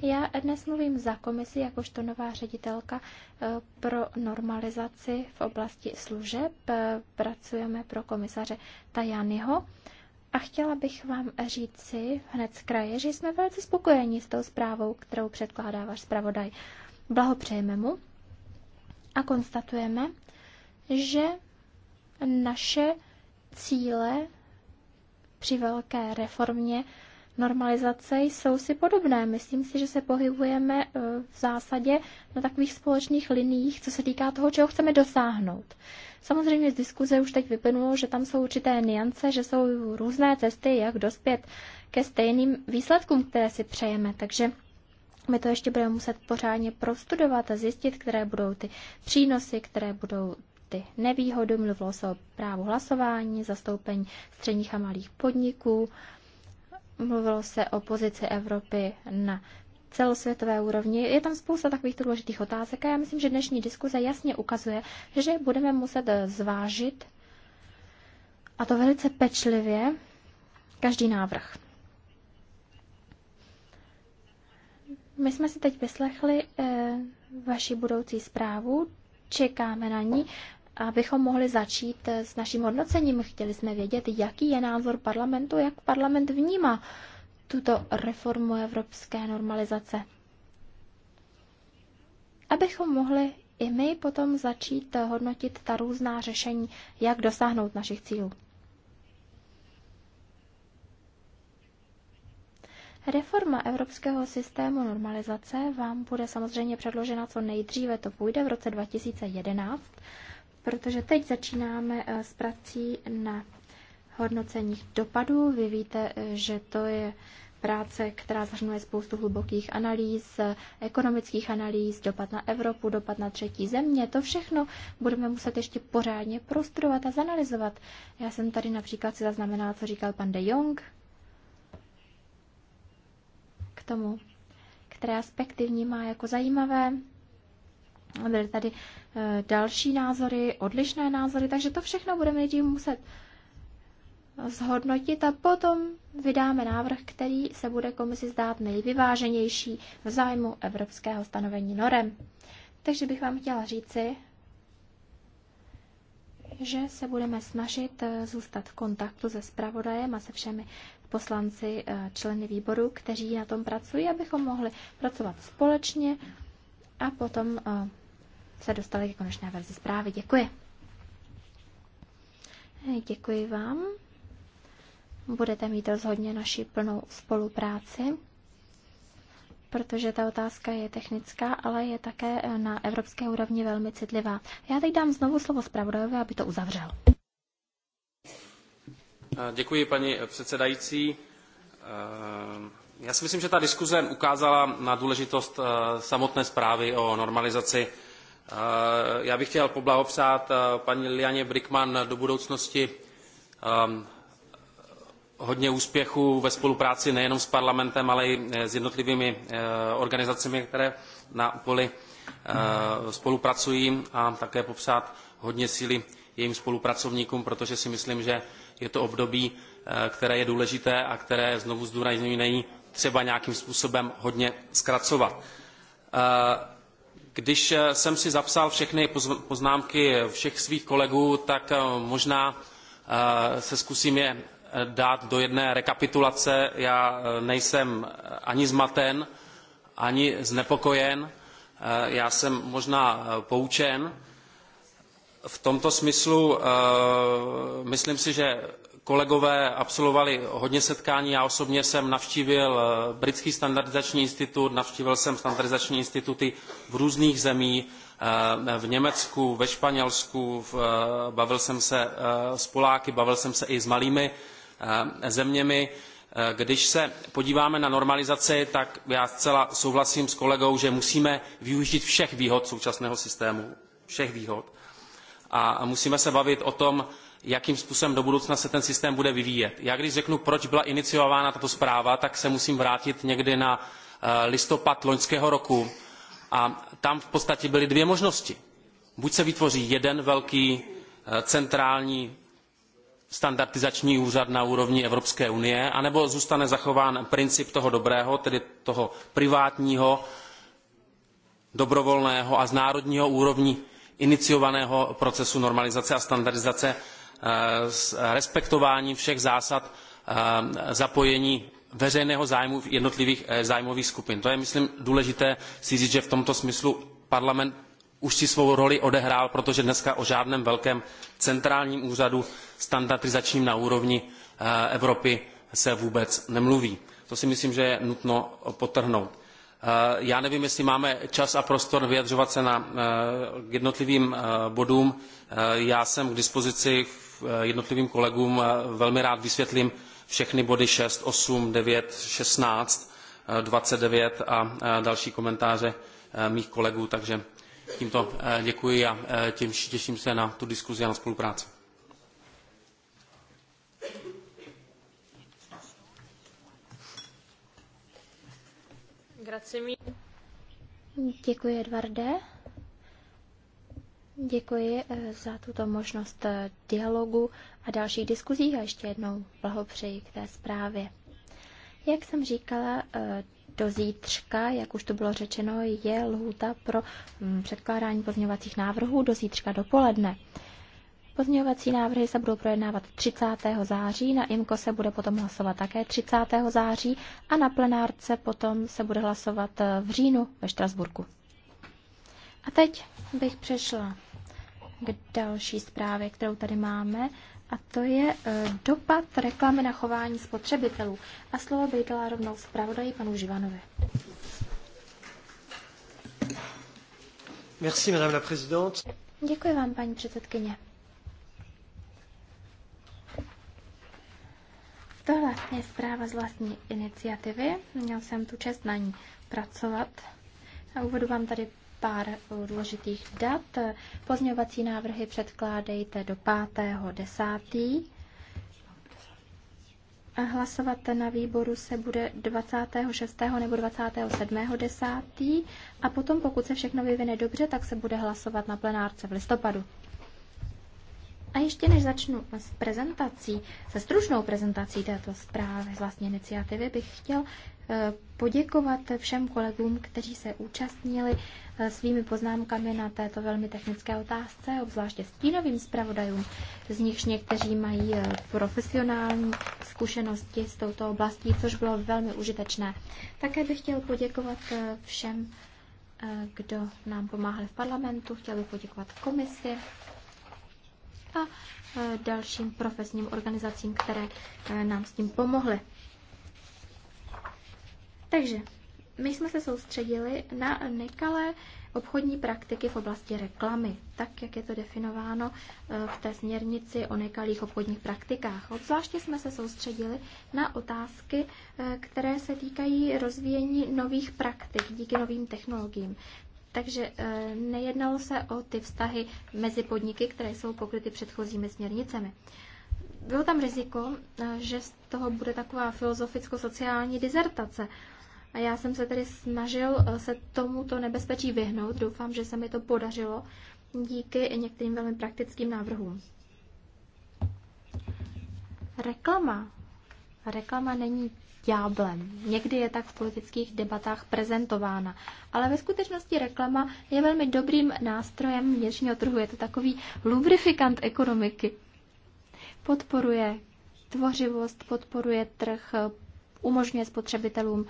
B: Já dnes mluvím za komisi jakožto nová ředitelka eh, pro normalizaci v oblasti služeb. Eh, pracujeme pro komisaře Tajanyho a chtěla bych vám říci hned z kraje, že jsme velice spokojeni s tou zprávou, kterou předkládá váš zpravodaj. Blahopřejeme mu a konstatujeme, že naše cíle při velké reformě normalizace jsou si podobné. Myslím si, že se pohybujeme eh, v zásadě na takových společných liních, co se týká toho, čeho chceme dosáhnout. Samozřejmě z diskuze už teď vyplnulo, že tam jsou určité niance, že jsou různé cesty, jak dospět ke stejným výsledkům, které si přejeme. Takže my to ještě budeme muset pořádně prostudovat a zjistit, které budou ty přínosy, které budou ty nevýhody. Mluvilo se o právu hlasování, zastoupení středních a malých podniků, Mluvilo se o pozici Evropy na celosvětové úrovni. Je tam spousta takovýchto důležitých otázek a já myslím, že dnešní diskuze jasně ukazuje, že budeme muset eh, zvážit, a to velice pečlivě, každý návrh. My jsme si teď vyslechli e, vaši budoucí zprávu, čekáme na ní abychom mohli začít s naším hodnocením. Chtěli jsme vědět, jaký je názor parlamentu, jak parlament vnímá tuto reformu evropské normalizace. Abychom mohli i my potom začít hodnotit ta různá řešení, jak dosáhnout našich cílů. Reforma evropského systému normalizace vám bude samozřejmě předložena co nejdříve, to půjde v roce 2011, protože teď začínáme eh, s prací na hodnoceních dopadů. Vy víte, eh, že to je práce, která zahrnuje spoustu hlubokých analýz, ekonomických analýz, dopad na Evropu, dopad na třetí země. To všechno budeme muset ještě pořádně prostudovat a zanalizovat. Já jsem tady například si zaznamenala, co říkal pan de Jong k tomu, které aspekty vnímá jako zajímavé byly tady eh, další názory, odlišné názory, takže to všechno budeme nejdřív muset zhodnotit a potom vydáme návrh, který se bude komisi zdát nejvyváženější v zájmu evropského stanovení norem. Takže bych vám chtěla říci, že se budeme snažit eh, zůstat v kontaktu se spravodajem a se všemi poslanci, eh, členy výboru, kteří na tom pracují, abychom mohli pracovat společně a potom se dostali ke konečné verzi zprávy. Děkuji. Děkuji vám. Budete mít rozhodně naši plnou spolupráci, protože ta otázka je technická, ale je také na evropské úrovni velmi citlivá. Já teď dám znovu slovo zpravodajovi, aby to uzavřel.
E: Děkuji, paní předsedající. Eh, já si myslím, že ta diskuze ukázala na důležitost eh, samotné zprávy o normalizaci Eh, já bych chtěl poblahopřát eh, paní Lianě Brickman do budoucnosti ehm, hodně úspěchů ve spolupráci nejenom s parlamentem, ale i eh, s jednotlivými organizacemi, které na poli spolupracují a také popřát hodně síly jejím spolupracovníkům, protože si myslím, že je to období, které je důležité a které, znovu zdůrazňuji, není třeba nějakým způsobem hodně zkracovat. Když eh, jsem si zapsal všechny poznámky všech svých kolegů, tak eh, možná eh, se zkusím je dát do jedné rekapitulace. Já nejsem ani zmaten, ani znepokojen, já jsem možná poučen. V tomto smyslu myslím si, že kolegové absolvovali hodně setkání. Já osobně jsem navštívil eh, Britský standardizační institut, navštívil jsem standardizační instituty v různých zemích, eh, v Německu, ve Španělsku, eh, bavil jsem se s Poláky, bavil jsem se i s malými zeměmi. Když se podíváme na normalizaci, tak já zcela souhlasím s kolegou, že musíme využít všech výhod současného systému, všech výhod. A musíme se bavit o tom, jakým způsobem do budoucna se ten systém bude vyvíjet. Já když řeknu, proč byla iniciována tato zpráva, tak se musím vrátit někdy na eh, listopad loňského roku a tam v podstatě byly dvě možnosti. Buď se vytvoří jeden velký eh, centrální standardizační úřad na úrovni Evropské unie, anebo zůstane zachován princip toho dobrého, tedy toho privátního, dobrovolného a z národního úrovni iniciovaného procesu normalizace a standardizace Eh, s respektováním všech zásad eh, zapojení veřejného zájmu v jednotlivých eh, zájmových skupin. To je, myslím, důležité si říct, že v tomto smyslu parlament už si svou roli odehrál, protože dneska o žádném velkém centrálním úřadu standardizačním na úrovni Evropy se vůbec nemluví. To si myslím, že je nutno potrhnout. Já nevím, jestli máme čas a prostor vyjadřovat se na jednotlivým bodům. Já jsem k dispozici v Eh, jednotlivým kolegům. Velmi rád vysvětlím všechny body 6, 8, 9, 16, 29 a eh, další komentáře eh, mých kolegů, takže tímto děkuji a tím těším se na tu diskuzi a na spolupráci.
B: Děkuji, Edvarde. Děkuji eh, za tuto možnost eh, dialogu a dalších diskuzí a ještě jednou blahopřeji k té zprávě. Jak jsem říkala, eh, do zítřka, jak už to bylo řečeno, je lhůta pro mm, předkládání pozměňovacích návrhů do zítřka dopoledne. Pozměňovací návrhy se budou projednávat 30. září, na IMKO se bude potom hlasovat také 30. září a na plenárce potom se bude hlasovat v říjnu ve Štrasburku. A teď bych přešla k další zprávě, kterou tady máme, a to je eh, dopad reklamy na chování spotřebitelů. A slovo bych dala rovnou zpravodaji panu Živanovi.
C: Merci, madame la présidente.
B: Děkuji vám, paní předsedkyně. To je zpráva z vlastní iniciativy. Měl jsem tu čest na ní pracovat. A uvedu vám tady pár eh, důležitých dat. Pozměňovací návrhy předkládejte do 5.10. A hlasovat na výboru se bude 26. nebo 27. 10. A potom, pokud se všechno vyvine dobře, tak se bude hlasovat na plenárce v listopadu. A ještě než začnu s prezentací, se stručnou prezentací této zprávy z vlastní iniciativy, bych chtěl eh, poděkovat všem kolegům, kteří se účastnili eh, svými poznámkami na této velmi technické otázce, obzvláště stínovým zpravodajům, z nichž někteří mají eh, profesionální zkušenosti s touto oblastí, což bylo velmi užitečné. Také bych chtěl poděkovat všem, kdo nám pomáhali v parlamentu, chtěl bych poděkovat komisi, a dalším profesním organizacím, které e, nám s tím pomohly. Takže my jsme se soustředili na nekalé obchodní praktiky v oblasti reklamy, tak jak je to definováno e, v té směrnici o nekalých obchodních praktikách. Obzvláště jsme se soustředili na otázky, e, které se týkají rozvíjení nových praktik díky novým technologiím. Takže eh, nejednalo se o ty vztahy mezi podniky, které jsou pokryty předchozími směrnicemi. Bylo tam riziko, eh, že z toho bude taková filozoficko-sociální dizertace. A já jsem se tedy snažil eh, se tomuto nebezpečí vyhnout. Doufám, že se mi to podařilo díky některým velmi praktickým návrhům. Reklama. Reklama není ďáblem. Někdy je tak v politických debatách prezentována, ale ve skutečnosti reklama je velmi dobrým nástrojem vnitřního trhu. Je to takový lubrifikant ekonomiky. Podporuje tvořivost, podporuje trh, umožňuje spotřebitelům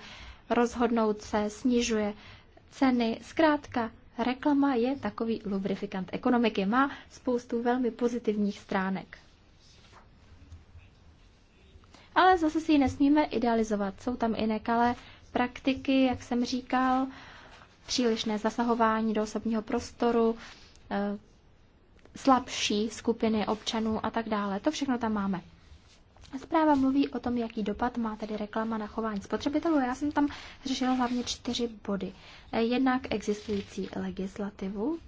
B: rozhodnout se, snižuje ceny. Zkrátka, reklama je takový lubrifikant ekonomiky. Má spoustu velmi pozitivních stránek. Ale zase si ji nesmíme idealizovat. Jsou tam i nekalé praktiky, jak jsem říkal, přílišné zasahování do osobního prostoru, eh, slabší skupiny občanů a tak dále. To všechno tam máme. Zpráva mluví o tom, jaký dopad má tedy reklama na chování spotřebitelů. Já jsem tam řešila hlavně čtyři body. Eh, jednak existující legislativu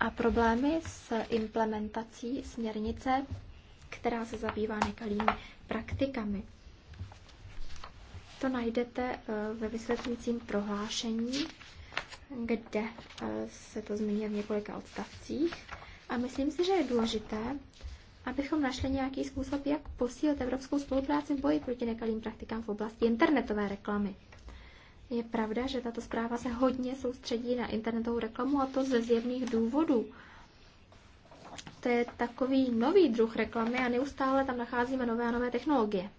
B: a problémy s implementací směrnice která se zabývá nekalými praktikami. To najdete eh, ve vysvětlujícím prohlášení, kde eh, se to zmíní v několika odstavcích. A myslím si, že je důležité, abychom našli nějaký způsob, jak posílit evropskou spolupráci v boji proti nekalým praktikám v oblasti internetové reklamy. Je pravda, že tato zpráva se hodně soustředí na internetovou reklamu a to ze zjevných důvodů. To je takový nový druh reklamy a neustále tam nacházíme nové a nové technologie.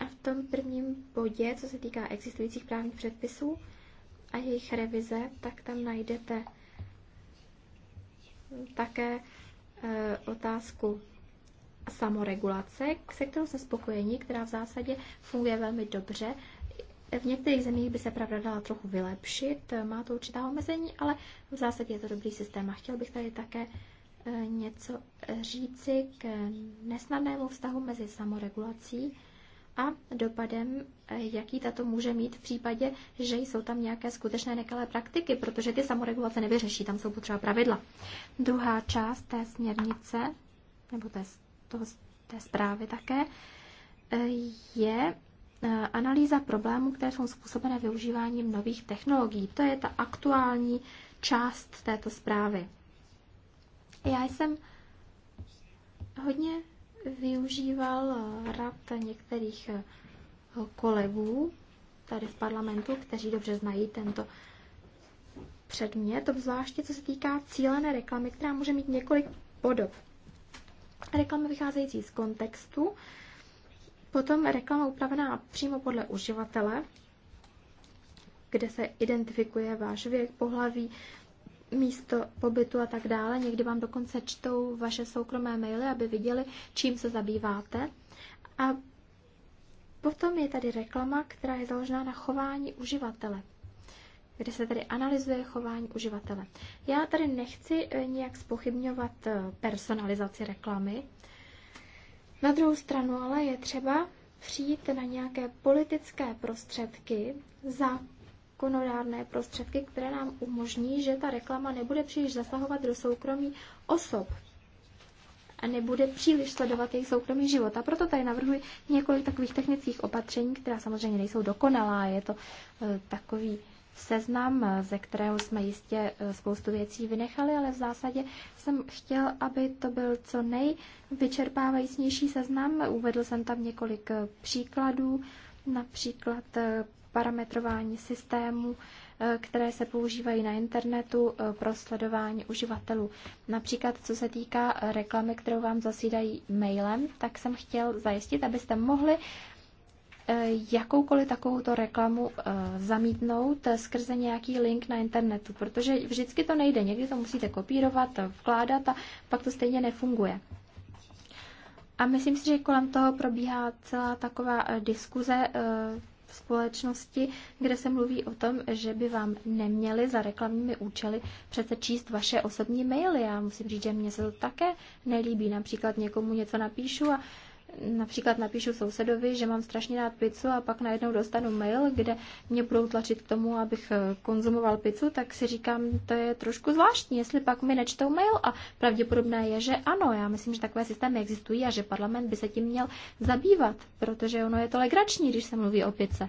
B: A v tom prvním bodě, co se týká existujících právních předpisů a jejich revize, tak tam najdete také e, otázku samoregulace, se kterou jsme spokojeni, která v zásadě funguje velmi dobře v některých zemích by se pravda dala trochu vylepšit, má to určitá omezení, ale v zásadě je to dobrý systém. A chtěl bych tady také eh, něco říci k nesnadnému vztahu mezi samoregulací a dopadem, eh, jaký tato může mít v případě, že jsou tam nějaké skutečné nekalé praktiky, protože ty samoregulace nevyřeší, tam jsou potřeba pravidla. Druhá část té směrnice, nebo té, toho, té zprávy také, eh, je Eh, analýza problémů, které jsou způsobené využíváním nových technologií. To je ta aktuální část této zprávy. Já jsem hodně využíval rad některých eh, kolegů tady v parlamentu, kteří dobře znají tento předmět, obzvláště co se týká cílené reklamy, která může mít několik podob. Reklamy vycházející z kontextu, Potom reklama upravená přímo podle uživatele, kde se identifikuje váš věk, pohlaví, místo pobytu a tak dále. Někdy vám dokonce čtou vaše soukromé maily, aby viděli, čím se zabýváte. A potom je tady reklama, která je založena na chování uživatele kde se tady analyzuje chování uživatele. Já tady nechci eh, nějak spochybňovat eh, personalizaci reklamy, na druhou stranu ale je třeba přijít na nějaké politické prostředky za konodárné prostředky, které nám umožní, že ta reklama nebude příliš zasahovat do soukromí osob a nebude příliš sledovat jejich soukromý život. A proto tady navrhuji několik takových technických opatření, která samozřejmě nejsou dokonalá, je to eh, takový seznam, ze kterého jsme jistě eh, spoustu věcí vynechali, ale v zásadě jsem chtěl, aby to byl co nejvyčerpávajícnější seznam. Uvedl jsem tam několik eh, příkladů, například eh, parametrování systému, které se používají na internetu pro sledování uživatelů. Například co se týká reklamy, kterou vám zasídají mailem, tak jsem chtěl zajistit, abyste mohli jakoukoliv takovouto reklamu eh, zamítnout skrze nějaký link na internetu, protože vždycky to nejde. Někdy to musíte kopírovat, vkládat a pak to stejně nefunguje. A myslím si, že kolem toho probíhá celá taková eh, diskuze eh, v společnosti, kde se mluví o tom, že by vám neměli za reklamními účely přece číst vaše osobní maily. Já musím říct, že mně se to také nelíbí. Například někomu něco napíšu a Například napíšu sousedovi, že mám strašně rád pizzu a pak najednou dostanu mail, kde mě budou tlačit k tomu, abych eh, konzumoval pizzu, tak si říkám, to je trošku zvláštní, jestli pak mi nečtou mail a pravděpodobné je, že ano, já myslím, že takové systémy existují a že parlament by se tím měl zabývat, protože ono je to legrační, když se mluví o pice.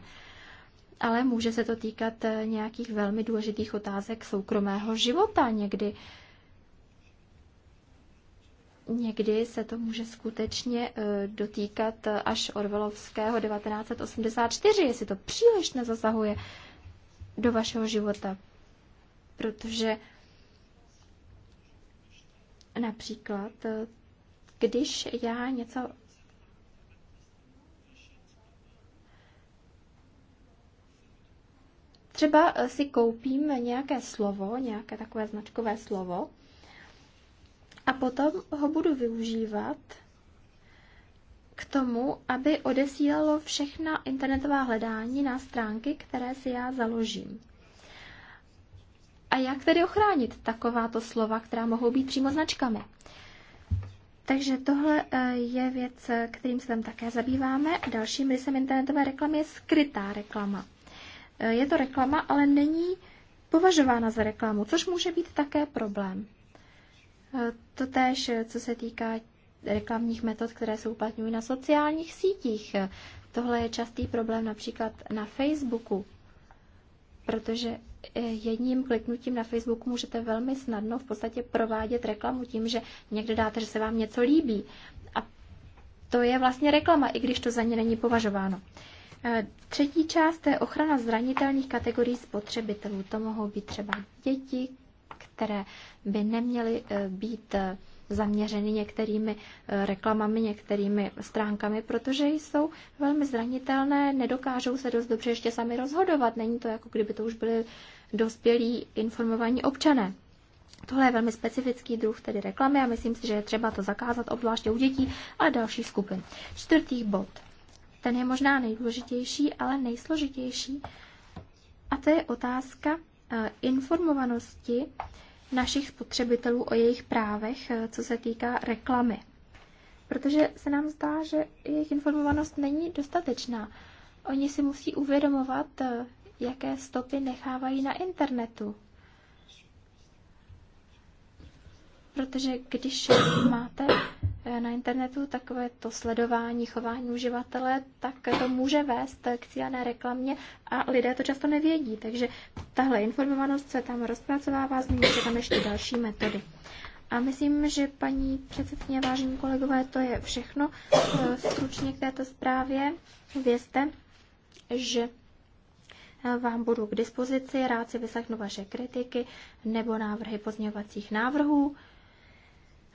B: Ale může se to týkat eh, nějakých velmi důležitých otázek soukromého života někdy Někdy se to může skutečně e, dotýkat e, až Orvelovského 1984, jestli to příliš nezasahuje do vašeho života. Protože například, e, když já něco Třeba si koupím nějaké slovo, nějaké takové značkové slovo, a potom ho budu využívat k tomu, aby odesílalo všechna internetová hledání na stránky, které si já založím. A jak tedy ochránit takováto slova, která mohou být přímo značkami? Takže tohle eh, je věc, eh, kterým se tam také zabýváme. Dalším rysem internetové reklamy je skrytá reklama. Eh, je to reklama, ale není považována za reklamu, což může být také problém to též, co se týká reklamních metod, které se uplatňují na sociálních sítích. Tohle je častý problém například na Facebooku, protože eh, jedním kliknutím na Facebooku můžete velmi snadno v podstatě provádět reklamu tím, že někde dáte, že se vám něco líbí. A to je vlastně reklama, i když to za ně není považováno. Eh, třetí část je ochrana zranitelných kategorií spotřebitelů. To mohou být třeba děti, které by neměly eh, být eh, zaměřeny některými eh, reklamami, některými stránkami, protože jsou velmi zranitelné, nedokážou se dost dobře ještě sami rozhodovat. Není to jako kdyby to už byly dospělí informovaní občané. Tohle je velmi specifický druh tedy reklamy a myslím si, že je třeba to zakázat, obzvláště u dětí a dalších skupin. Čtvrtý bod. Ten je možná nejdůležitější, ale nejsložitější. A to je otázka informovanosti našich spotřebitelů o jejich právech, eh, co se týká reklamy. Protože se nám zdá, že jejich informovanost není dostatečná. Oni si musí uvědomovat, eh, jaké stopy nechávají na internetu. Protože když máte na internetu, takové to sledování chování uživatele, tak to může vést k cílené reklamě a lidé to často nevědí. Takže tahle informovanost se tam rozpracovává, změní se tam ještě další metody. A myslím, že paní předsedkyně, vážení kolegové, to je všechno eh, stručně k této zprávě. Vězte, že eh, vám budu k dispozici, rád si vyslechnu vaše kritiky nebo návrhy pozměňovacích návrhů.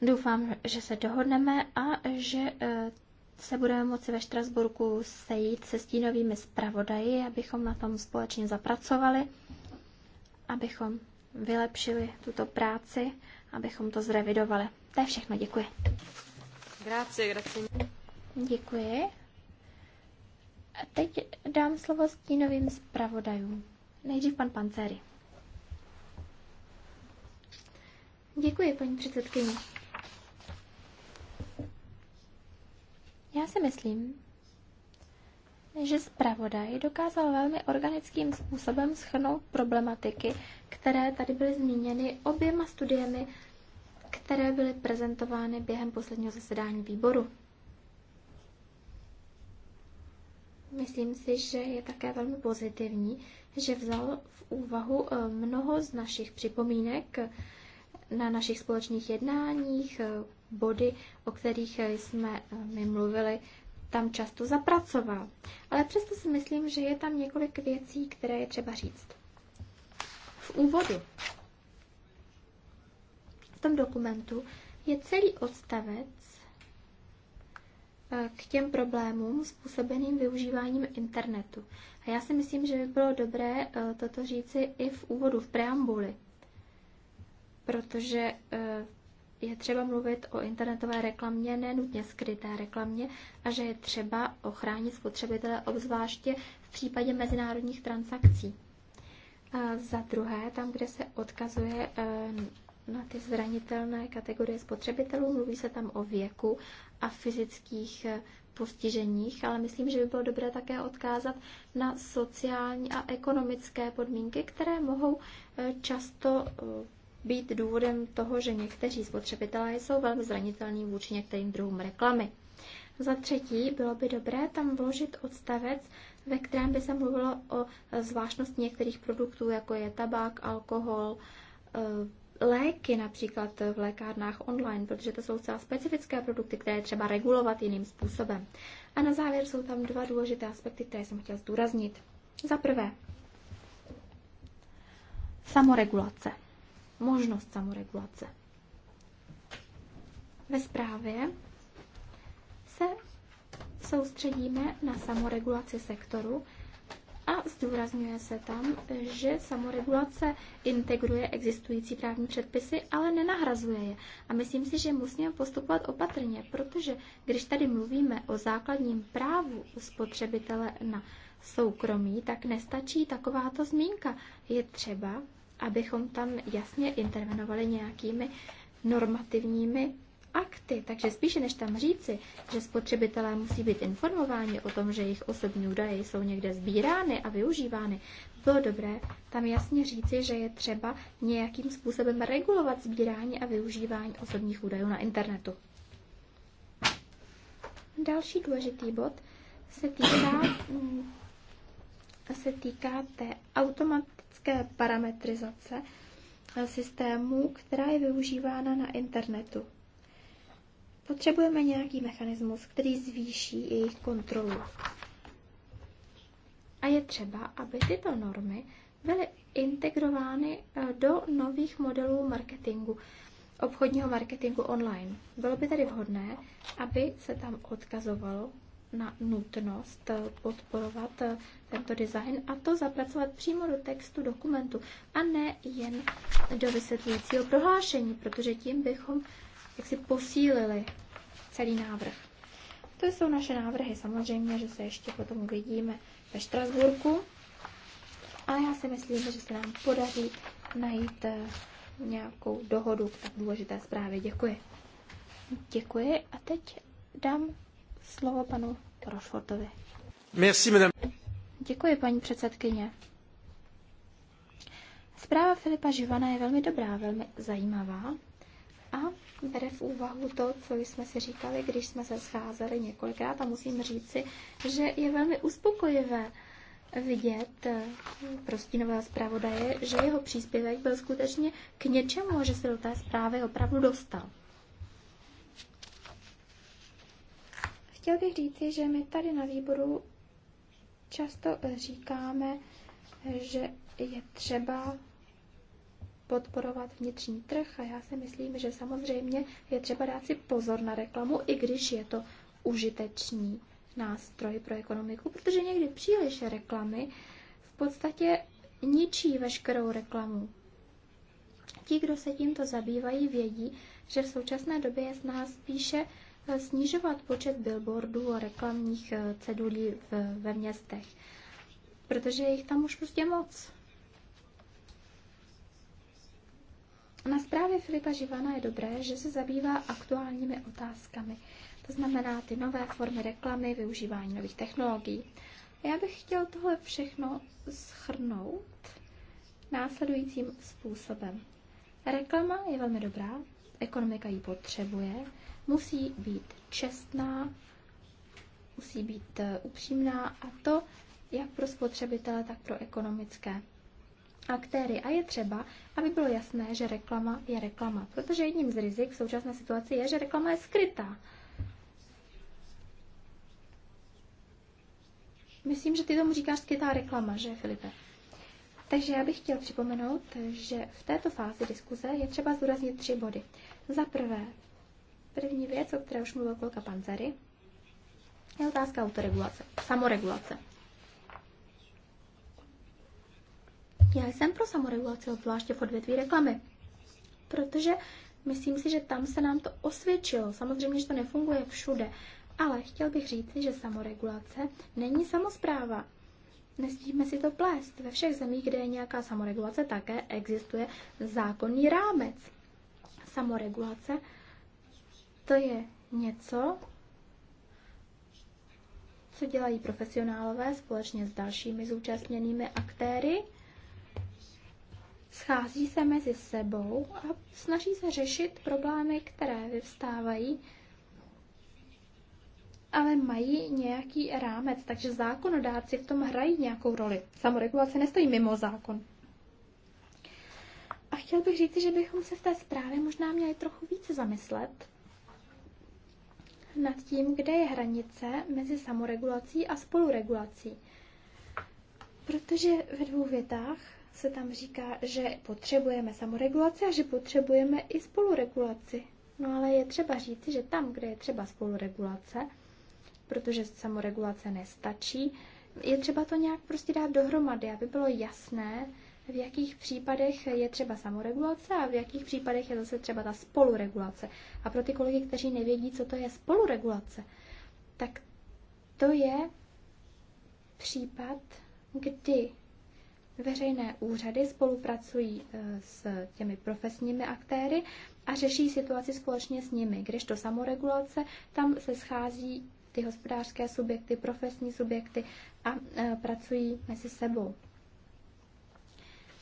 B: Doufám, že se dohodneme a že eh, se budeme moci ve Štrasburku sejít se stínovými zpravodaji, abychom na tom společně zapracovali, abychom vylepšili tuto práci, abychom to zrevidovali. To je všechno, děkuji.
A: Grazie, grazie.
B: Děkuji. A teď dám slovo stínovým zpravodajům. Nejdřív pan Panceri. Děkuji, paní předsedkyně. Já si myslím, že zpravodaj dokázal velmi organickým způsobem schrnout problematiky, které tady byly zmíněny oběma studiemi, které byly prezentovány během posledního zasedání výboru. Myslím si, že je také velmi pozitivní, že vzal v úvahu eh, mnoho z našich připomínek na našich společných jednáních, body, o kterých jsme eh, my mluvili, tam často zapracoval. Ale přesto si myslím, že je tam několik věcí, které je třeba říct. V úvodu v tom dokumentu je celý odstavec eh, k těm problémům způsobeným využíváním internetu. A já si myslím, že by bylo dobré eh, toto říci i v úvodu, v preambuli, protože je třeba mluvit o internetové reklamě, nenutně skryté reklamě, a že je třeba ochránit spotřebitele, obzvláště v případě mezinárodních transakcí. A za druhé, tam, kde se odkazuje eh, na ty zranitelné kategorie spotřebitelů, mluví se tam o věku a fyzických eh, postiženích, ale myslím, že by bylo dobré také odkázat na sociální a ekonomické podmínky, které mohou eh, často být důvodem toho, že někteří spotřebitelé jsou velmi zranitelní vůči některým druhům reklamy. Za třetí, bylo by dobré tam vložit odstavec, ve kterém by se mluvilo o zvláštnosti některých produktů, jako je tabák, alkohol, eh, léky například v lékárnách online, protože to jsou celá specifické produkty, které je třeba regulovat jiným způsobem. A na závěr jsou tam dva důležité aspekty, které jsem chtěla zdůraznit. Za prvé, samoregulace možnost samoregulace. Ve zprávě se soustředíme na samoregulaci sektoru a zdůrazňuje se tam, že samoregulace integruje existující právní předpisy, ale nenahrazuje je. A myslím si, že musíme postupovat opatrně, protože když tady mluvíme o základním právu spotřebitele na soukromí, tak nestačí takováto zmínka. Je třeba abychom tam jasně intervenovali nějakými normativními akty. Takže spíše než tam říci, že spotřebitelé musí být informováni o tom, že jejich osobní údaje jsou někde sbírány a využívány, bylo dobré tam jasně říci, že je třeba nějakým způsobem regulovat sbírání a využívání osobních údajů na internetu. Další důležitý bod se týká, mm, se týká té automat, automatické parametrizace systému, která je využívána na internetu. Potřebujeme nějaký mechanismus, který zvýší jejich kontrolu. A je třeba, aby tyto normy byly integrovány eh, do nových modelů marketingu, obchodního marketingu online. Bylo by tedy vhodné, aby se tam odkazovalo na nutnost eh, podporovat eh, tento design a to zapracovat přímo do textu dokumentu a ne jen do vysvětlujícího prohlášení, protože tím bychom jaksi posílili celý návrh. To jsou naše návrhy. Samozřejmě, že se ještě potom uvidíme ve Štrasburku. Ale já si myslím, že se nám podaří najít eh, nějakou dohodu k tak důležité zprávě. Děkuji. Děkuji a teď dám slovo panu Merci, madame. Děkuji, paní předsedkyně. Zpráva Filipa Živana je velmi dobrá, velmi zajímavá a bere v úvahu to, co jsme si říkali, když jsme se scházeli několikrát a musím říci, že je velmi uspokojivé vidět eh, prostínového zpravodaje, že jeho příspěvek byl skutečně k něčemu a že se do té zprávy opravdu dostal. Chtěl bych říci, že my tady na výboru často eh, říkáme, eh, že je třeba podporovat vnitřní trh a já si myslím, že samozřejmě je třeba dát si pozor na reklamu, i když je to užitečný nástroj pro ekonomiku, protože někdy příliš reklamy v podstatě ničí veškerou reklamu. Ti, kdo se tímto zabývají, vědí, že v současné době je z nás spíše snižovat počet billboardů a reklamních eh, cedulí ve městech, protože jich tam už prostě moc. Na zprávě Filipa Živana je dobré, že se zabývá aktuálními otázkami. To znamená ty nové formy reklamy, využívání nových technologií. Já bych chtěl tohle všechno schrnout následujícím způsobem. Reklama je velmi dobrá, ekonomika ji potřebuje, musí být čestná, musí být eh, upřímná a to jak pro spotřebitele, tak pro ekonomické aktéry. A je třeba, aby bylo jasné, že reklama je reklama, protože jedním z rizik v současné situaci je, že reklama je skrytá. Myslím, že ty tomu říkáš skrytá reklama, že Filipe? Takže já bych chtěl připomenout, že v této fázi diskuze je třeba zdůraznit tři body. Za prvé, První věc, o které už mluvil kolka pancery, je otázka autoregulace, samoregulace. Já jsem pro samoregulaci, obzvláště v odvětví reklamy, protože myslím si, že tam se nám to osvědčilo. Samozřejmě, že to nefunguje všude, ale chtěl bych říct, že samoregulace není samozpráva. Nesmíme si to plést. Ve všech zemích, kde je nějaká samoregulace, také existuje zákonný rámec. Samoregulace to je něco, co dělají profesionálové společně s dalšími zúčastněnými aktéry. Schází se mezi sebou a snaží se řešit problémy, které vyvstávají, ale mají nějaký rámec, takže zákonodáci v tom hrají nějakou roli. Samoregulace nestojí mimo zákon. A chtěl bych říct, že bychom se v té zprávě možná měli trochu více zamyslet nad tím, kde je hranice mezi samoregulací a spoluregulací. Protože ve dvou větách se tam říká, že potřebujeme samoregulaci a že potřebujeme i spoluregulaci. No ale je třeba říci, že tam, kde je třeba spoluregulace, protože samoregulace nestačí, je třeba to nějak prostě dát dohromady, aby bylo jasné, v jakých případech je třeba samoregulace a v jakých případech je zase třeba ta spoluregulace. A pro ty kolegy, kteří nevědí, co to je spoluregulace, tak to je případ, kdy veřejné úřady spolupracují e, s těmi profesními aktéry a řeší situaci společně s nimi. Když to samoregulace, tam se schází ty hospodářské subjekty, profesní subjekty a e, pracují mezi sebou.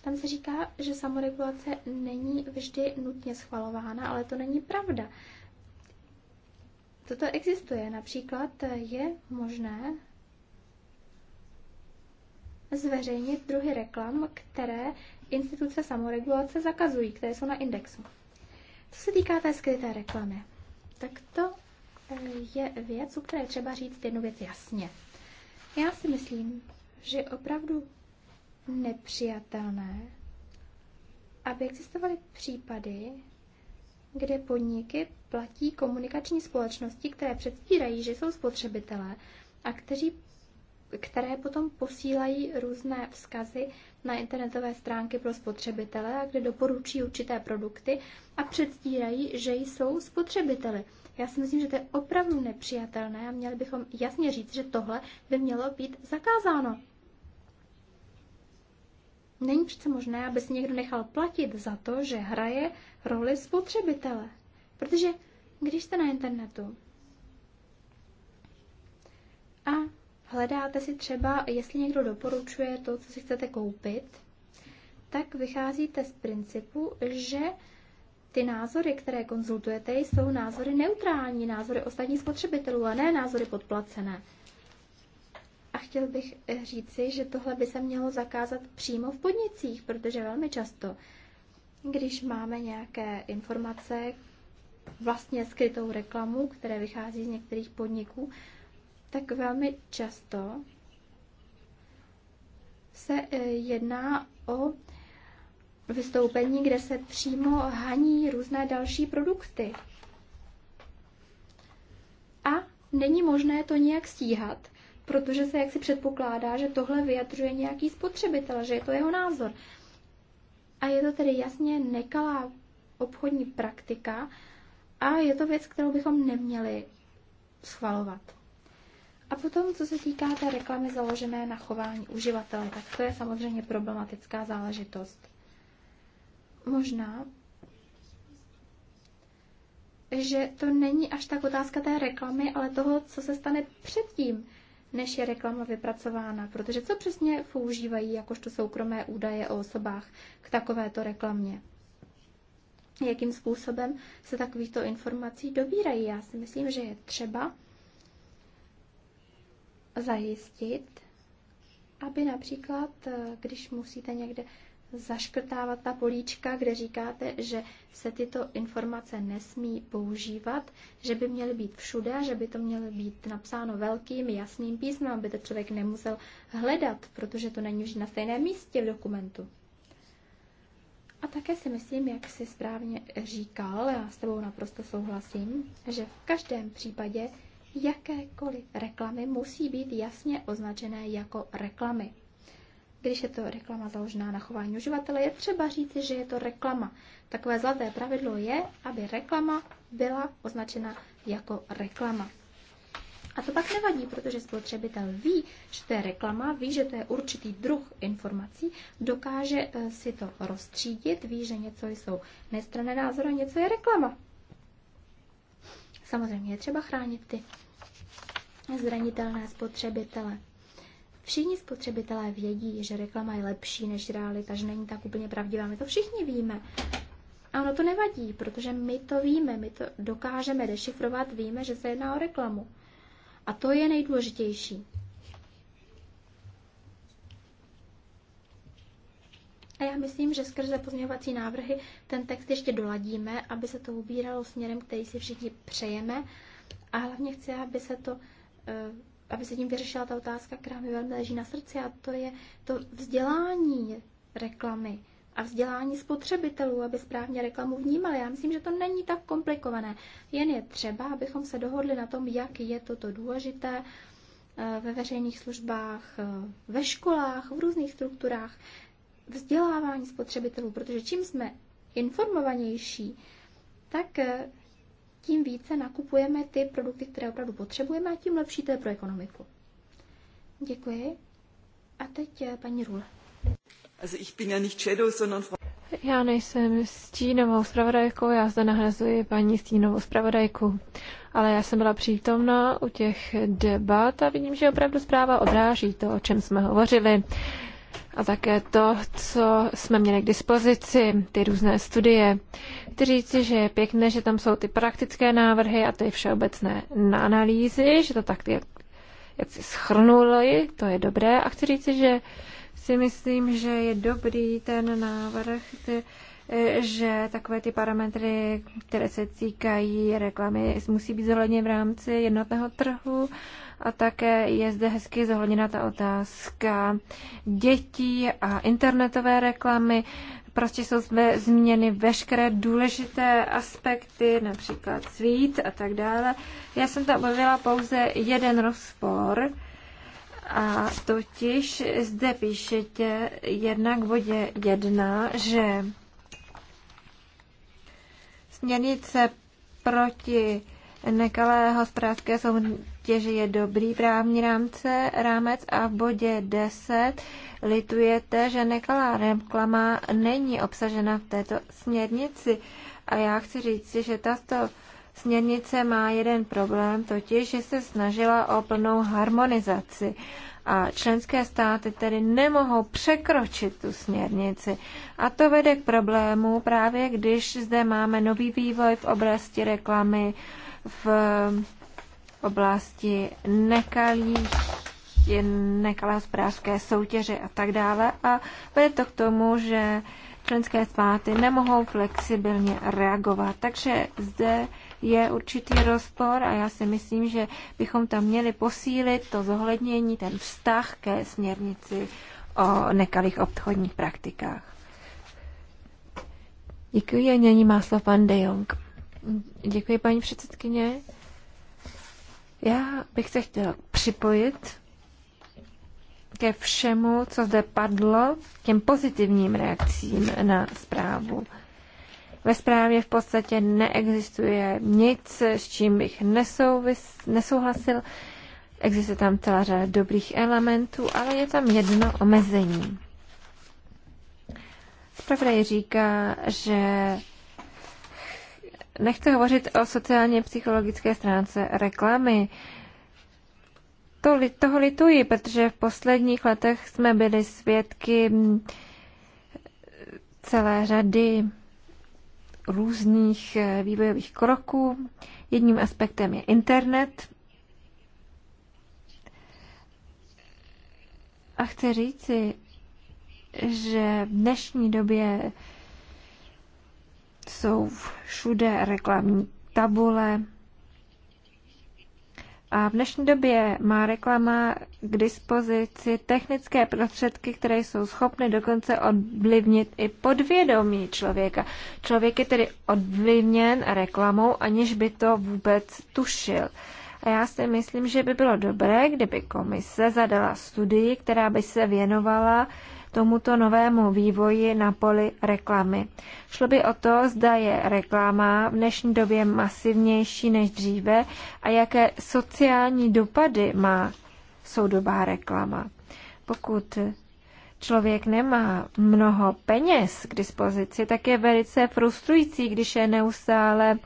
B: Tam se říká, že samoregulace není vždy nutně schvalována, ale to není pravda. Toto existuje. Například je možné zveřejnit druhy reklam, které instituce samoregulace zakazují, které jsou na indexu. Co se týká té skryté reklamy, tak to eh, je věc, u které třeba říct jednu věc jasně. Já si myslím, že opravdu nepřijatelné, aby existovaly případy, kde podniky platí komunikační společnosti, které předstírají, že jsou spotřebitelé a kteří, které potom posílají různé vzkazy na internetové stránky pro spotřebitele, kde doporučí určité produkty a předstírají, že jsou spotřebiteli. Já si myslím, že to je opravdu nepřijatelné a měli bychom jasně říct, že tohle by mělo být zakázáno. Není přece možné, aby si někdo nechal platit za to, že hraje roli spotřebitele. Protože když jste na internetu a hledáte si třeba, jestli někdo doporučuje to, co si chcete koupit, tak vycházíte z principu, že ty názory, které konzultujete, jsou názory neutrální, názory ostatních spotřebitelů a ne názory podplacené chtěl bych eh, říci, že tohle by se mělo zakázat přímo v podnicích, protože velmi často, když máme nějaké informace, vlastně skrytou reklamu, které vychází z některých podniků, tak velmi často se eh, jedná o vystoupení, kde se přímo haní různé další produkty. A není možné to nějak stíhat, protože se jaksi předpokládá, že tohle vyjadřuje nějaký spotřebitel, že je to jeho názor. A je to tedy jasně nekalá obchodní praktika a je to věc, kterou bychom neměli schvalovat. A potom, co se týká té reklamy založené na chování uživatele, tak to je samozřejmě problematická záležitost. Možná, že to není až tak otázka té reklamy, ale toho, co se stane předtím než je reklama vypracována, protože co přesně používají jakožto soukromé údaje o osobách k takovéto reklamě? Jakým způsobem se takovýchto informací dobírají? Já si myslím, že je třeba zajistit, aby například, eh, když musíte někde zaškrtávat ta políčka, kde říkáte, že se tyto informace nesmí používat, že by měly být všude, že by to mělo být napsáno velkým jasným písmem, aby to člověk nemusel hledat, protože to není vždy na stejném místě v dokumentu. A také si myslím, jak jsi správně říkal, já s tebou naprosto souhlasím, že v každém případě jakékoliv reklamy musí být jasně označené jako reklamy když je to reklama založená na chování uživatele, je třeba říci, že je to reklama. Takové zlaté pravidlo je, aby reklama byla označena jako reklama. A to pak nevadí, protože spotřebitel ví, že to je reklama, ví, že to je určitý druh informací, dokáže eh, si to rozstřídit, ví, že něco jsou nestrané názory, něco je reklama. Samozřejmě je třeba chránit ty zranitelné spotřebitele. Všichni spotřebitelé vědí, že reklama je lepší než realita, že není tak úplně pravdivá. My to všichni víme. A ono to nevadí, protože my to víme, my to dokážeme dešifrovat, víme, že se jedná o reklamu. A to je nejdůležitější. A já myslím, že skrze pozměňovací návrhy ten text ještě doladíme, aby se to ubíralo směrem, který si všichni přejeme. A hlavně chci, aby se to eh, aby se tím vyřešila ta otázka, která mi velmi leží na srdci, a to je to vzdělání reklamy a vzdělání spotřebitelů, aby správně reklamu vnímali. Já myslím, že to není tak komplikované. Jen je třeba, abychom se dohodli na tom, jak je toto důležité eh, ve veřejných službách, eh, ve školách, v různých strukturách, vzdělávání spotřebitelů, protože čím jsme informovanější, tak eh, tím více nakupujeme ty produkty, které opravdu potřebujeme a tím lepší to je pro ekonomiku. Děkuji. A teď eh, paní Rule.
A: Also ich bin ja nicht Shadow, sondern
D: já nejsem stínovou zpravodajkou, já zde nahrazuji paní stínovou zpravodajku. Ale já jsem byla přítomna u těch debat a vidím, že opravdu zpráva odráží to, o čem jsme hovořili. A také to, co jsme měli k dispozici, ty různé studie. Uh, chci říci, že je pěkné, že tam jsou ty praktické návrhy a ty všeobecné analýzy, že to tak jak, jak si schrnuli, to je dobré. A chci říci, že si myslím, že je dobrý ten návrh, ty, že takové ty parametry, které se týkají reklamy, musí být zohledněny v rámci jednotného trhu. A také je zde hezky zohledněna ta otázka dětí a internetové reklamy prostě jsou zde změny veškeré důležité aspekty, například svít a tak dále. Já jsem tam objevila pouze jeden rozpor, a totiž zde píšete jednak v bodě jedna, že směrnice proti nekalé hospodářské jistě, že je dobrý právní rámce, rámec a v bodě 10 litujete, že nekalá reklama není obsažena v této směrnici. A já chci říct, že tato směrnice má jeden problém, totiž, že se snažila o plnou harmonizaci a členské státy tedy nemohou překročit tu směrnici. A to vede k problému právě, když zde máme nový vývoj v oblasti reklamy, v v oblasti nekalých nekalé hospodářské soutěže a tak dále. A vede to k tomu, že členské státy nemohou flexibilně reagovat. Takže zde je určitý rozpor a já si myslím, že bychom tam měli posílit to zohlednění, ten vztah ke směrnici o nekalých obchodních praktikách. Děkuji a nyní má slovo pan De Jong. Děkuji, paní předsedkyně. Já bych se chtěla připojit ke všemu, co zde padlo, těm pozitivním reakcím na zprávu. Ve zprávě v podstatě neexistuje nic, s čím bych nesouvis, nesouhlasil. Existuje tam celá řada dobrých elementů, ale je tam jedno omezení. Zpravodaj říká, že Nechci hovořit o sociálně psychologické stránce reklamy. To, toho lituji, protože v posledních letech jsme byli svědky celé řady různých eh, vývojových kroků. Jedním aspektem je internet. A chci říci, že v dnešní době jsou všude reklamní tabule. A v dnešní době má reklama k dispozici technické prostředky, které jsou schopny dokonce ovlivnit i podvědomí člověka. Člověk je tedy ovlivněn reklamou, aniž by to vůbec tušil. A já si myslím, že by bylo dobré, kdyby komise zadala studii, která by se věnovala uh, tomuto novému vývoji na poli reklamy. Šlo by o to, zda je reklama v dnešní době masivnější než dříve a jaké sociální dopady má soudobá reklama. Pokud člověk nemá mnoho peněz k dispozici, tak je velice frustrující, když je neustále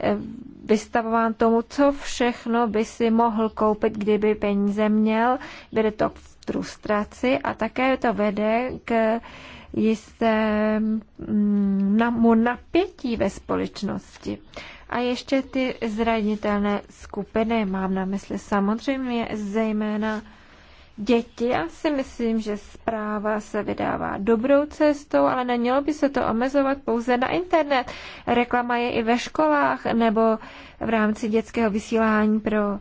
D: eh, vystavován tomu, co všechno by si mohl koupit, kdyby peníze měl. Bude to frustraci a také to vede k jistému mm, napětí ve společnosti. A ještě ty zranitelné skupiny mám na mysli samozřejmě zejména děti. Já si myslím, že zpráva se vydává dobrou cestou, ale nemělo by se to omezovat pouze na internet. Reklama je i ve školách nebo v rámci dětského vysílání pro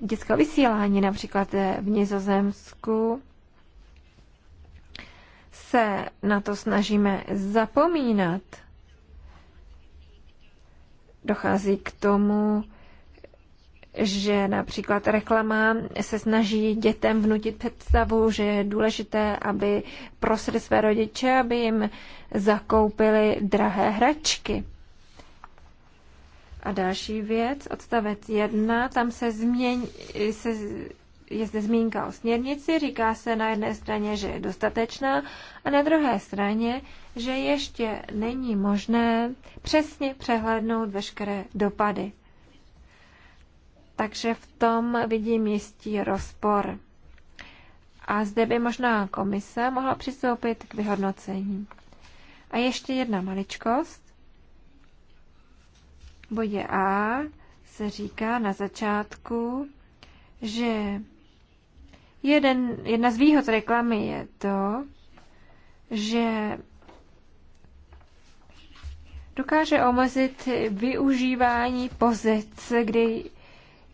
D: dětského vysílání, například eh, v Nizozemsku, se na to snažíme zapomínat. Dochází k tomu, že například reklama se snaží dětem vnutit představu, že je důležité, aby prosili své rodiče, aby jim zakoupili drahé hračky. A další věc, odstavec 1, tam se, změň, se je zde zmínka o směrnici, říká se na jedné straně, že je dostatečná a na druhé straně, že ještě není možné přesně přehlednout veškeré dopady. Takže v tom vidím jistý rozpor. A zde by možná komise mohla přistoupit k vyhodnocení. A ještě jedna maličkost bodě A se říká na začátku, že jeden, jedna z výhod reklamy je to, že dokáže omezit využívání pozic, kdy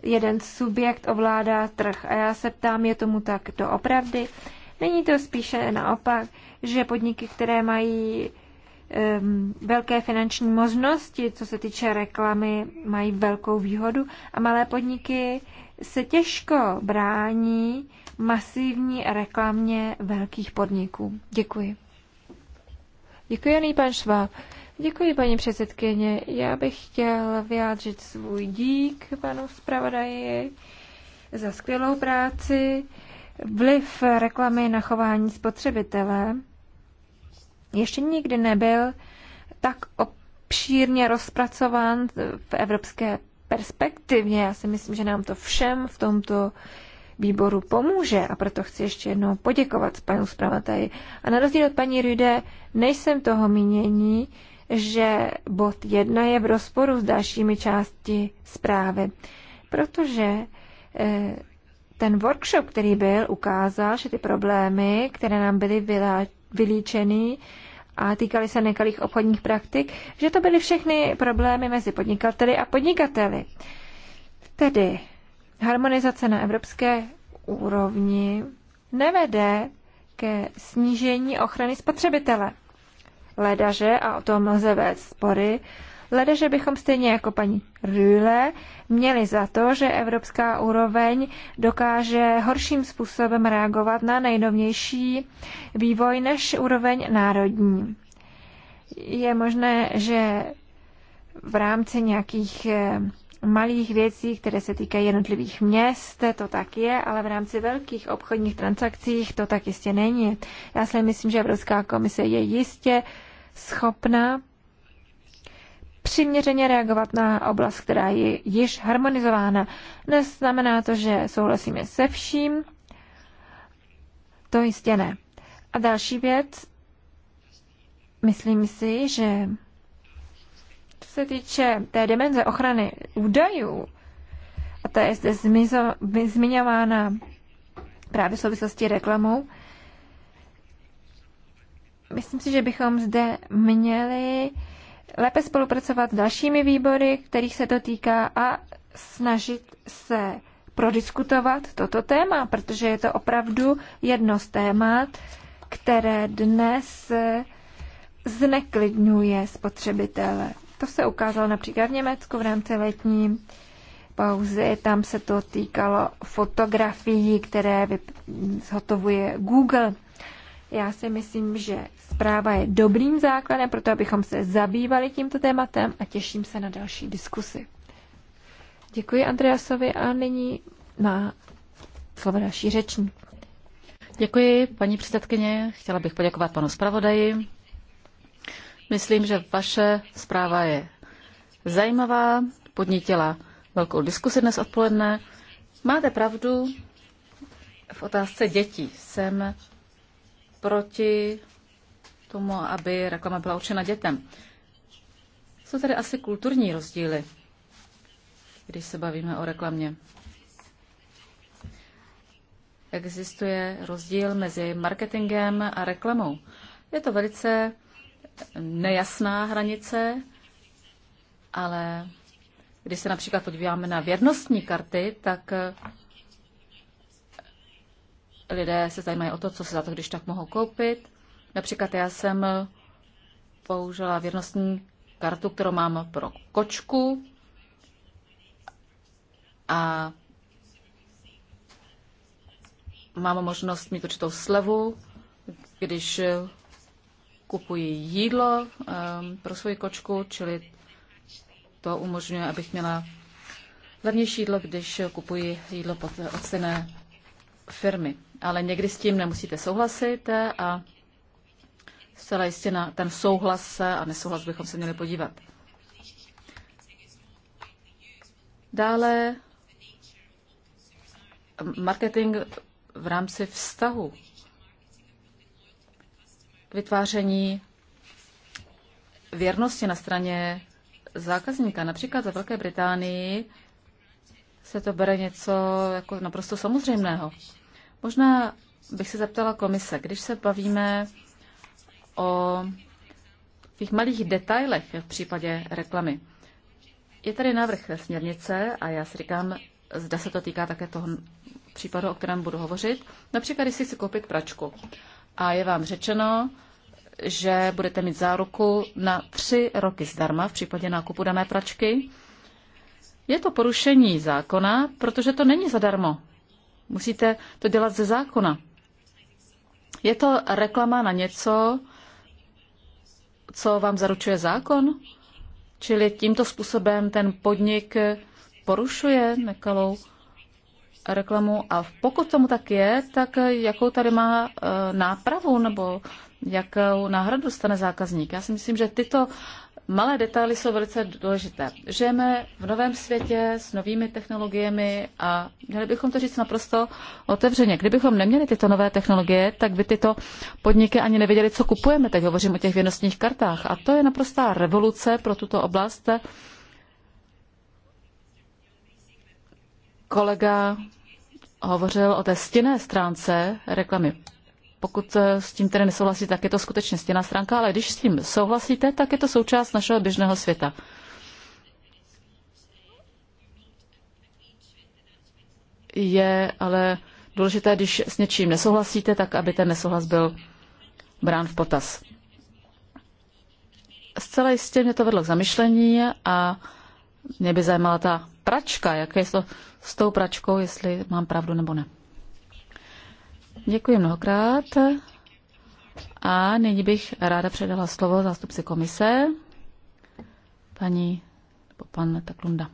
D: jeden subjekt ovládá trh. A já se ptám, je tomu tak doopravdy? Není to spíše naopak, že podniky, které mají velké finanční možnosti, co se týče reklamy, mají velkou výhodu a malé podniky se těžko brání masivní reklamě velkých podniků. Děkuji. Děkuji, Aný pan Šváb. Děkuji, paní předsedkyně. Já bych chtěl vyjádřit svůj dík panu zpravodaji za skvělou práci. Vliv reklamy na chování spotřebitele ještě nikdy nebyl tak obšírně rozpracován v evropské perspektivně. Já si myslím, že nám to všem v tomto výboru pomůže a proto chci ještě jednou poděkovat panu zpravodaji. A na rozdíl od paní Rüde nejsem toho mínění, že bod 1 je v rozporu s dalšími části zprávy, protože eh, ten workshop, který byl, ukázal, že ty problémy, které nám byly vylíčeny, a týkaly se nekalých obchodních praktik, že to byly všechny problémy mezi podnikateli a podnikateli. Tedy harmonizace na evropské úrovni nevede ke snížení ochrany spotřebitele. Ledaže, a o tom lze vést spory, Lede, že bychom stejně jako paní Rühle měli za to, že evropská úroveň dokáže horším způsobem reagovat na nejnovější vývoj než úroveň národní. Je možné, že v rámci nějakých eh, malých věcí, které se týkají jednotlivých měst, to tak je, ale v rámci velkých obchodních transakcích to tak jistě není. Já si myslím, že Evropská komise je jistě schopna přiměřeně reagovat na oblast, která je již harmonizována. Neznamená to, že souhlasíme se vším, to jistě ne. A další věc, myslím si, že co se týče té dimenze ochrany údajů, a ta je zde zmiňována právě v souvislosti reklamou, myslím si, že bychom zde měli uh, lépe spolupracovat s dalšími výbory, kterých se to týká a snažit se prodiskutovat toto téma, protože je to opravdu jedno z témat, které dnes zneklidňuje spotřebitele. To se ukázalo například v Německu v rámci letní pauzy. Tam se to týkalo fotografií, které zhotovuje Google. Já si myslím, že zpráva je dobrým základem pro to, abychom se zabývali tímto tématem a těším se na další diskusy. Děkuji Andreasovi a nyní má slovo další řečník. Děkuji, paní předsedkyně.
A: Chtěla bych poděkovat panu zpravodaji. Myslím, že vaše zpráva je zajímavá, podnítila velkou diskusi dnes odpoledne. Máte pravdu v otázce dětí. Jsem proti tomu, aby reklama byla určena dětem. Jsou tady asi kulturní rozdíly, když se bavíme o reklamě. Existuje rozdíl mezi marketingem a reklamou. Je to velice nejasná hranice, ale když se například podíváme na věrnostní karty, tak lidé se zajímají o to, co se za to když tak mohou koupit. Například já jsem použila věrnostní kartu, kterou mám pro kočku a mám možnost mít určitou slevu, když kupuji jídlo ehm, pro svoji kočku, čili to umožňuje, abych měla levnější jídlo, když kupuji jídlo od stejné firmy ale někdy s tím nemusíte souhlasit a zcela jistě na ten souhlas a nesouhlas bychom se měli podívat. Dále marketing v rámci vztahu, vytváření věrnosti na straně zákazníka. Například ve Velké Británii se to bere něco jako naprosto samozřejmého. Možná bych se zeptala komise, když se bavíme o těch malých detailech v případě reklamy. Je tady návrh směrnice a já si říkám, zda se to týká také toho případu, o kterém budu hovořit. Například, když si chci koupit pračku a je vám řečeno, že budete mít záruku na tři roky zdarma v případě nákupu dané pračky. Je to porušení zákona, protože to není zadarmo. Musíte to dělat ze zákona. Je to reklama na něco, co vám zaručuje zákon? Čili tímto způsobem ten podnik porušuje nekalou reklamu a pokud tomu tak je, tak jakou tady má eh, nápravu nebo jakou náhradu dostane zákazník. Já si myslím, že tyto malé detaily jsou velice důležité. Žijeme v novém světě s novými technologiemi a měli bychom to říct naprosto otevřeně. Kdybychom neměli tyto nové technologie, tak by tyto podniky ani nevěděli, co kupujeme. Teď hovořím o těch věnostních kartách. A to je naprostá revoluce pro tuto oblast. Kolega hovořil o té stinné stránce reklamy pokud eh, s tím tedy nesouhlasíte, tak je to skutečně stěná stránka, ale když s tím souhlasíte, tak je to součást našeho běžného světa. Je ale důležité, když s něčím nesouhlasíte, tak aby ten nesouhlas byl brán v potaz. Zcela jistě mě to vedlo k zamyšlení a mě by zajímala ta pračka, jak je to s tou pračkou, jestli mám pravdu nebo ne. Děkuji mnohokrát. A nyní bych ráda předala slovo zástupci komise, paní nebo pan Taklunda.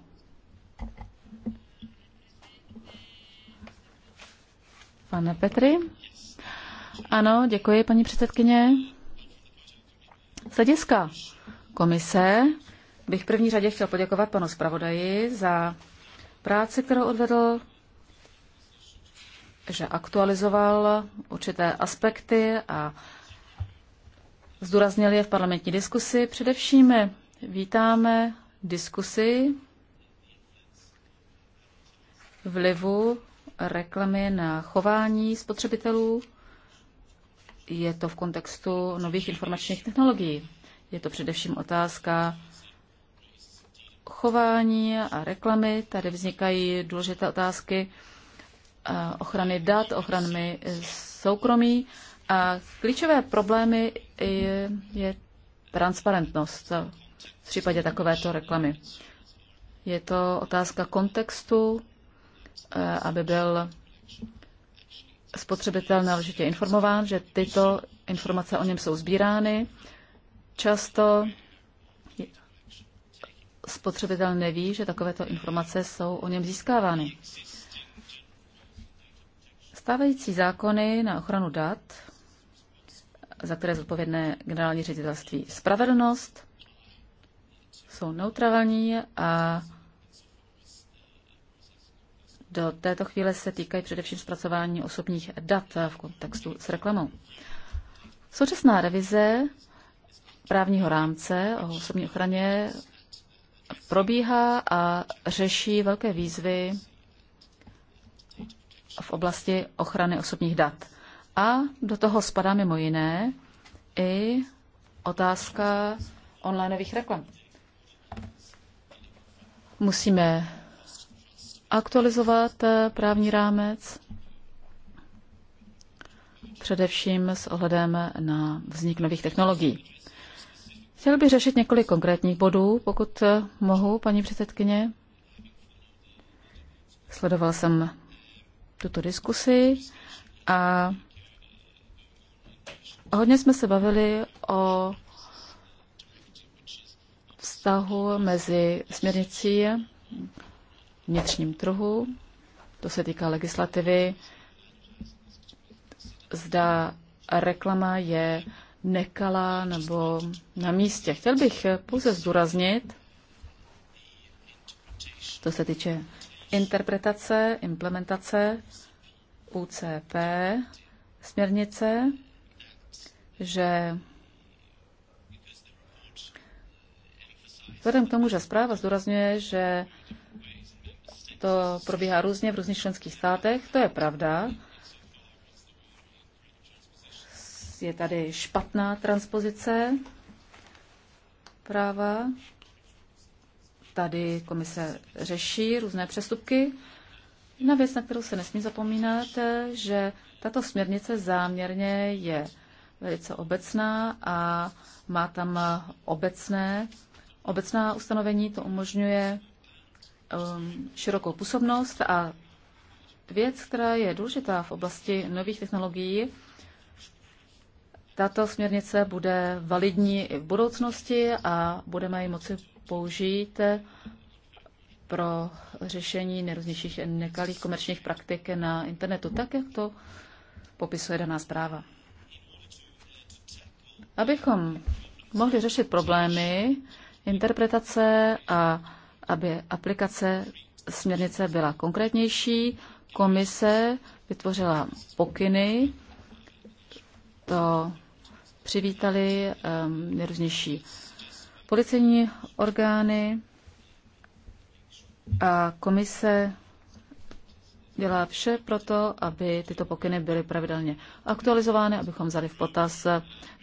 A: Pane Petry. Ano, děkuji, paní předsedkyně. Z hlediska komise bych v první řadě chtěl poděkovat panu zpravodaji za práci, kterou odvedl že aktualizoval určité aspekty a zdůraznil je v parlamentní diskusi. Především vítáme diskusi vlivu reklamy na chování spotřebitelů. Je to v kontextu nových informačních technologií. Je to především otázka chování a reklamy. Tady vznikají důležité otázky ochrany dat, ochrany soukromí. A klíčové problémy je, je transparentnost v případě takovéto reklamy. Je to otázka kontextu, aby byl spotřebitel náležitě informován, že tyto informace o něm jsou sbírány. Často spotřebitel neví, že takovéto informace jsou o něm získávány. Stávající zákony na ochranu dat, za které zodpovědné generální ředitelství spravedlnost, jsou neutrální a do této chvíle se týkají především zpracování osobních dat v kontextu s reklamou. Současná revize právního rámce o osobní ochraně probíhá a řeší velké výzvy v oblasti ochrany osobních dat. A do toho spadá mimo jiné i otázka onlineových reklam. Musíme aktualizovat eh, právní rámec, především s ohledem na vznik nových technologií. Chtěl bych řešit několik konkrétních bodů, pokud eh, mohu, paní předsedkyně. Sledoval jsem tuto diskusi a hodně jsme se bavili o vztahu mezi směrnicí vnitřním trhu, to se týká legislativy, zda reklama je nekalá nebo na místě. Chtěl bych pouze zdůraznit, to se týče interpretace, implementace UCP směrnice, že vzhledem k tomu, že zpráva zdůrazňuje, že to probíhá různě v různých členských státech, to je pravda. Je tady špatná transpozice práva Tady komise řeší různé přestupky. Jedna věc, na kterou se nesmí zapomínat, že tato směrnice záměrně je velice obecná a má tam obecné, obecná ustanovení, to umožňuje um, širokou působnost a věc, která je důležitá v oblasti nových technologií, tato směrnice bude validní i v budoucnosti a budeme ji moci použít pro řešení nejrůznějších nekalých komerčních praktik na internetu, tak jak to popisuje daná zpráva. Abychom mohli řešit problémy interpretace a aby aplikace směrnice byla konkrétnější, komise vytvořila pokyny, to přivítali um, nejrůznější Policejní orgány a komise dělá vše pro to, aby tyto pokyny byly pravidelně aktualizovány, abychom vzali v potaz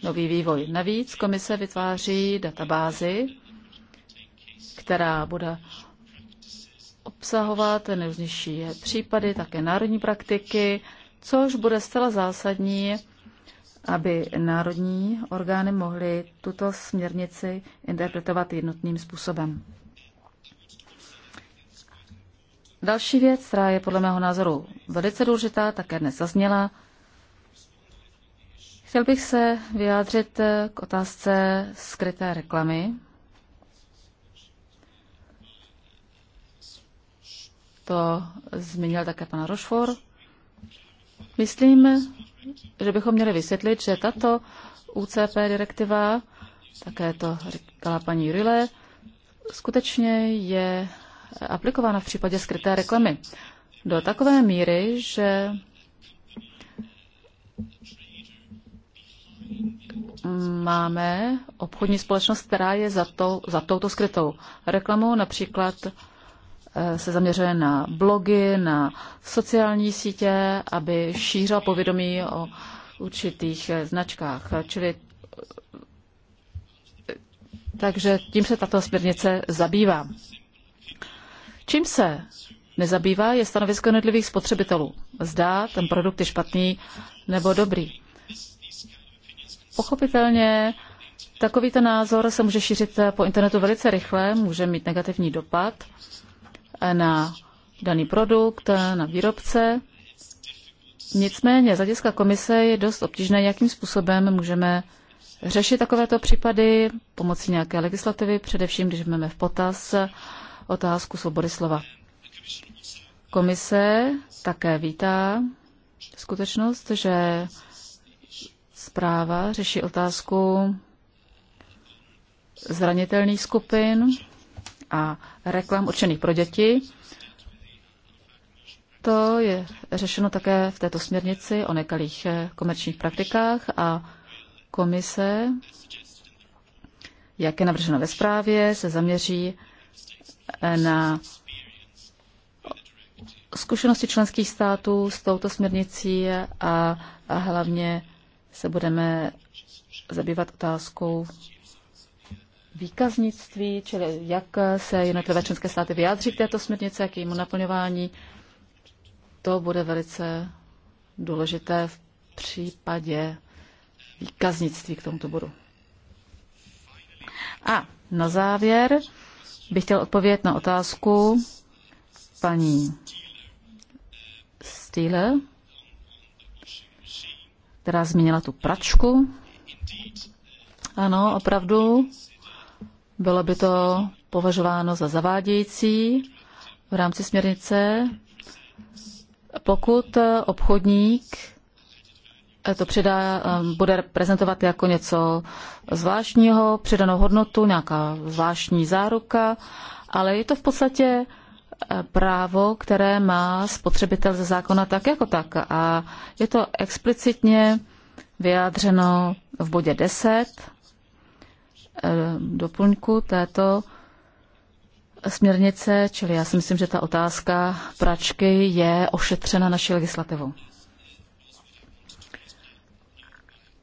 A: nový vývoj. Navíc komise vytváří databázi, která bude obsahovat nejrůznější případy, také národní praktiky, což bude zcela zásadní aby národní orgány mohly tuto směrnici interpretovat jednotným způsobem. Další věc, která je podle mého názoru velice důležitá, také dnes zazněla. Chtěl bych se vyjádřit k otázce skryté reklamy. To zmínil také pan Rošfor. Myslím, že bychom měli vysvětlit, že tato UCP direktiva, také to říkala paní Rile, skutečně je aplikována v případě skryté reklamy. Do takové míry, že máme obchodní společnost, která je za, to, za touto skrytou reklamou, například Eh, se zaměřuje na blogy, na sociální sítě, aby šířila povědomí o určitých eh, značkách. Čili eh, takže tím se tato směrnice zabývá. Čím se nezabývá, je stanovisko jednotlivých spotřebitelů. Zdá, ten produkt je špatný nebo dobrý. Pochopitelně takovýto názor se může šířit po internetu velice rychle, může mít negativní dopad na daný produkt, na výrobce. Nicméně z hlediska komise je dost obtížné, jakým způsobem můžeme řešit takovéto případy pomocí nějaké legislativy, především když máme v potaz otázku svobody slova. Komise také vítá skutečnost, že zpráva řeší otázku zranitelných skupin, a reklam určených pro děti. To je řešeno také v této směrnici o nekalých eh, komerčních praktikách a komise, jak je navrženo ve zprávě, se zaměří eh, na zkušenosti členských států s touto směrnicí a, a hlavně se budeme zabývat otázkou výkaznictví, čili jak se jednotlivé členské státy vyjádří k této směrnici, k jejímu naplňování. To bude velice důležité v případě výkaznictví k tomuto bodu. A na závěr bych chtěl odpovědět na otázku paní Stýle, která zmínila tu pračku. Ano, opravdu bylo by to považováno za zavádějící v rámci směrnice, pokud eh, obchodník eh, to přidá, eh, bude prezentovat jako něco zvláštního, přidanou hodnotu, nějaká zvláštní záruka, ale je to v podstatě právo, které má spotřebitel ze zákona tak jako tak. A je to explicitně vyjádřeno v bodě 10 Eh, doplňku této směrnice, čili já si myslím, že ta otázka pračky je ošetřena naší legislativou.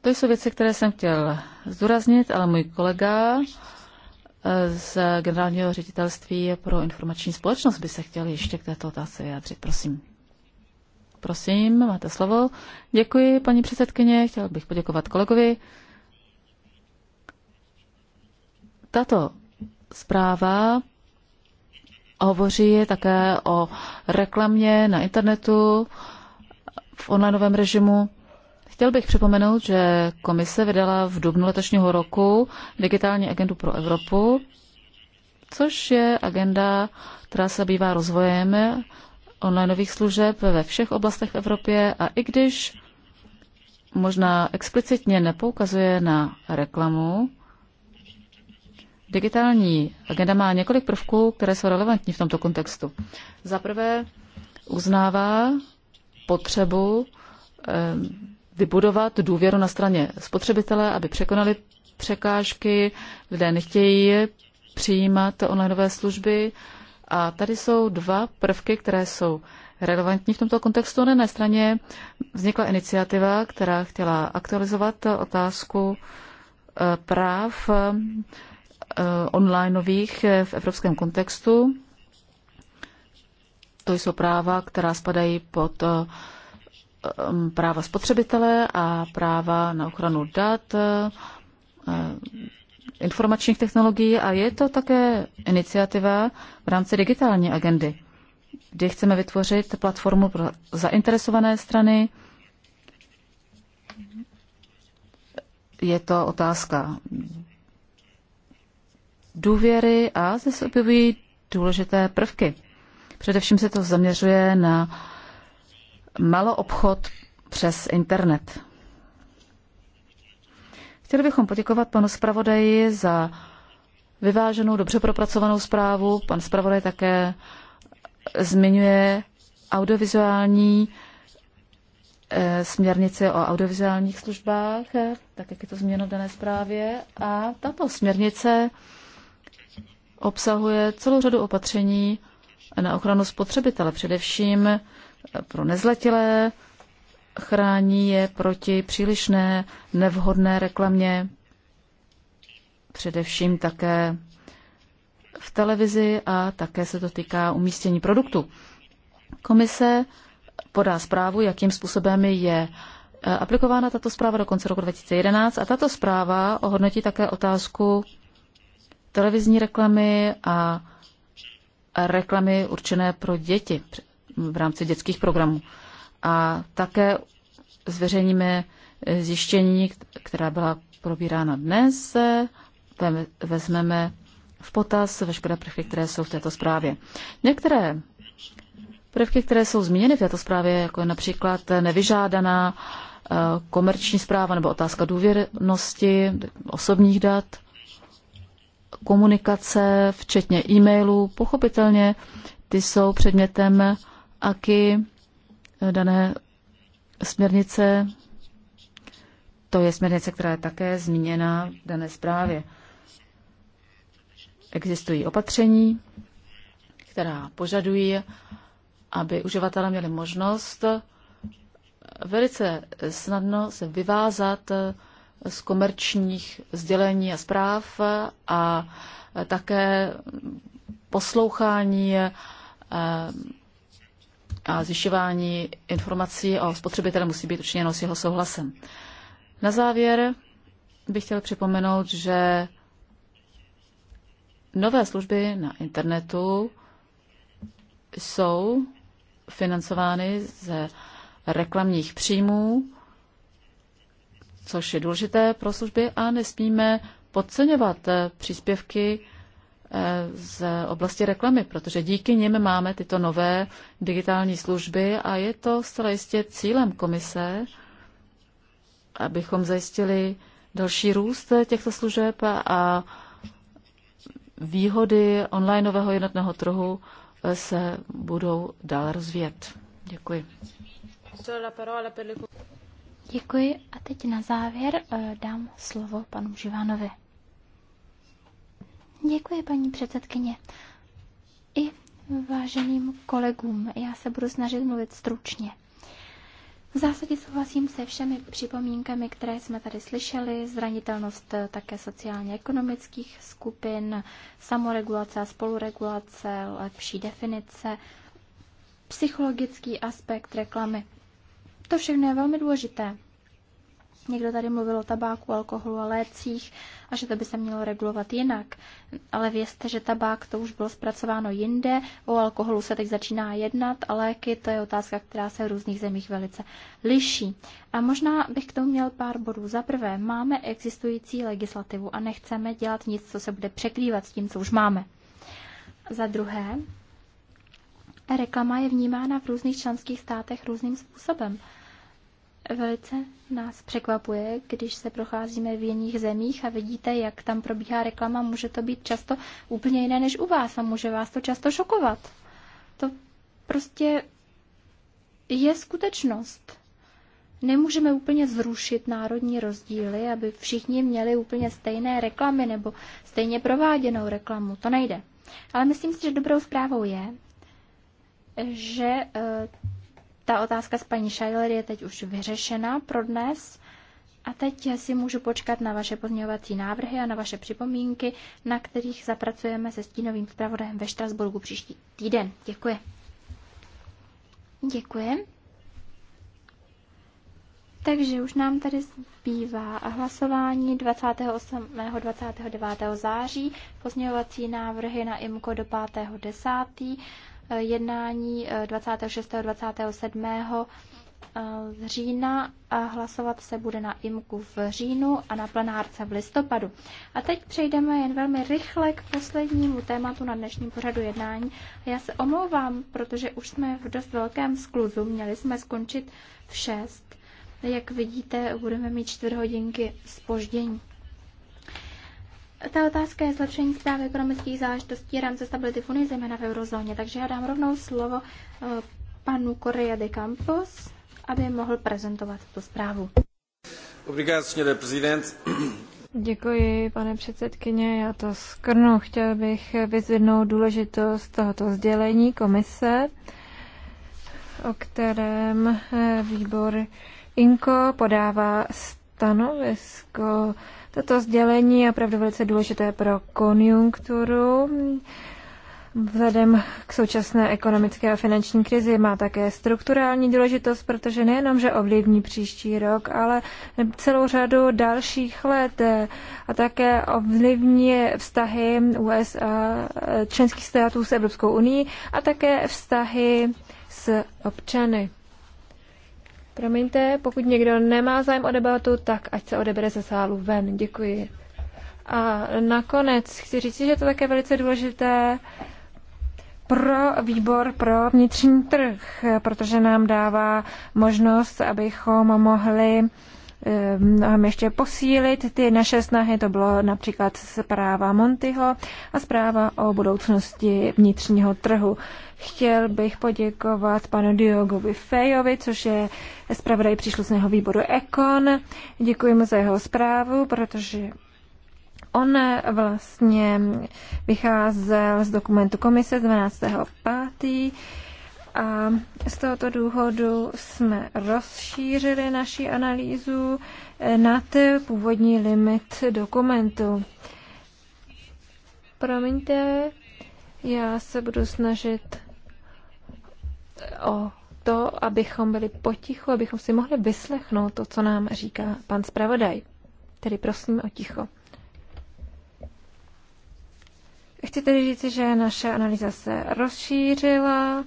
A: To jsou věci, které jsem chtěl zdůraznit, ale můj kolega eh, z generálního ředitelství pro informační společnost by se chtěl ještě k této otázce vyjádřit. Prosím. Prosím, máte slovo. Děkuji, paní předsedkyně. Chtěl bych poděkovat kolegovi tato zpráva hovoří také o reklamě na internetu v onlineovém režimu. Chtěl bych připomenout, že komise vydala v dubnu letošního roku digitální agendu pro Evropu, což je agenda, která se bývá rozvojem onlineových služeb ve všech oblastech v Evropě a i když možná explicitně nepoukazuje na reklamu, Digitální agenda má několik prvků, které jsou relevantní v tomto kontextu. Za prvé uznává potřebu eh, vybudovat důvěru na straně spotřebitele, aby překonali překážky, lidé nechtějí přijímat onlineové služby. A tady jsou dva prvky, které jsou relevantní v tomto kontextu. Na jedné straně vznikla iniciativa, která chtěla aktualizovat otázku eh, práv Eh, onlineových eh, v evropském kontextu. To jsou práva, která spadají pod eh, práva spotřebitele a práva na ochranu dat, informačních technologií a je to také iniciativa v rámci digitální agendy, kdy chceme vytvořit platformu pro zainteresované strany. Je to otázka důvěry a zde se objevují důležité prvky. Především se to zaměřuje na maloobchod přes internet. Chtěli bychom poděkovat panu zpravodaji za vyváženou, dobře propracovanou zprávu. Pan zpravodaj také zmiňuje audiovizuální eh, směrnici o audiovizuálních službách, eh, tak jak je to změno v dané zprávě. A tato směrnice obsahuje celou řadu opatření na ochranu spotřebitele, především pro nezletilé, chrání je proti přílišné nevhodné reklamě, především také v televizi a také se to týká umístění produktu. Komise podá zprávu, jakým způsobem je eh, aplikována tato zpráva do konce roku 2011 a tato zpráva ohodnotí také otázku televizní reklamy a reklamy určené pro děti v rámci dětských programů. A také zveřejníme zjištění, která byla probírána dnes, vezmeme v potaz veškeré prvky, které jsou v této zprávě. Některé prvky, které jsou zmíněny v této zprávě, jako je například nevyžádaná eh, komerční zpráva nebo otázka důvěrnosti osobních dat, komunikace, včetně e-mailů, pochopitelně ty jsou předmětem AKI eh, dané směrnice. To je směrnice, která je také zmíněna v dané zprávě. Existují opatření, která požadují, aby uživatelé měli možnost velice snadno se vyvázat z komerčních sdělení a zpráv a také poslouchání eh, a zjišťování informací o spotřebitele musí být učiněno s jeho souhlasem. Na závěr bych chtěl připomenout, že nové služby na internetu jsou financovány ze reklamních příjmů což je důležité pro služby a nesmíme podceňovat eh, příspěvky eh, z oblasti reklamy, protože díky nim máme tyto nové digitální služby a je to zcela jistě cílem komise, abychom zajistili další růst eh, těchto služeb a výhody onlineového jednotného trhu se budou dále rozvíjet. Děkuji.
B: Děkuji a teď na závěr eh, dám slovo panu Živánovi. Děkuji, paní předsedkyně. I váženým kolegům, já se budu snažit mluvit stručně. V zásadě souhlasím se všemi připomínkami, které jsme tady slyšeli, zranitelnost eh, také sociálně-ekonomických skupin, samoregulace a spoluregulace, lepší definice, psychologický aspekt reklamy. To všechno je velmi důležité. Někdo tady mluvil o tabáku, alkoholu a lécích a že to by se mělo regulovat jinak. Ale vězte, že tabák to už bylo zpracováno jinde, o alkoholu se teď začíná jednat a léky to je otázka, která se v různých zemích velice liší. A možná bych k tomu měl pár bodů. Za prvé, máme existující legislativu a nechceme dělat nic, co se bude překrývat s tím, co už máme. Za druhé, reklama je vnímána v různých členských státech různým způsobem. Velice nás překvapuje, když se procházíme v jiných zemích a vidíte, jak tam probíhá reklama, může to být často úplně jiné než u vás a může vás to často šokovat. To prostě je skutečnost. Nemůžeme úplně zrušit národní rozdíly, aby všichni měli úplně stejné reklamy nebo stejně prováděnou reklamu. To nejde. Ale myslím si, že dobrou zprávou je, že eh, ta otázka s paní Scheiler je teď už vyřešena pro dnes. A teď si můžu počkat na vaše pozměňovací návrhy a na vaše připomínky, na kterých zapracujeme se stínovým zpravodajem ve Štrasburgu příští týden. Děkuji. Děkuji. Takže už nám tady zbývá hlasování 28. 29. září, pozměňovací návrhy na IMKO do 5. 10 Eh, jednání 26. Eh, a 27. Eh, října a hlasovat se bude na IMKU v říjnu a na plenárce v listopadu. A teď přejdeme jen velmi rychle k poslednímu tématu na dnešním pořadu jednání. Já se omlouvám, protože už jsme v dost velkém skluzu, měli jsme skončit v 6. Jak vidíte, budeme mít čtvrt hodinky spoždění. Ta otázka je zlepšení zpráv ekonomických záležitostí rámce stability v Unii, zejména v eurozóně. Takže já dám rovnou slovo eh, panu Correa de
D: Campos, aby mohl prezentovat tu zprávu. Děkuji, pane předsedkyně. Já to skrnu. Chtěl bych vyzvednout důležitost tohoto sdělení komise, o kterém eh, výbor INKO podává stanovisko. Toto sdělení je opravdu velice důležité pro konjunkturu. Vzhledem k současné ekonomické a finanční krizi má také strukturální důležitost, protože nejenom, že ovlivní příští rok, ale celou řadu dalších let a také ovlivní vztahy USA, členských států s Evropskou uní a také vztahy s občany. Promiňte, pokud někdo nemá zájem o debatu, tak ať se odebere ze sálu ven. Děkuji. A nakonec chci říct, že to je také velice důležité pro výbor pro vnitřní trh, protože nám dává možnost, abychom mohli mnohem ještě posílit ty naše snahy. To bylo například zpráva Montyho a zpráva o budoucnosti vnitřního trhu. Chtěl bych poděkovat panu Diogovi Fejovi, což je zpravodaj příslušného výboru Ekon. Děkuji mu za jeho zprávu, protože on vlastně vycházel z dokumentu komise 12.5. A z tohoto důvodu jsme rozšířili naši analýzu nad původní limit dokumentu. Promiňte, já se budu snažit o to, abychom byli potichu, abychom si mohli vyslechnout to, co nám říká pan zpravodaj. Tedy prosím o ticho. Chci tedy říci, že naše analýza se rozšířila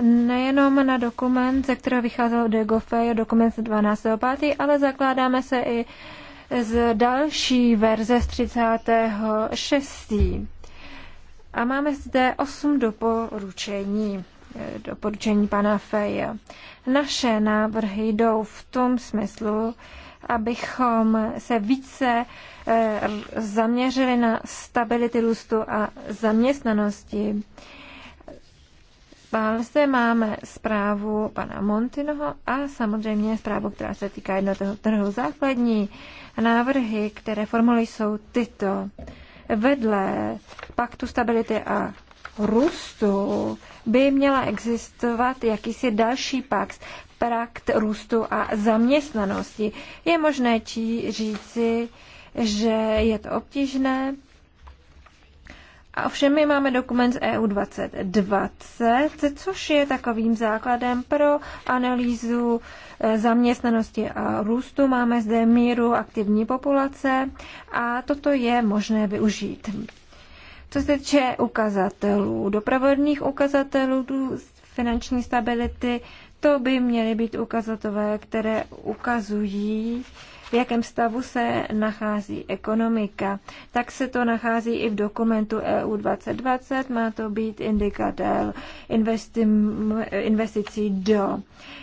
D: nejenom na dokument, ze kterého vycházel de Goffey, dokument z 12.5., ale zakládáme se i z další verze z 36. A máme zde osm doporučení doporučení pana Feje. Naše návrhy jdou v tom smyslu, abychom se více eh, zaměřili na stability růstu a zaměstnanosti. Dále zde máme zprávu pana Montinoho a samozřejmě zprávu, která se týká jednotného trhu. Základní návrhy, které formulují, jsou tyto. Vedle paktu stability a růstu by měla existovat jakýsi další pakt, prakt růstu a zaměstnanosti. Je možné či říci, že je to obtížné, a ovšem my máme dokument z EU 2020, což je takovým základem pro analýzu e, zaměstnanosti a růstu. Máme zde míru aktivní populace a toto je možné využít. Co se týče ukazatelů, doprovodných ukazatelů, finanční stability, to by měly být ukazatové, které ukazují, v jakém stavu se nachází ekonomika. Tak se to nachází i v dokumentu EU 2020. Má to být indikátor investicí do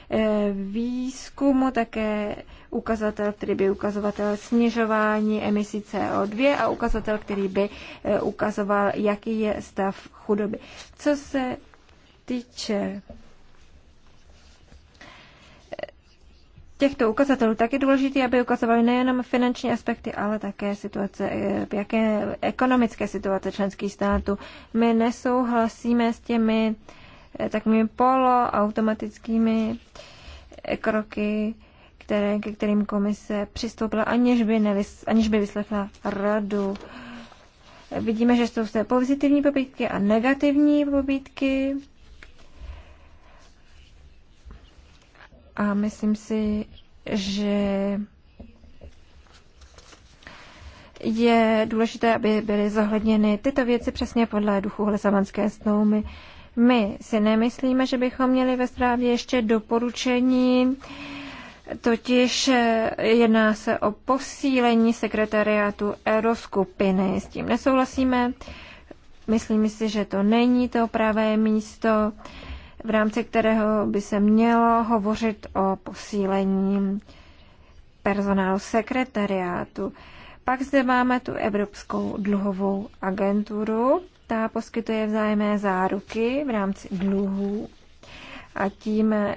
D: eh, výzkumu, také ukazatel, který by ukazoval snižování emisí CO2 a ukazatel, který by eh, ukazoval, jaký je stav chudoby. Co se týče eh, těchto ukazatelů, tak je důležité, aby ukazovali nejenom finanční aspekty, ale také situace, eh, jaké ekonomické situace členských států. My nesouhlasíme s těmi takovými poloautomatickými kroky, které, ke kterým komise přistoupila, aniž by, nevys, aniž by vyslechla radu. Vidíme, že jsou zde pozitivní pobídky a negativní pobídky. A myslím si, že je důležité, aby byly zohledněny tyto věci přesně podle duchu Lisabonské snoumy. My si nemyslíme, že bychom měli ve zprávě ještě doporučení Totiž eh, jedná se o posílení sekretariátu euroskupiny. S tím nesouhlasíme. Myslím si, že to není to pravé místo, v rámci kterého by se mělo hovořit o posílení personálu sekretariátu. Pak zde máme tu Evropskou dluhovou agenturu. Ta poskytuje vzájemné záruky v rámci dluhů a tím eh,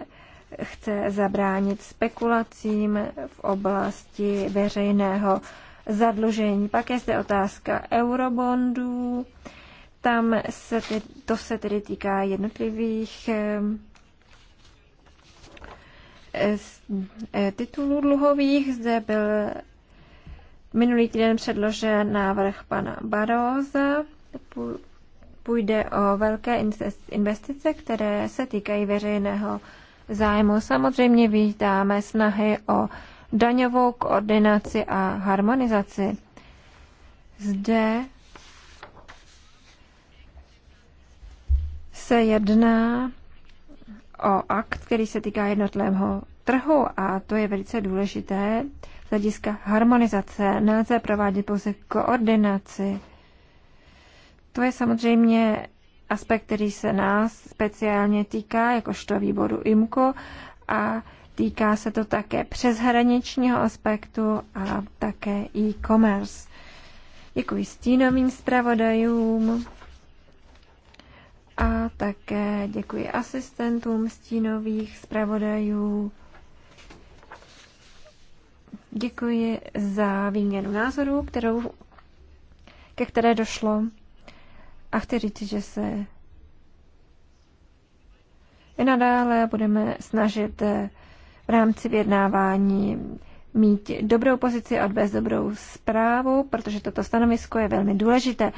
D: chce zabránit spekulacím v oblasti veřejného zadlužení. Pak je zde otázka eurobondů. Tam se ty, to se tedy týká jednotlivých eh, eh, titulů dluhových. Zde byl minulý týden předložen návrh pana Baroza. Půjde o velké investice, které se týkají veřejného zájmu. Samozřejmě vítáme snahy o daňovou koordinaci a harmonizaci. Zde se jedná o akt, který se týká jednotlivého trhu a to je velice důležité z hlediska harmonizace. Nelze provádět pouze koordinaci. To je samozřejmě aspekt, který se nás speciálně týká, jakožto výboru Imko, a týká se to také přeshraničního aspektu a také e-commerce. Děkuji stínovým zpravodajům a také děkuji asistentům stínových zpravodajů. Děkuji za výměnu názorů, kterou, ke které došlo. A chci říct, že se i nadále budeme snažit eh, v rámci vyjednávání mít dobrou pozici a odvést dobrou zprávu, protože toto stanovisko je velmi důležité.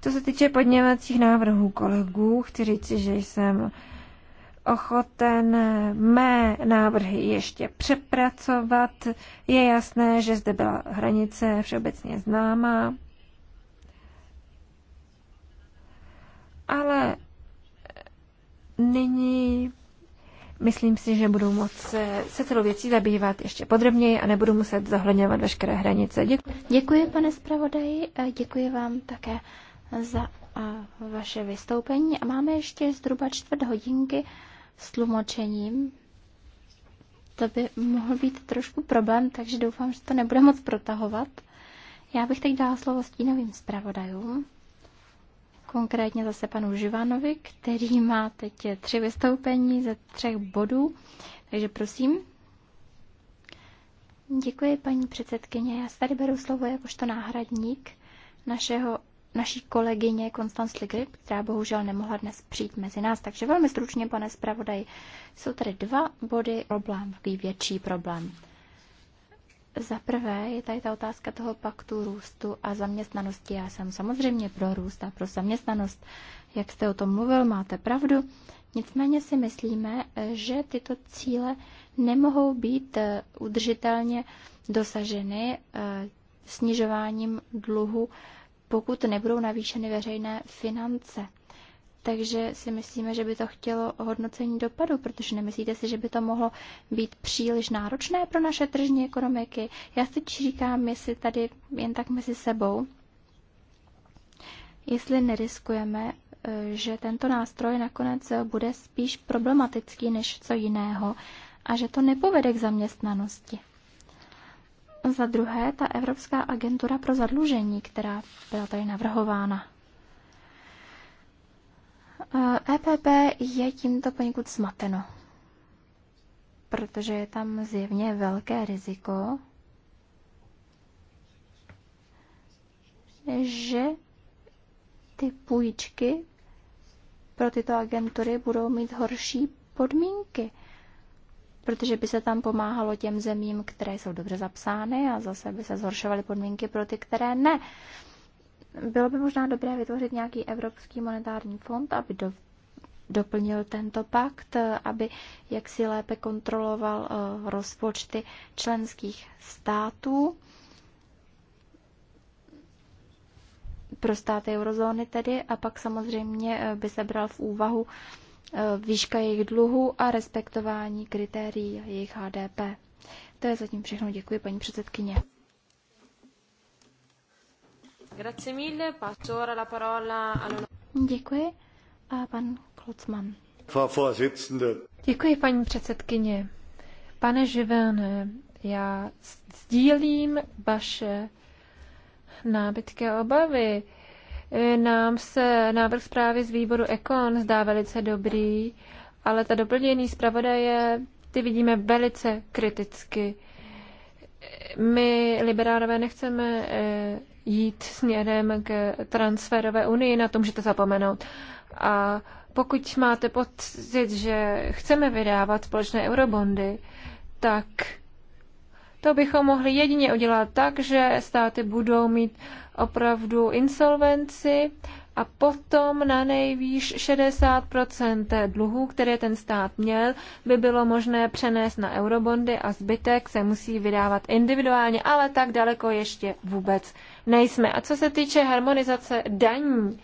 D: Co se týče podněvacích návrhů kolegů, chci říct, že jsem ochoten mé návrhy ještě přepracovat. Je jasné, že zde byla hranice všeobecně známá. nyní myslím si, že budu moct se celou věcí zabývat ještě podrobněji a nebudu muset zohledňovat veškeré hranice. Děkuji.
B: Děkuji, pane zpravodaji, děkuji vám také za vaše vystoupení a máme ještě zhruba čtvrt hodinky s tlumočením. To by mohl být trošku problém, takže doufám, že to nebude moc protahovat. Já bych teď dala slovo stínovým zpravodajům konkrétně zase panu Živanovi, který má teď tři vystoupení ze třech bodů. Takže prosím. Děkuji, paní předsedkyně. Já tady beru slovo jakožto náhradník našeho, naší kolegyně Konstanc Ligry, která bohužel nemohla dnes přijít mezi nás. Takže velmi stručně, pane zpravodaj, jsou tady dva body problém, větší problém. Za prvé je tady ta otázka toho paktu růstu a zaměstnanosti. Já jsem samozřejmě pro růst a pro zaměstnanost. Jak jste o tom mluvil, máte pravdu. Nicméně si myslíme, že tyto cíle nemohou být eh, udržitelně dosaženy eh, snižováním dluhu, pokud nebudou navýšeny veřejné finance. Takže si myslíme, že by to chtělo hodnocení dopadu, protože nemyslíte si, že by to mohlo být příliš náročné pro naše tržní ekonomiky. Já si říkám, jestli tady jen tak mezi sebou, jestli neriskujeme, eh, že tento nástroj nakonec bude spíš problematický než co jiného a že to nepovede k zaměstnanosti. Za druhé, ta Evropská agentura pro zadlužení, která byla tady navrhována. EPP eh, e je tímto poněkud smateno, protože je tam zjevně velké riziko, že ty půjčky pro tyto agentury budou mít horší podmínky, protože by se tam pomáhalo těm zemím, které jsou dobře zapsány a zase by se zhoršovaly podmínky pro ty, které ne. Bylo by možná dobré vytvořit nějaký Evropský monetární fond, aby do, doplnil tento pakt, aby jaksi lépe kontroloval eh, rozpočty členských států. pro státy eurozóny tedy a pak samozřejmě eh, by se bral v úvahu eh, výška jejich dluhu a respektování kritérií jejich HDP. To je zatím všechno. Děkuji, paní předsedkyně.
D: Grazie mille, passo ora la parola Děkuji. A pan Klocman. Děkuji, paní předsedkyně. Pane živelné, já sdílím vaše nábytky a obavy. E, nám se návrh zprávy z výboru Ekon zdá velice dobrý, ale ta doplnění zpravodaje, ty vidíme velice kriticky. E, my, liberálové, nechceme e, jít směrem k transferové unii, na to můžete zapomenout. A pokud máte pocit, že chceme vydávat společné eurobondy, tak to bychom mohli jedině udělat tak, že státy budou mít opravdu insolvenci a potom na nejvýš 60 dluhů, které ten stát měl, by bylo možné přenést na eurobondy a zbytek se musí vydávat individuálně, ale tak daleko ještě vůbec nejsme. A co se týče harmonizace daní,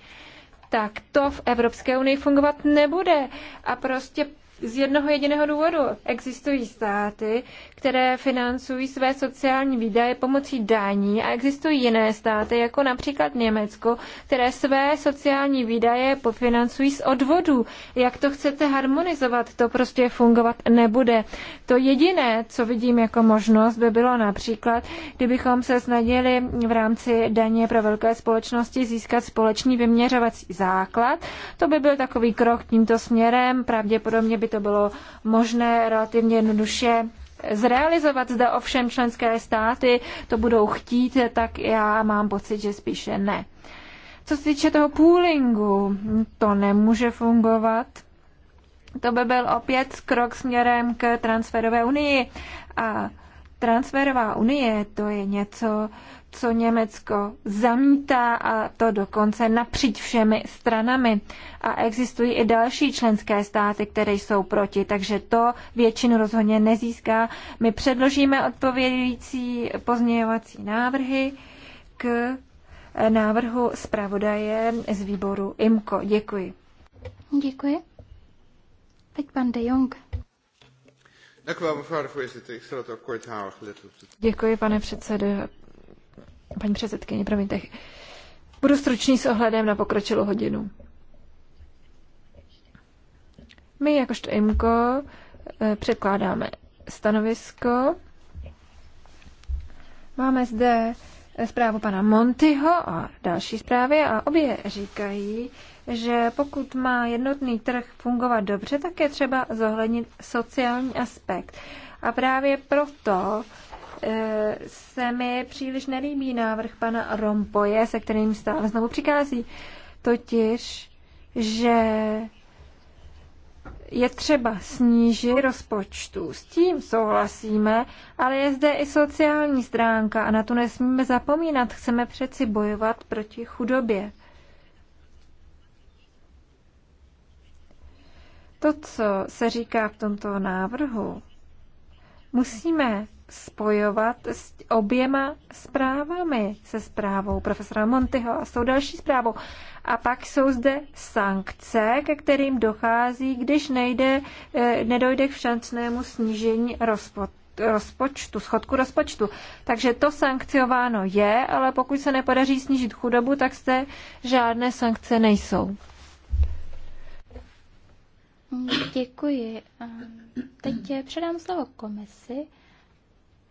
D: tak to v Evropské unii fungovat nebude. A prostě z jednoho jediného důvodu. Existují státy, které financují své sociální výdaje pomocí daní a existují jiné státy, jako například Německo, které své sociální výdaje pofinancují z odvodů. Jak to chcete harmonizovat, to prostě fungovat nebude. To jediné, co vidím jako možnost, by bylo například, kdybychom se snažili v rámci daně pro velké společnosti získat společný vyměřovací základ. To by byl takový krok tímto směrem, pravděpodobně by by to bylo možné relativně jednoduše zrealizovat. Zda ovšem členské státy to budou chtít, tak já mám pocit, že spíše ne. Co se týče toho poolingu, to nemůže fungovat. To by byl opět krok směrem k transferové unii. A transferová unie to je něco, co Německo zamítá a to dokonce napříč všemi stranami. A existují i další členské státy, které jsou proti, takže to většinu rozhodně nezíská. My předložíme odpovědějící pozměňovací návrhy k návrhu zpravodaje z výboru IMKO. Děkuji.
B: Děkuji. Teď pan De Jong.
D: Děkuji, pane předsedo. Paní předsedkyně, promiňte. Budu stručný s ohledem na pokročilou hodinu. My jakožto IMKO eh, předkládáme stanovisko. Máme zde eh, zprávu pana Montyho a další zprávy a obě říkají, že pokud má jednotný trh fungovat dobře, tak je třeba zohlednit sociální aspekt. A právě proto E, se mi příliš nelíbí návrh pana Rompoje, se kterým stále znovu přikází. Totiž, že je třeba snížit rozpočtu. S tím souhlasíme, ale je zde i sociální stránka a na to nesmíme zapomínat. Chceme přeci bojovat proti chudobě. To, co se říká v tomto návrhu, musíme spojovat s oběma zprávami, se zprávou profesora Montyho a s tou další zprávou. A pak jsou zde sankce, ke kterým dochází, když nejde, eh, nedojde k všancnému snížení rozpočtu rozpočtu, schodku rozpočtu. Takže to sankciováno je, ale pokud se nepodaří snížit chudobu, tak se žádné sankce nejsou.
B: Děkuji. Teď předám slovo komisi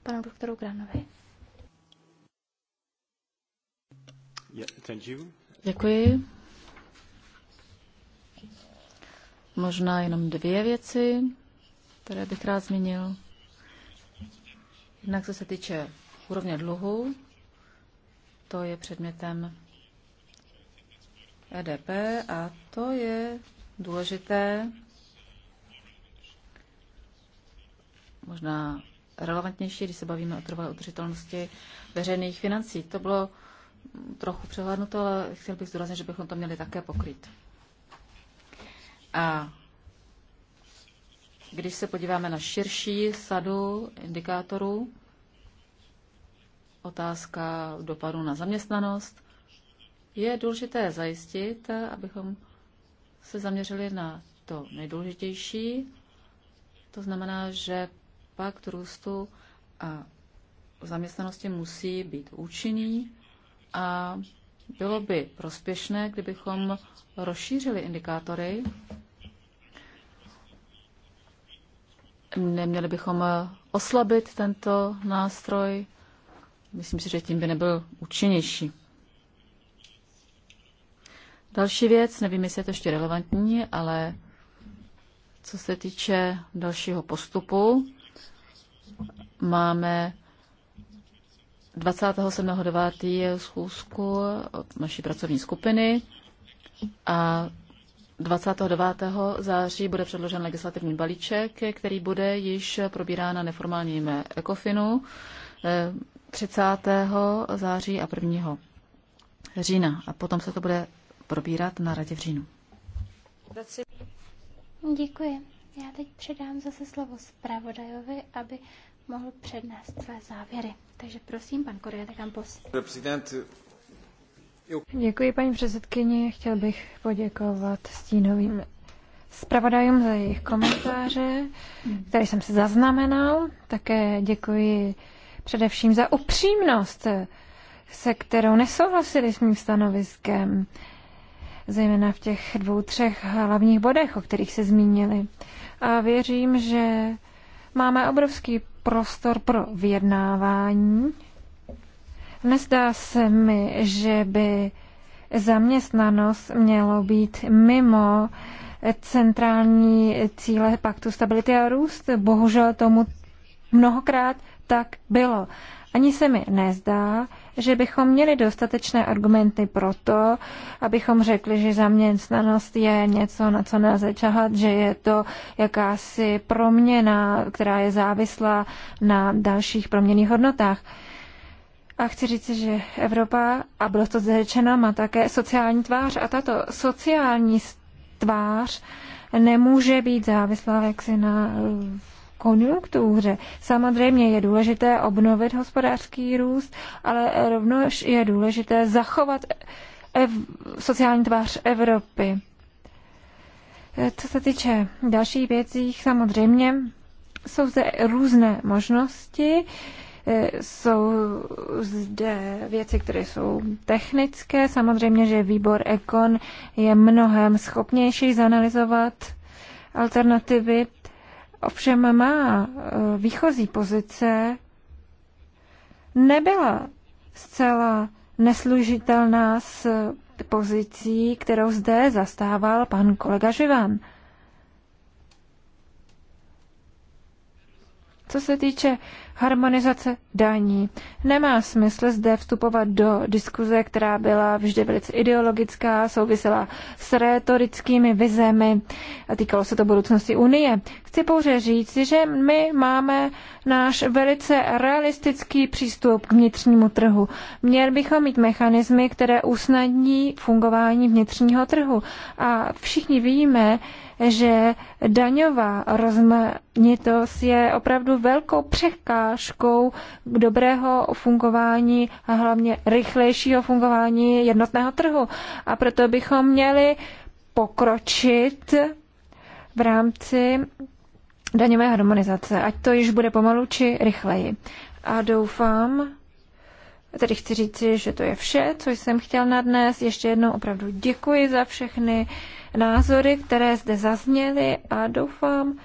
B: panu doktoru Granovi.
C: Děkuji.
A: Možná jenom dvě věci, které bych rád zmínil. Jednak co se týče úrovně dluhu, to je předmětem EDP a to je důležité možná relevantnější, když se bavíme o trvalé udržitelnosti veřejných financí. To bylo trochu přehlédnuto, ale chtěl bych zdůraznit, že bychom to měli také pokryt. A když se podíváme na širší sadu indikátorů, otázka dopadu na zaměstnanost, je důležité zajistit, abychom se zaměřili na to nejdůležitější. To znamená, že pak, růstu a zaměstnanosti musí být účinný a bylo by prospěšné, kdybychom rozšířili indikátory. Neměli bychom oslabit tento nástroj. Myslím si, že tím by nebyl účinnější. Další věc, nevím, jestli je to ještě relevantní, ale co se týče dalšího postupu, máme 27.9. schůzku naší pracovní skupiny a 29. září bude předložen legislativní balíček, který bude již probírán na neformálním ECOFINu 30. Eh, září a 1. října. A potom se to bude probírat na radě v říjnu.
B: Děkuji. Já teď předám zase slovo zpravodajovi, aby mohl přednést své závěry. Takže prosím, pan Korea Campos.
D: Děkuji, paní předsedkyni. Chtěl bych poděkovat stínovým zpravodajům za jejich komentáře, které jsem si zaznamenal. Také děkuji především za upřímnost, se kterou nesouhlasili s mým stanoviskem zejména v těch dvou, třech hlavních bodech, o kterých se zmínili. A věřím, že máme obrovský prostor pro vyjednávání. Nezdá se mi, že by zaměstnanost mělo být mimo centrální cíle paktu stability a růst. Bohužel tomu mnohokrát tak bylo. Ani se mi nezdá, že bychom měli dostatečné argumenty pro to, abychom řekli, že zaměstnanost je něco, na co nelze čahat, že je to jakási proměna, která je závislá na dalších proměných hodnotách. A chci říct, že Evropa, a bylo to zřečeno, má také sociální tvář a tato sociální tvář nemůže být závislá jaksi na konjunktuře. Samozřejmě je důležité obnovit hospodářský růst, ale rovnož je důležité zachovat ev- sociální tvář Evropy. Co se týče dalších věcí, samozřejmě jsou zde různé možnosti. Jsou zde věci, které jsou technické. Samozřejmě, že výbor Ekon je mnohem schopnější zanalizovat alternativy ovšem má eh, výchozí pozice nebyla zcela neslužitelná s eh, pozicí, kterou zde zastával pan kolega Živan. Co se týče Harmonizace daní. Nemá smysl zde vstupovat do diskuze, která byla vždy velice ideologická, souvisela s retorickými vizemi a týkalo se to budoucnosti Unie. Chci pouze říct, že my máme náš velice realistický přístup k vnitřnímu trhu. Měli bychom mít mechanismy, které usnadní fungování vnitřního trhu. A všichni víme, že daňová rozmanitost je opravdu velkou překážkou překážkou dobrého fungování a hlavně rychlejšího fungování jednotného trhu. A proto bychom měli pokročit v rámci daňové harmonizace, ať to již bude pomalu či rychleji. A doufám, tedy chci říci, že to je vše, co jsem chtěl na dnes. Ještě jednou opravdu děkuji za všechny názory, které zde zazněly a doufám,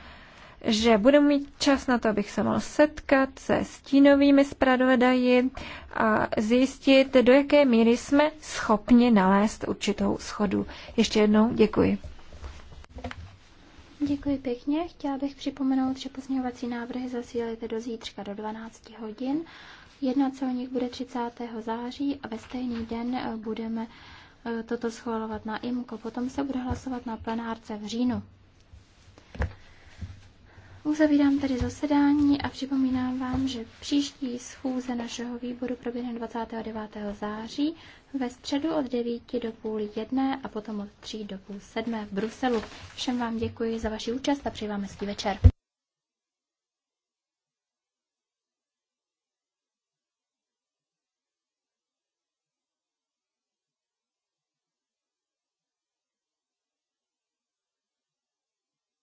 D: že budu mít čas na to, abych se mohl setkat se stínovými zpravodaji a zjistit, do jaké míry jsme schopni nalézt určitou schodu. Ještě jednou děkuji.
B: Děkuji pěkně. Chtěla bych připomenout, že pozměňovací návrhy zasílejte do zítřka do 12 hodin. Jedna o nich bude 30. září a ve stejný den eh, budeme eh, toto schvalovat na IMKO. Potom se bude hlasovat na plenárce v říjnu. Uzavírám tedy zasedání a připomínám vám, že příští schůze našeho výboru proběhne 29. září ve středu od 9 do půl jedné a potom od 3 do půl sedmé v Bruselu. Všem vám děkuji za vaši účast a přeji vám hezký večer.